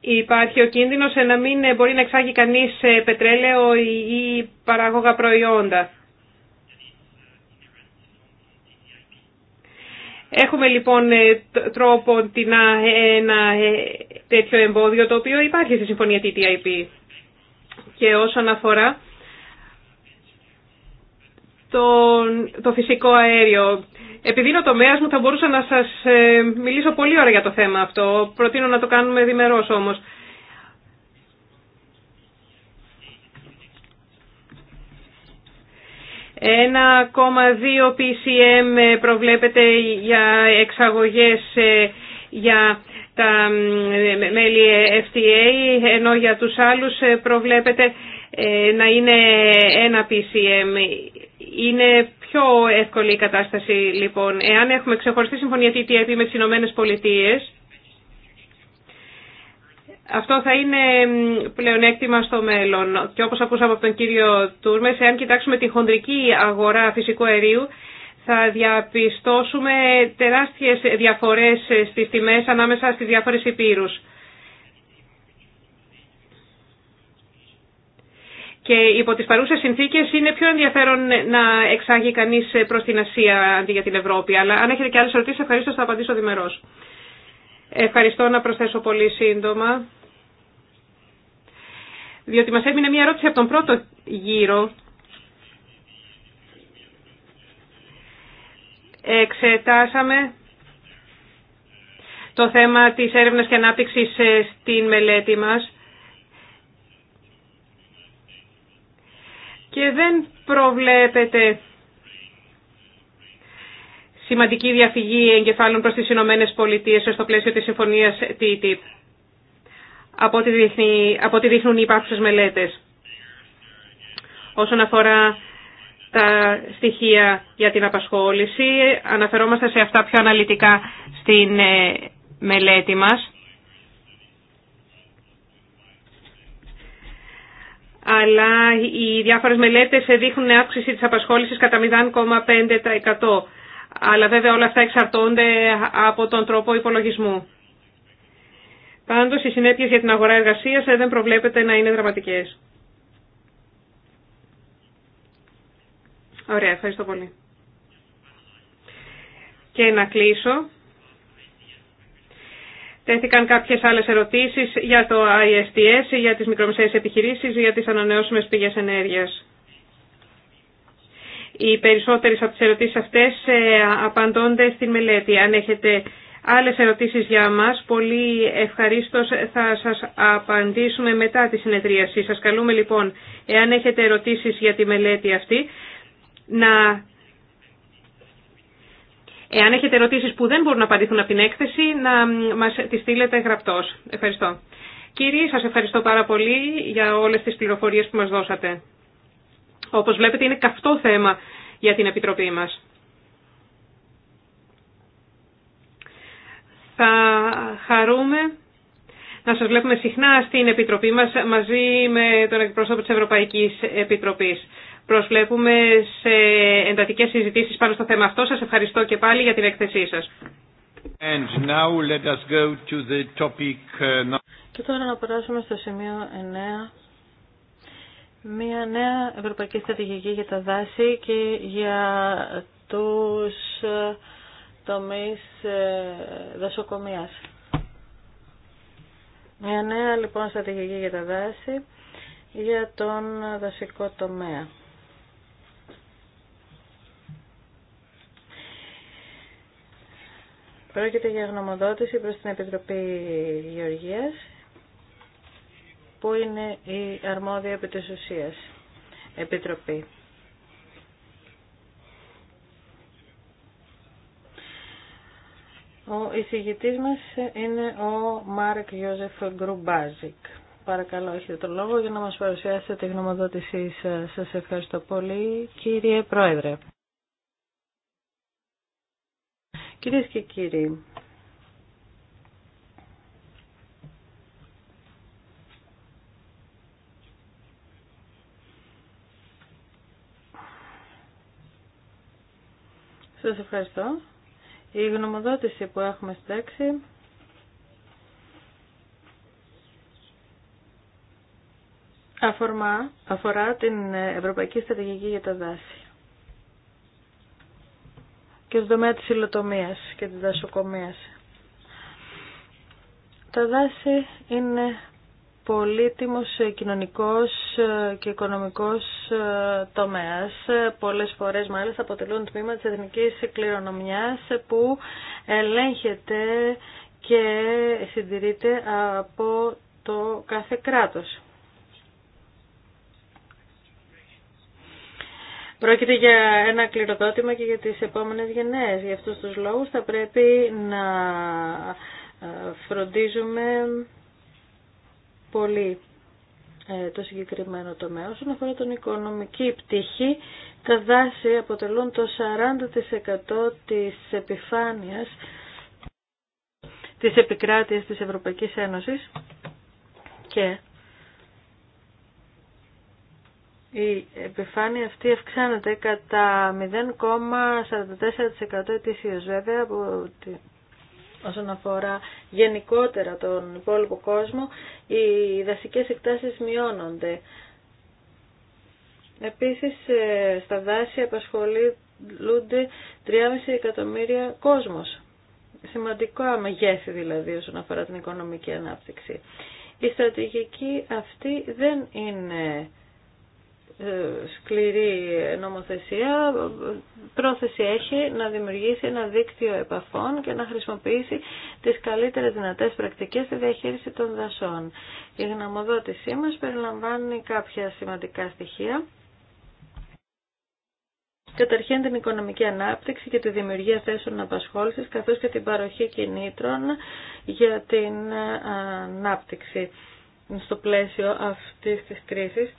υπάρχει ο κίνδυνος να μην μπορεί να εξάγει κανείς ε, πετρέλαιο ή παράγωγα προϊόντα. Έχουμε λοιπόν ε, τρόπο να ε, ένα ε, τέτοιο εμπόδιο το οποίο υπάρχει στη συμφωνία TTIP. Και όσον αφορά το, το φυσικό αέριο, επειδή είναι ο τομέα μου θα μπορούσα να σας μιλήσω πολύ ώρα για το θέμα αυτό. Προτείνω να το κάνουμε διμερός όμως. 1,2 PCM ε, προβλέπεται για εξαγωγές ε, για τα ε, μέλη FTA, ενώ για τους άλλους προβλέπεται να είναι 1 PCM. Είναι πιο εύκολη η κατάσταση λοιπόν. Εάν έχουμε ξεχωριστή συμφωνία TTIP με τις Ηνωμένες Πολιτείες, αυτό θα είναι πλεονέκτημα στο μέλλον. Και όπως ακούσαμε από τον κύριο Τούρμες, εάν κοιτάξουμε τη χοντρική αγορά φυσικού αερίου, θα διαπιστώσουμε τεράστιες διαφορές στις τιμές ανάμεσα στις διάφορες υπήρους. Και υπό τις παρούσες συνθήκες είναι πιο ενδιαφέρον να εξάγει κανείς προς την Ασία αντί για την Ευρώπη. Αλλά αν έχετε και άλλες ερωτήσεις, ευχαριστώ, θα απαντήσω δημερός. Ευχαριστώ να προσθέσω πολύ σύντομα διότι μας έμεινε μία ερώτηση από τον πρώτο γύρο. Εξετάσαμε το θέμα της έρευνας και ανάπτυξης ε, στην μελέτη μας και δεν προβλέπεται σημαντική διαφυγή εγκεφάλων προς τις Ηνωμένες Πολιτείες στο πλαίσιο της συμφωνίας TTIP από ό,τι, από δείχνουν οι υπάρχουσες μελέτες. Όσον αφορά τα στοιχεία για την απασχόληση, αναφερόμαστε σε αυτά πιο αναλυτικά στην ε, μελέτη μας. αλλά οι διάφορες μελέτες δείχνουν αύξηση της απασχόλησης κατά 0,5%. Αλλά βέβαια όλα αυτά εξαρτώνται από τον τρόπο υπολογισμού. Πάντως οι συνέπειες για την αγορά εργασίας ε, δεν προβλέπεται να είναι δραματικές. Ωραία, ευχαριστώ πολύ. Και να κλείσω. Τέθηκαν κάποιες άλλες ερωτήσεις για το ISTS, για τις μικρομεσαίες επιχειρήσεις, για τις ανανεώσιμες πηγές ενέργειας. Οι περισσότερες από τις ερωτήσεις αυτές ε, απαντώνται στην μελέτη. Αν έχετε άλλες ερωτήσεις για μας, πολύ ευχαριστώ, θα σας απαντήσουμε μετά τη συνεδρίαση. Σας καλούμε λοιπόν, εάν έχετε ερωτήσεις για τη μελέτη αυτή, να... Εάν έχετε ερωτήσεις που δεν μπορούν να απαντηθούν από την έκθεση, να μας τις στείλετε γραπτός. Ευχαριστώ. Κύριοι, σας ευχαριστώ πάρα πολύ για όλες τις πληροφορίες που μας δώσατε. Όπως βλέπετε είναι καυτό θέμα για την Επιτροπή μας. Θα χαρούμε να σας βλέπουμε συχνά στην Επιτροπή μας μαζί με τον εκπρόσωπο της Ευρωπαϊκής Επιτροπής. Προσβλέπουμε σε εντατικές συζητήσεις πάνω στο θέμα αυτό. Σας ευχαριστώ και πάλι για την έκθεσή σας. Και τώρα να περάσουμε στο σημείο 9. Μια νέα ευρωπαϊκή στρατηγική για τα δάση και για τους ε, τομείς ε, δασοκομείας. Μια νέα λοιπόν στρατηγική για τα δάση για τον δασικό τομέα. Πρόκειται για γνωμοδότηση προς την Επιτροπή Γεωργίας που είναι η αρμόδια επί επιτροπή. Ο εισηγητής μας είναι ο Μάρκ Ιώζεφ Γκρουμπάζικ. Παρακαλώ, έχετε τον λόγο για να μας παρουσιάσετε τη γνωμοδότησή σας. Σας ευχαριστώ πολύ, κύριε Πρόεδρε. Κυρίες και κύριοι, Σας ευχαριστώ η γνωμοδότηση που έχουμε στέξει αφορά, αφορά την Ευρωπαϊκή Στρατηγική για τα Δάση και το τομέα της υλοτομίας και της δασοκομείας. Τα δάση είναι πολύτιμος ε, κοινωνικός ε, και οικονομικός ε, τομέας. Πολλές φορές μάλιστα αποτελούν τμήμα της εθνικής κληρονομιάς που ελέγχεται και συντηρείται από το κάθε κράτος. Πρόκειται για ένα κληροδότημα και για τις επόμενες γενναίες. Για αυτούς τους λόγους θα πρέπει να φροντίζουμε πολύ ε, το συγκεκριμένο τομέα. Όσον αφορά τον οικονομική πτυχή, τα δάση αποτελούν το 40% της επιφάνειας της επικράτειας της Ευρωπαϊκής Ένωσης και η επιφάνεια αυτή αυξάνεται κατά 0,44% ετησίως βέβαια από όσον αφορά γενικότερα τον υπόλοιπο κόσμο, οι δασικές εκτάσεις μειώνονται. Επίσης, ε, στα δάση απασχολούνται 3,5 εκατομμύρια κόσμος. σημαντικό μεγέθη δηλαδή όσον αφορά την οικονομική ανάπτυξη. Η στρατηγική αυτή δεν είναι ε, σκληρή νομοθεσία πρόθεση έχει να δημιουργήσει ένα δίκτυο επαφών και να χρησιμοποιήσει τις καλύτερες δυνατές πρακτικές στη διαχείριση των δασών. Η γνωμοδότησή μας περιλαμβάνει κάποια σημαντικά στοιχεία. Καταρχήν την οικονομική ανάπτυξη και τη δημιουργία θέσεων απασχόλησης καθώς και την παροχή κινήτρων για την ε, ανάπτυξη στο πλαίσιο αυτής της κρίσης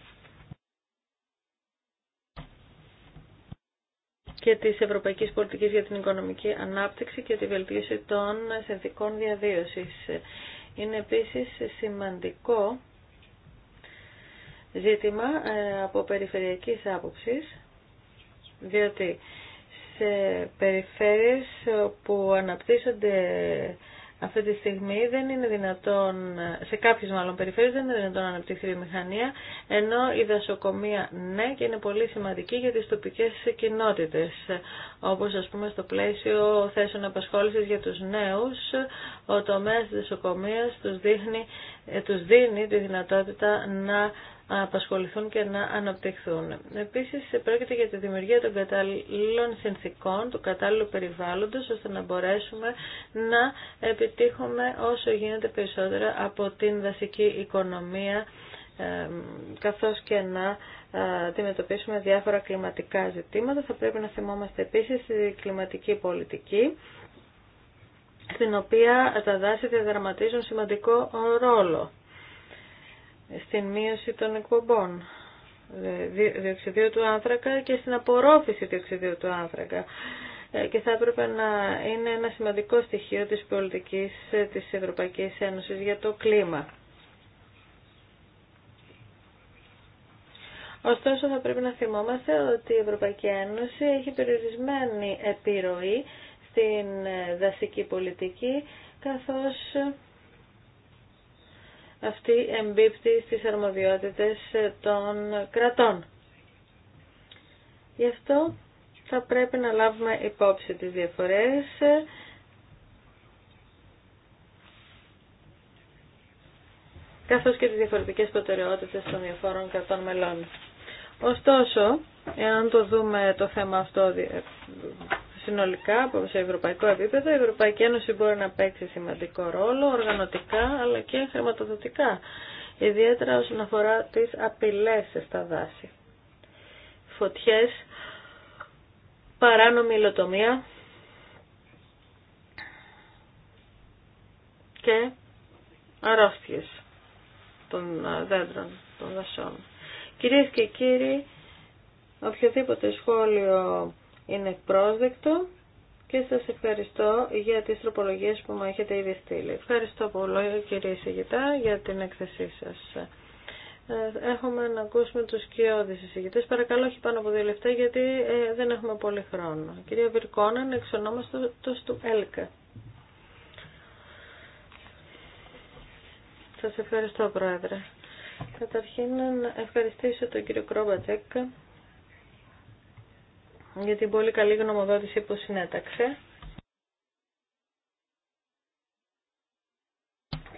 και της ευρωπαϊκή Πολιτικής για την Οικονομική Ανάπτυξη και τη βελτίωση των συνθηκών διαβίωσης. Είναι επίσης σημαντικό ζήτημα ε, από περιφερειακή άποψης, διότι σε περιφέρειες που αναπτύσσονται αυτή τη στιγμή δεν είναι δυνατόν, σε κάποιες μάλλον περιφέρειες δεν είναι δυνατόν να αναπτυχθεί η μηχανία, ενώ η δασοκομεία ναι και είναι πολύ σημαντική για τις τοπικές κοινότητες, όπως ας πούμε στο πλαίσιο θέσεων απασχόλησης για τους νέους, ο τομέας της δασοκομείας τους, δείχνει, ε, τους δίνει τη δυνατότητα να απασχοληθούν και να αναπτυχθούν. Επίσης, πρόκειται για τη δημιουργία των κατάλληλων συνθήκων, του κατάλληλου περιβάλλοντος, ώστε να μπορέσουμε να επιτύχουμε όσο γίνεται περισσότερα από την δασική οικονομία, καθώς και να ε, αντιμετωπίσουμε διάφορα κλιματικά ζητήματα. Θα πρέπει να θυμόμαστε επίσης τη κλιματική πολιτική, στην οποία τα δάση διαδραματίζουν σημαντικό ρόλο στην μείωση των εκπομπών διοξιδίου του άνθρακα και στην απορρόφηση διοξιδίου του άνθρακα ε, και θα έπρεπε να είναι ένα σημαντικό στοιχείο της πολιτικής ε, της Ευρωπαϊκής Ένωσης για το κλίμα. Ωστόσο θα πρέπει να θυμόμαστε ότι η Ευρωπαϊκή Ένωση έχει περιορισμένη επιρροή στην ε, δασική πολιτική καθώς αυτή εμπίπτει στις αρμοδιότητες των κρατών. Γι' αυτό θα πρέπει να λάβουμε υπόψη τις διαφορές καθώς και τις διαφορετικές προτεραιότητες των διαφόρων κρατών μελών. Ωστόσο, εάν το δούμε το θέμα αυτό Συνολικά, σε ευρωπαϊκό επίπεδο, η Ευρωπαϊκή Ένωση μπορεί να παίξει σημαντικό ρόλο, οργανωτικά αλλά και χρηματοδοτικά, ιδιαίτερα όσον αφορά τις απειλές στα δάση. Φωτιές, παράνομη υλοτομία και αρρώστιες των ε, δέντρων, των δασών. Κυρίες και κύριοι, οποιοδήποτε σχόλιο είναι πρόσδεκτο και σας ευχαριστώ για τις τροπολογίες που μου έχετε ήδη στείλει. Ευχαριστώ πολύ κύριε Σιγητά για την έκθεσή σας. Ε, έχουμε να ακούσουμε τους κοιόδης εισηγητές. Παρακαλώ όχι πάνω από δύο λεπτά γιατί ε, δεν έχουμε πολύ χρόνο. Κυρία Βυρκόνα, εξονόμαστε το του ΕΛΚΑ. Σας ευχαριστώ Πρόεδρε. Καταρχήν να ευχαριστήσω τον κύριο Κρόμπατσεκ για την πολύ καλή γνωμοδότηση που συνέταξε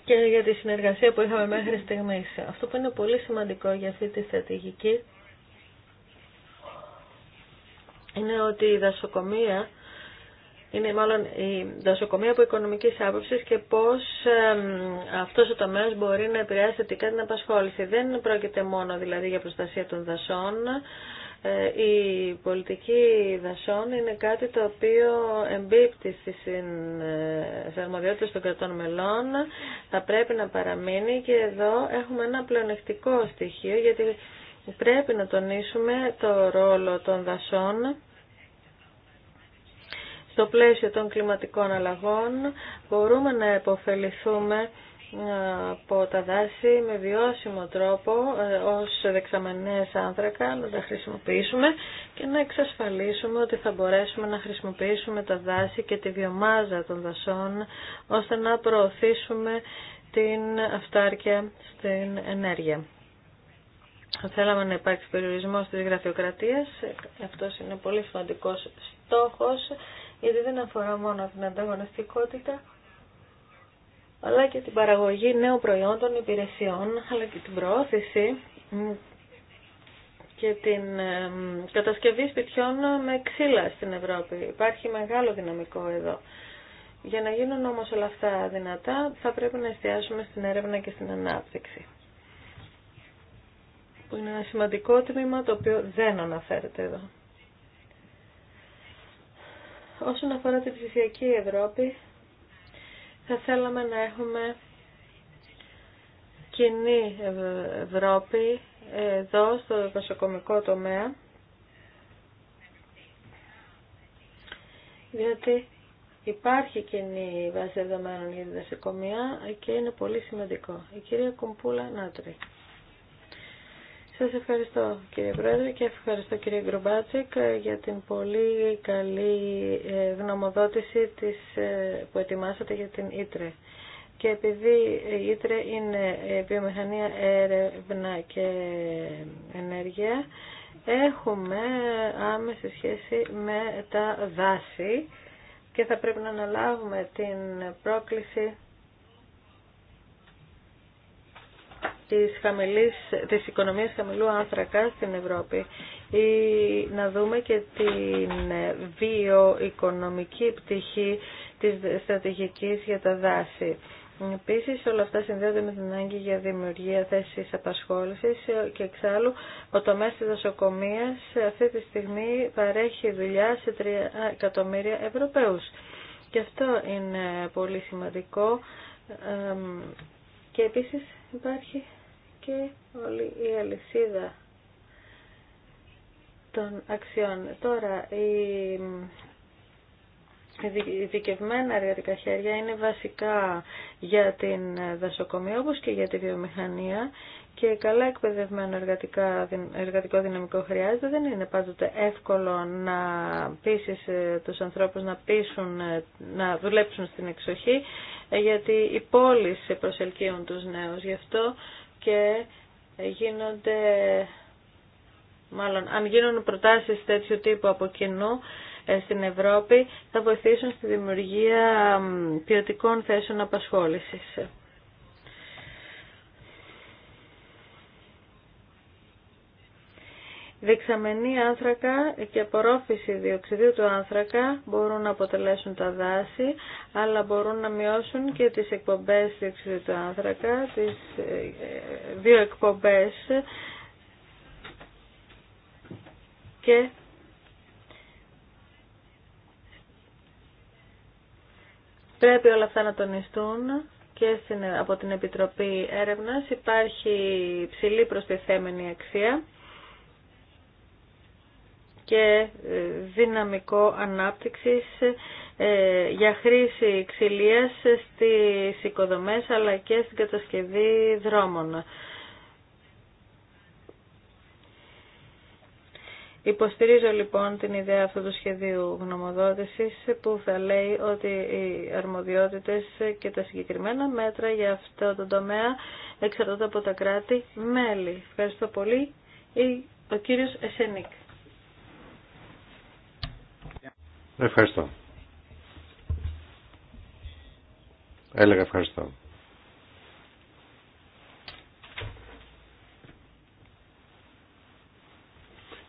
και για τη συνεργασία που είχαμε μέχρι στιγμής. Αυτό που είναι πολύ σημαντικό για αυτή τη στρατηγική είναι ότι η δασοκομεία είναι μάλλον η δασοκομεία από οικονομικής άποψης και πώς αυτός ο τομέας μπορεί να επηρεάσει θετικά την απασχόληση. Δεν πρόκειται μόνο δηλαδή για προστασία των δασών, ε, η πολιτική δασών είναι κάτι το οποίο εμπίπτει ε, στις αρμοδιότητες των κρατών μελών, θα πρέπει να παραμείνει και εδώ έχουμε ένα πλεονεκτικό στοιχείο γιατί πρέπει να τονίσουμε το ρόλο των δασών στο πλαίσιο των κλιματικών αλλαγών μπορούμε να επωφεληθούμε από τα δάση με βιώσιμο τρόπο ε, ως δεξαμενές άνθρακα να τα χρησιμοποιήσουμε και να εξασφαλίσουμε ότι θα μπορέσουμε να χρησιμοποιήσουμε τα δάση και τη βιομάζα των δασών ώστε να προωθήσουμε την αυτάρκεια στην ενέργεια. Θέλαμε να υπάρξει περιορισμός της γραφειοκρατίας, αυτός είναι πολύ σημαντικός στόχος γιατί δεν αφορά μόνο την ανταγωνιστικότητα αλλά και την παραγωγή νέων προϊόντων, υπηρεσιών, αλλά και την προώθηση και την κατασκευή σπιτιών με ξύλα στην Ευρώπη. Υπάρχει μεγάλο δυναμικό εδώ. Για να γίνουν όμως όλα αυτά δυνατά, θα πρέπει να εστιάσουμε στην έρευνα και στην ανάπτυξη. Που είναι ένα σημαντικό τμήμα το οποίο δεν αναφέρεται εδώ. Όσον αφορά την ψηφιακή Ευρώπη, θα θέλαμε να έχουμε κοινή Ευρώπη εδώ στο νοσοκομικό τομέα διότι υπάρχει κοινή βάση δεδομένων για τη νοσοκομεία και είναι πολύ σημαντικό. Η κυρία Κουμπούλα Νάτρη. Σας ευχαριστώ κύριε Πρόεδρε και ευχαριστώ κύριε Γκρουμπάτσικ για την πολύ καλή ε, γνωμοδότηση της, ε, που ετοιμάσατε για την Ήτρε. Και επειδή η Ήτρε είναι ε, βιομηχανία έρευνα και ενέργεια, έχουμε άμεση σχέση με τα δάση και θα πρέπει να αναλάβουμε την πρόκληση της, χαμηλής, της οικονομίας χαμηλού άνθρακα στην Ευρώπη ή να δούμε και την βιοοικονομική πτυχή της στρατηγικής για τα δάση. Επίση, όλα αυτά συνδέονται με την ανάγκη για δημιουργία θέση απασχόληση και εξάλλου ο τομέα τη δασοκομεία αυτή τη στιγμή παρέχει δουλειά σε 3 εκατομμύρια Ευρωπαίου. Και αυτό είναι πολύ σημαντικό. Και επίση υπάρχει και όλη η αλυσίδα των αξιών. Τώρα, η δικευμένα εργατικά χέρια είναι βασικά για την δασοκομεία όπως και για τη βιομηχανία και καλά εκπαιδευμένο εργατικά, εργατικό δυναμικό χρειάζεται. Δεν είναι πάντοτε εύκολο να πείσει ε, τους ανθρώπους να, πείσουν, ε, να δουλέψουν στην εξοχή ε, γιατί οι πόλεις προσελκύουν τους νέους. Γι' αυτό και γίνονται, μάλλον αν γίνουν προτάσεις τέτοιου τύπου από κοινού ε, στην Ευρώπη, θα βοηθήσουν στη δημιουργία ποιοτικών θέσεων απασχόλησης. Δεξαμενή άνθρακα και απορρόφηση διοξιδίου του άνθρακα μπορούν να αποτελέσουν τα δάση, αλλά μπορούν να μειώσουν και τις εκπομπές διοξιδίου του άνθρακα, τις ε, δύο εκπομπές και πρέπει όλα αυτά να τονιστούν και από την Επιτροπή Έρευνας υπάρχει ψηλή προστιθέμενη αξία και ε, δυναμικό ανάπτυξης ε, για χρήση ξυλίας στις οικοδομές αλλά και στην κατασκευή δρόμων. Υποστηρίζω λοιπόν την ιδέα αυτού του σχεδίου γνωμοδότησης που θα λέει ότι οι αρμοδιότητες και τα συγκεκριμένα μέτρα για αυτό το τομέα εξαρτώνται από τα κράτη-μέλη. Ευχαριστώ πολύ. Ο κύριος Εσενίκ. Ευχαριστώ. Έλεγα ευχαριστώ.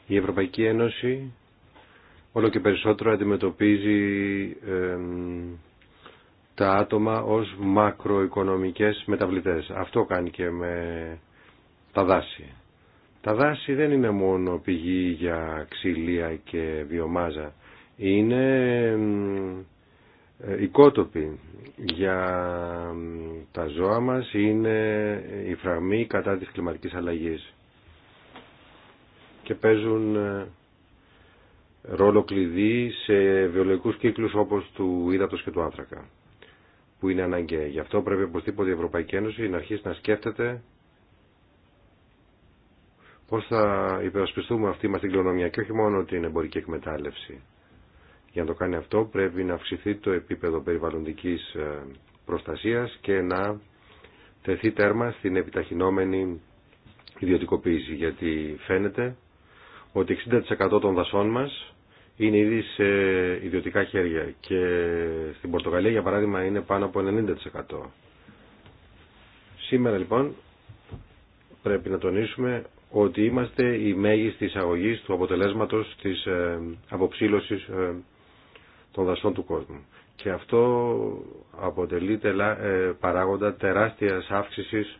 Η Ευρωπαϊκή Ένωση όλο και περισσότερο αντιμετωπίζει τα άτομα ως μακροοικονομικές μεταβλητές. Αυτό κάνει και με τα δάση. Τα δάση δεν είναι μόνο πηγή για ξυλία και βιομάζα είναι ε, οικότοποι για τα ζώα μας, είναι οι φραγμή κατά της κλιματικής αλλαγής και παίζουν ε, ρόλο κλειδί σε βιολογικούς κύκλους όπως του ύδατος και του άνθρακα που είναι αναγκαία. Γι' αυτό πρέπει οπωσδήποτε η Ευρωπαϊκή Ένωση να αρχίσει να σκέφτεται πώς θα υπερασπιστούμε αυτή μας την κληρονομιά και όχι μόνο την εμπορική εκμετάλλευση. Για να το κάνει αυτό πρέπει να αυξηθεί το επίπεδο περιβαλλοντικής ε, προστασίας και να τεθεί τέρμα στην επιταχυνόμενη ιδιωτικοποίηση γιατί φαίνεται ότι 60% των δασών μας είναι ήδη σε ιδιωτικά χέρια και στην Πορτογαλία για παράδειγμα είναι πάνω από 90%. Σήμερα λοιπόν πρέπει να τονίσουμε ότι είμαστε η μέγιστη εισαγωγή του αποτελέσματος της ε, αποψήλωσης ε, των δασών του κόσμου. Και αυτό αποτελεί ε, παράγοντα τεράστιας αύξησης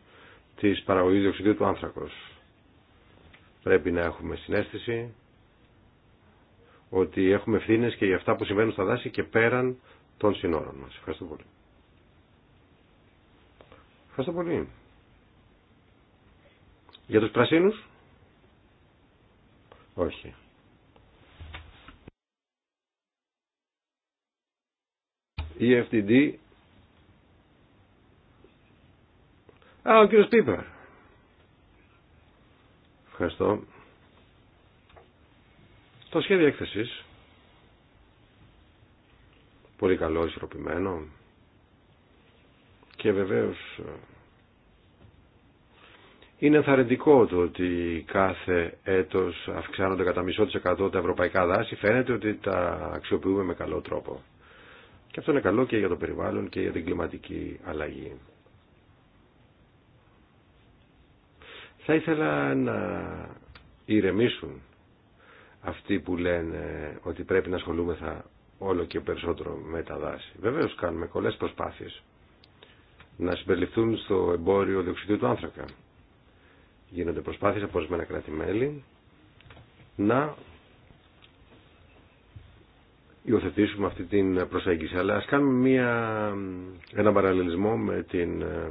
της παραγωγής διοξιδίου του άνθρακος. Πρέπει να έχουμε συνέστηση ότι έχουμε ευθύνε και για αυτά που συμβαίνουν στα δάση και πέραν των συνόρων μας. Ευχαριστώ πολύ. Ευχαριστώ πολύ. Για τους πρασίνους. Όχι. Η e FTD. Α, ο κύριος Πίπερ. Ευχαριστώ. Το σχέδιο έκθεσης. Πολύ καλό, ισορροπημένο. Και βεβαίως ε, είναι ενθαρρυντικό το ότι κάθε έτος αυξάνονται κατά μισό της εκατό τα ευρωπαϊκά δάση. Φαίνεται ότι τα αξιοποιούμε με καλό τρόπο. Και αυτό είναι καλό και για το περιβάλλον και για την κλιματική αλλαγή. Θα ήθελα να ηρεμήσουν αυτοί που λένε ότι πρέπει να ασχολούμεθα όλο και περισσότερο με τα δάση. Βεβαίως κάνουμε πολλές προσπάθειες να συμπεριληφθούν στο εμπόριο διοξιδίου του άνθρακα. Γίνονται προσπάθειες από ορισμένα κράτη-μέλη να υιοθετήσουμε αυτή την προσέγγιση. Αλλά ας κάνουμε μια, ένα παραλληλισμό με την ε,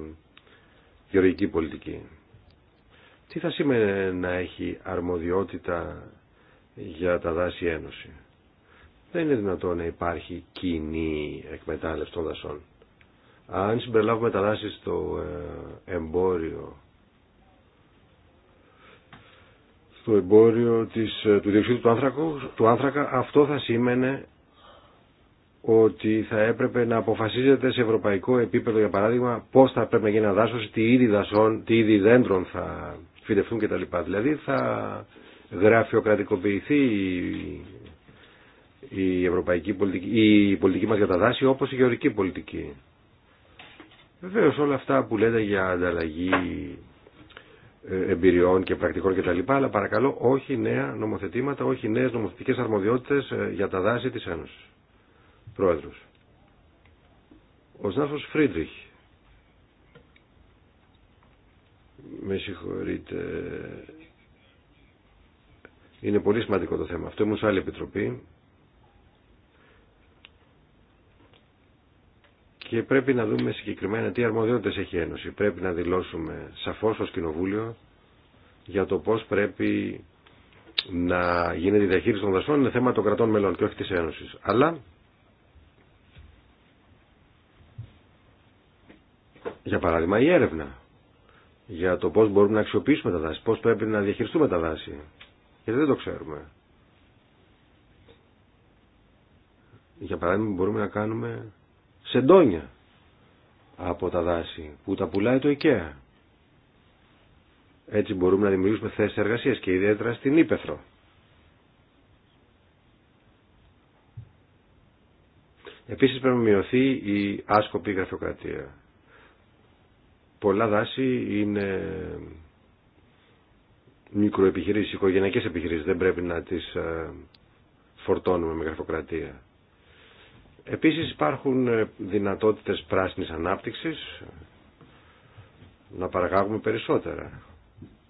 γεωργική πολιτική. Τι θα σήμαινε να έχει αρμοδιότητα για τα δάση ένωση. Δεν είναι δυνατόν να υπάρχει κοινή εκμετάλλευση των δασών. Αν συμπεριλάβουμε τα δάση στο ε, εμπόριο στο εμπόριο της, ε, του διοξείδου του, του άνθρακα αυτό θα σήμαινε ότι θα έπρεπε να αποφασίζεται σε ευρωπαϊκό επίπεδο, για παράδειγμα, πώ θα πρέπει να γίνει ένα δάσο τι είδη δασών, τι είδη δέντρων θα φυτευτούν κτλ. Δηλαδή θα γραφειοκρατικοποιηθεί η, η ευρωπαϊκή πολιτική, η πολιτική μας για τα δάση όπω η γεωρική πολιτική. Βεβαίω όλα αυτά που λέτε για ανταλλαγή ε, εμπειριών και πρακτικών κτλ. Αλλά παρακαλώ όχι νέα νομοθετήματα, όχι νέες νομοθετικές αρμοδιότητες ε, για τα δάση της Ένωσης. Πρόεδρος. Ο Σνάφος Φρίντριχ. Με συγχωρείτε. Είναι πολύ σημαντικό το θέμα. Αυτό ήμουν σε άλλη επιτροπή. Και πρέπει να δούμε συγκεκριμένα τι αρμοδιότητες έχει η Ένωση. Πρέπει να δηλώσουμε σαφώς ως Κοινοβούλιο για το πώς πρέπει να γίνεται η διαχείριση των δασών. Είναι θέμα των κρατών μελών και όχι της Ένωσης. Αλλά Για παράδειγμα η έρευνα για το πώς μπορούμε να αξιοποιήσουμε τα δάση, πώς πρέπει να διαχειριστούμε τα δάση. Γιατί δεν το ξέρουμε. Για παράδειγμα μπορούμε να κάνουμε σεντόνια από τα δάση που τα πουλάει το IKEA. Έτσι μπορούμε να δημιουργήσουμε θέσεις εργασίας και ιδιαίτερα στην Ήπεθρο. Επίσης πρέπει να μειωθεί η άσκοπη γραφειοκρατία πολλά δάση είναι μικροεπιχειρήσεις, οικογενειακές επιχειρήσεις. Δεν πρέπει να τις ε, φορτώνουμε με γραφοκρατία. Επίσης υπάρχουν ε, δυνατότητες πράσινης ανάπτυξης να παραγάγουμε περισσότερα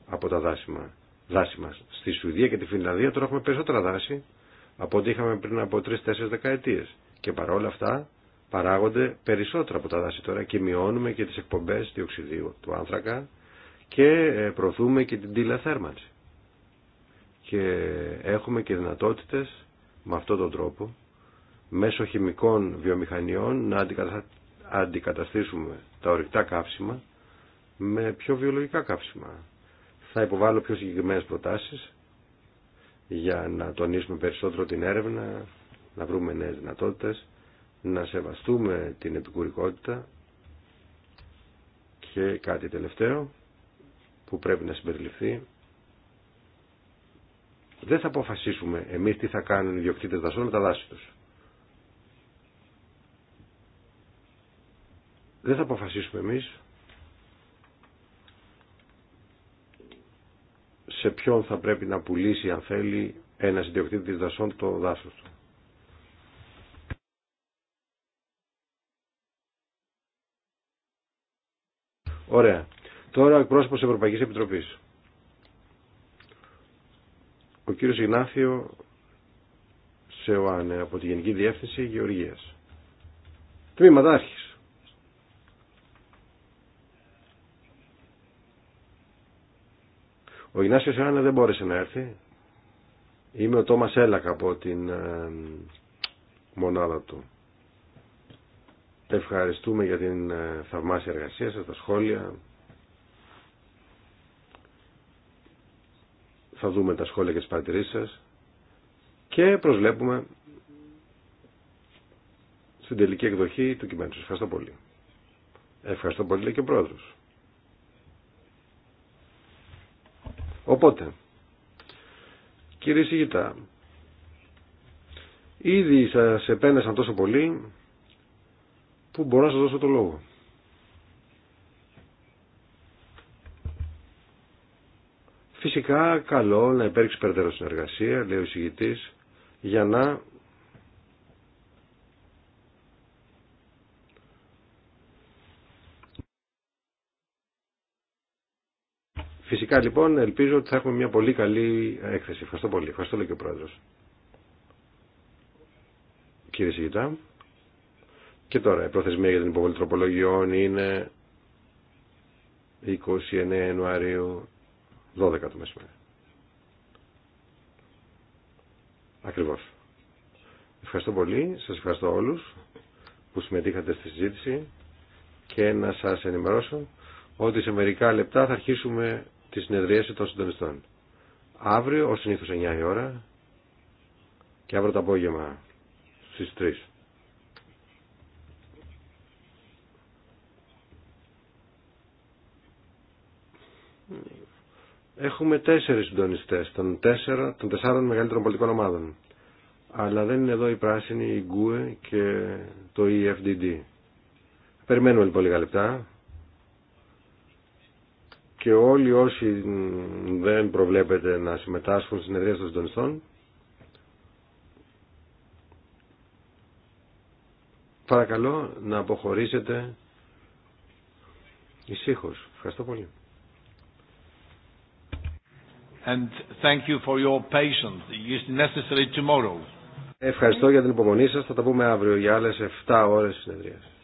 από τα δάσημα, δάση μας. Στη Σουηδία και τη Φινλανδία τώρα έχουμε περισσότερα δάση από ό,τι είχαμε πριν από 3-4 δεκαετίες. Και παρόλα αυτά παράγονται περισσότερα από τα δάση τώρα και μειώνουμε και τις εκπομπές διοξιδίου του άνθρακα και ε, προωθούμε και την τηλεθέρμανση. Και έχουμε και δυνατότητες με αυτόν τον τρόπο μέσω χημικών βιομηχανιών να αντικαταστήσουμε τα ορυκτά καύσιμα με πιο βιολογικά καύσιμα. Θα υποβάλω πιο συγκεκριμένες προτάσεις για να τονίσουμε περισσότερο την έρευνα, να βρούμε νέες δυνατότητες να σεβαστούμε την επικουρικότητα και κάτι τελευταίο που πρέπει να συμπεριληφθεί δεν θα αποφασίσουμε εμείς τι θα κάνουν οι διοκτήτες δασών με τα δάση τους. Δεν θα αποφασίσουμε εμείς σε ποιον θα πρέπει να πουλήσει αν θέλει ένας ιδιοκτήτης δασών το δάσος του. Ωραία. Τώρα ο εκπρόσωπο Ευρωπαϊκή Επιτροπή. Ο κύριο Ιγνάθιο Σεωάνε από τη Γενική Διεύθυνση Γεωργία. Τμήμα ματάρχης. Ο Ιγνάσιο Σεωάνε δεν μπόρεσε να έρθει. Είμαι ο Τόμας Έλακα από την μονάδα του. Ευχαριστούμε για την ε, θαυμάσια εργασία σας, τα σχόλια. Θα δούμε τα σχόλια και τις παρατηρήσεις σας. Και προσβλέπουμε στην τελική εκδοχή του κειμένου σας. Ευχαριστώ πολύ. Ευχαριστώ πολύ και ο πρόεδρος. Οπότε, κύριε Σιγητά, ήδη σας επένεσαν τόσο πολύ που μπορώ να σας δώσω το λόγο. Φυσικά καλό να υπέρξει περαιτέρω συνεργασία, λέει ο εισηγητής, για να Φυσικά λοιπόν ελπίζω ότι θα έχουμε μια πολύ καλή έκθεση. Ευχαριστώ πολύ. Ευχαριστώ λέει και ο Πρόεδρος. Κύριε Σιγητά. Και τώρα η προθεσμία για την υποβολή τροπολογιών είναι 29 Ιανουαρίου 12 το μεσημέρι. Ακριβώς. Ευχαριστώ πολύ. Σας ευχαριστώ όλους που συμμετείχατε στη συζήτηση και να σας ενημερώσω ότι σε μερικά λεπτά θα αρχίσουμε τη συνεδρίαση των συντονιστών. Αύριο, ως συνήθως 9 η ώρα και αύριο το απόγευμα στις 3. Έχουμε τέσσερις συντονιστές των, τέσσερα, των τεσσάρων μεγαλύτερων πολιτικών ομάδων. Αλλά δεν είναι εδώ η πράσινη, η γκουε και το EFDD. Περιμένουμε λοιπόν λίγα λεπτά. Και όλοι όσοι δεν προβλέπετε να συμμετάσχουν στην συνεδρίες των συντονιστών, παρακαλώ να αποχωρήσετε ησύχως. Ευχαριστώ πολύ. Ευχαριστώ για την υπομονή σας. Θα τα πούμε αύριο για άλλες 7 ώρες συνεδρίας.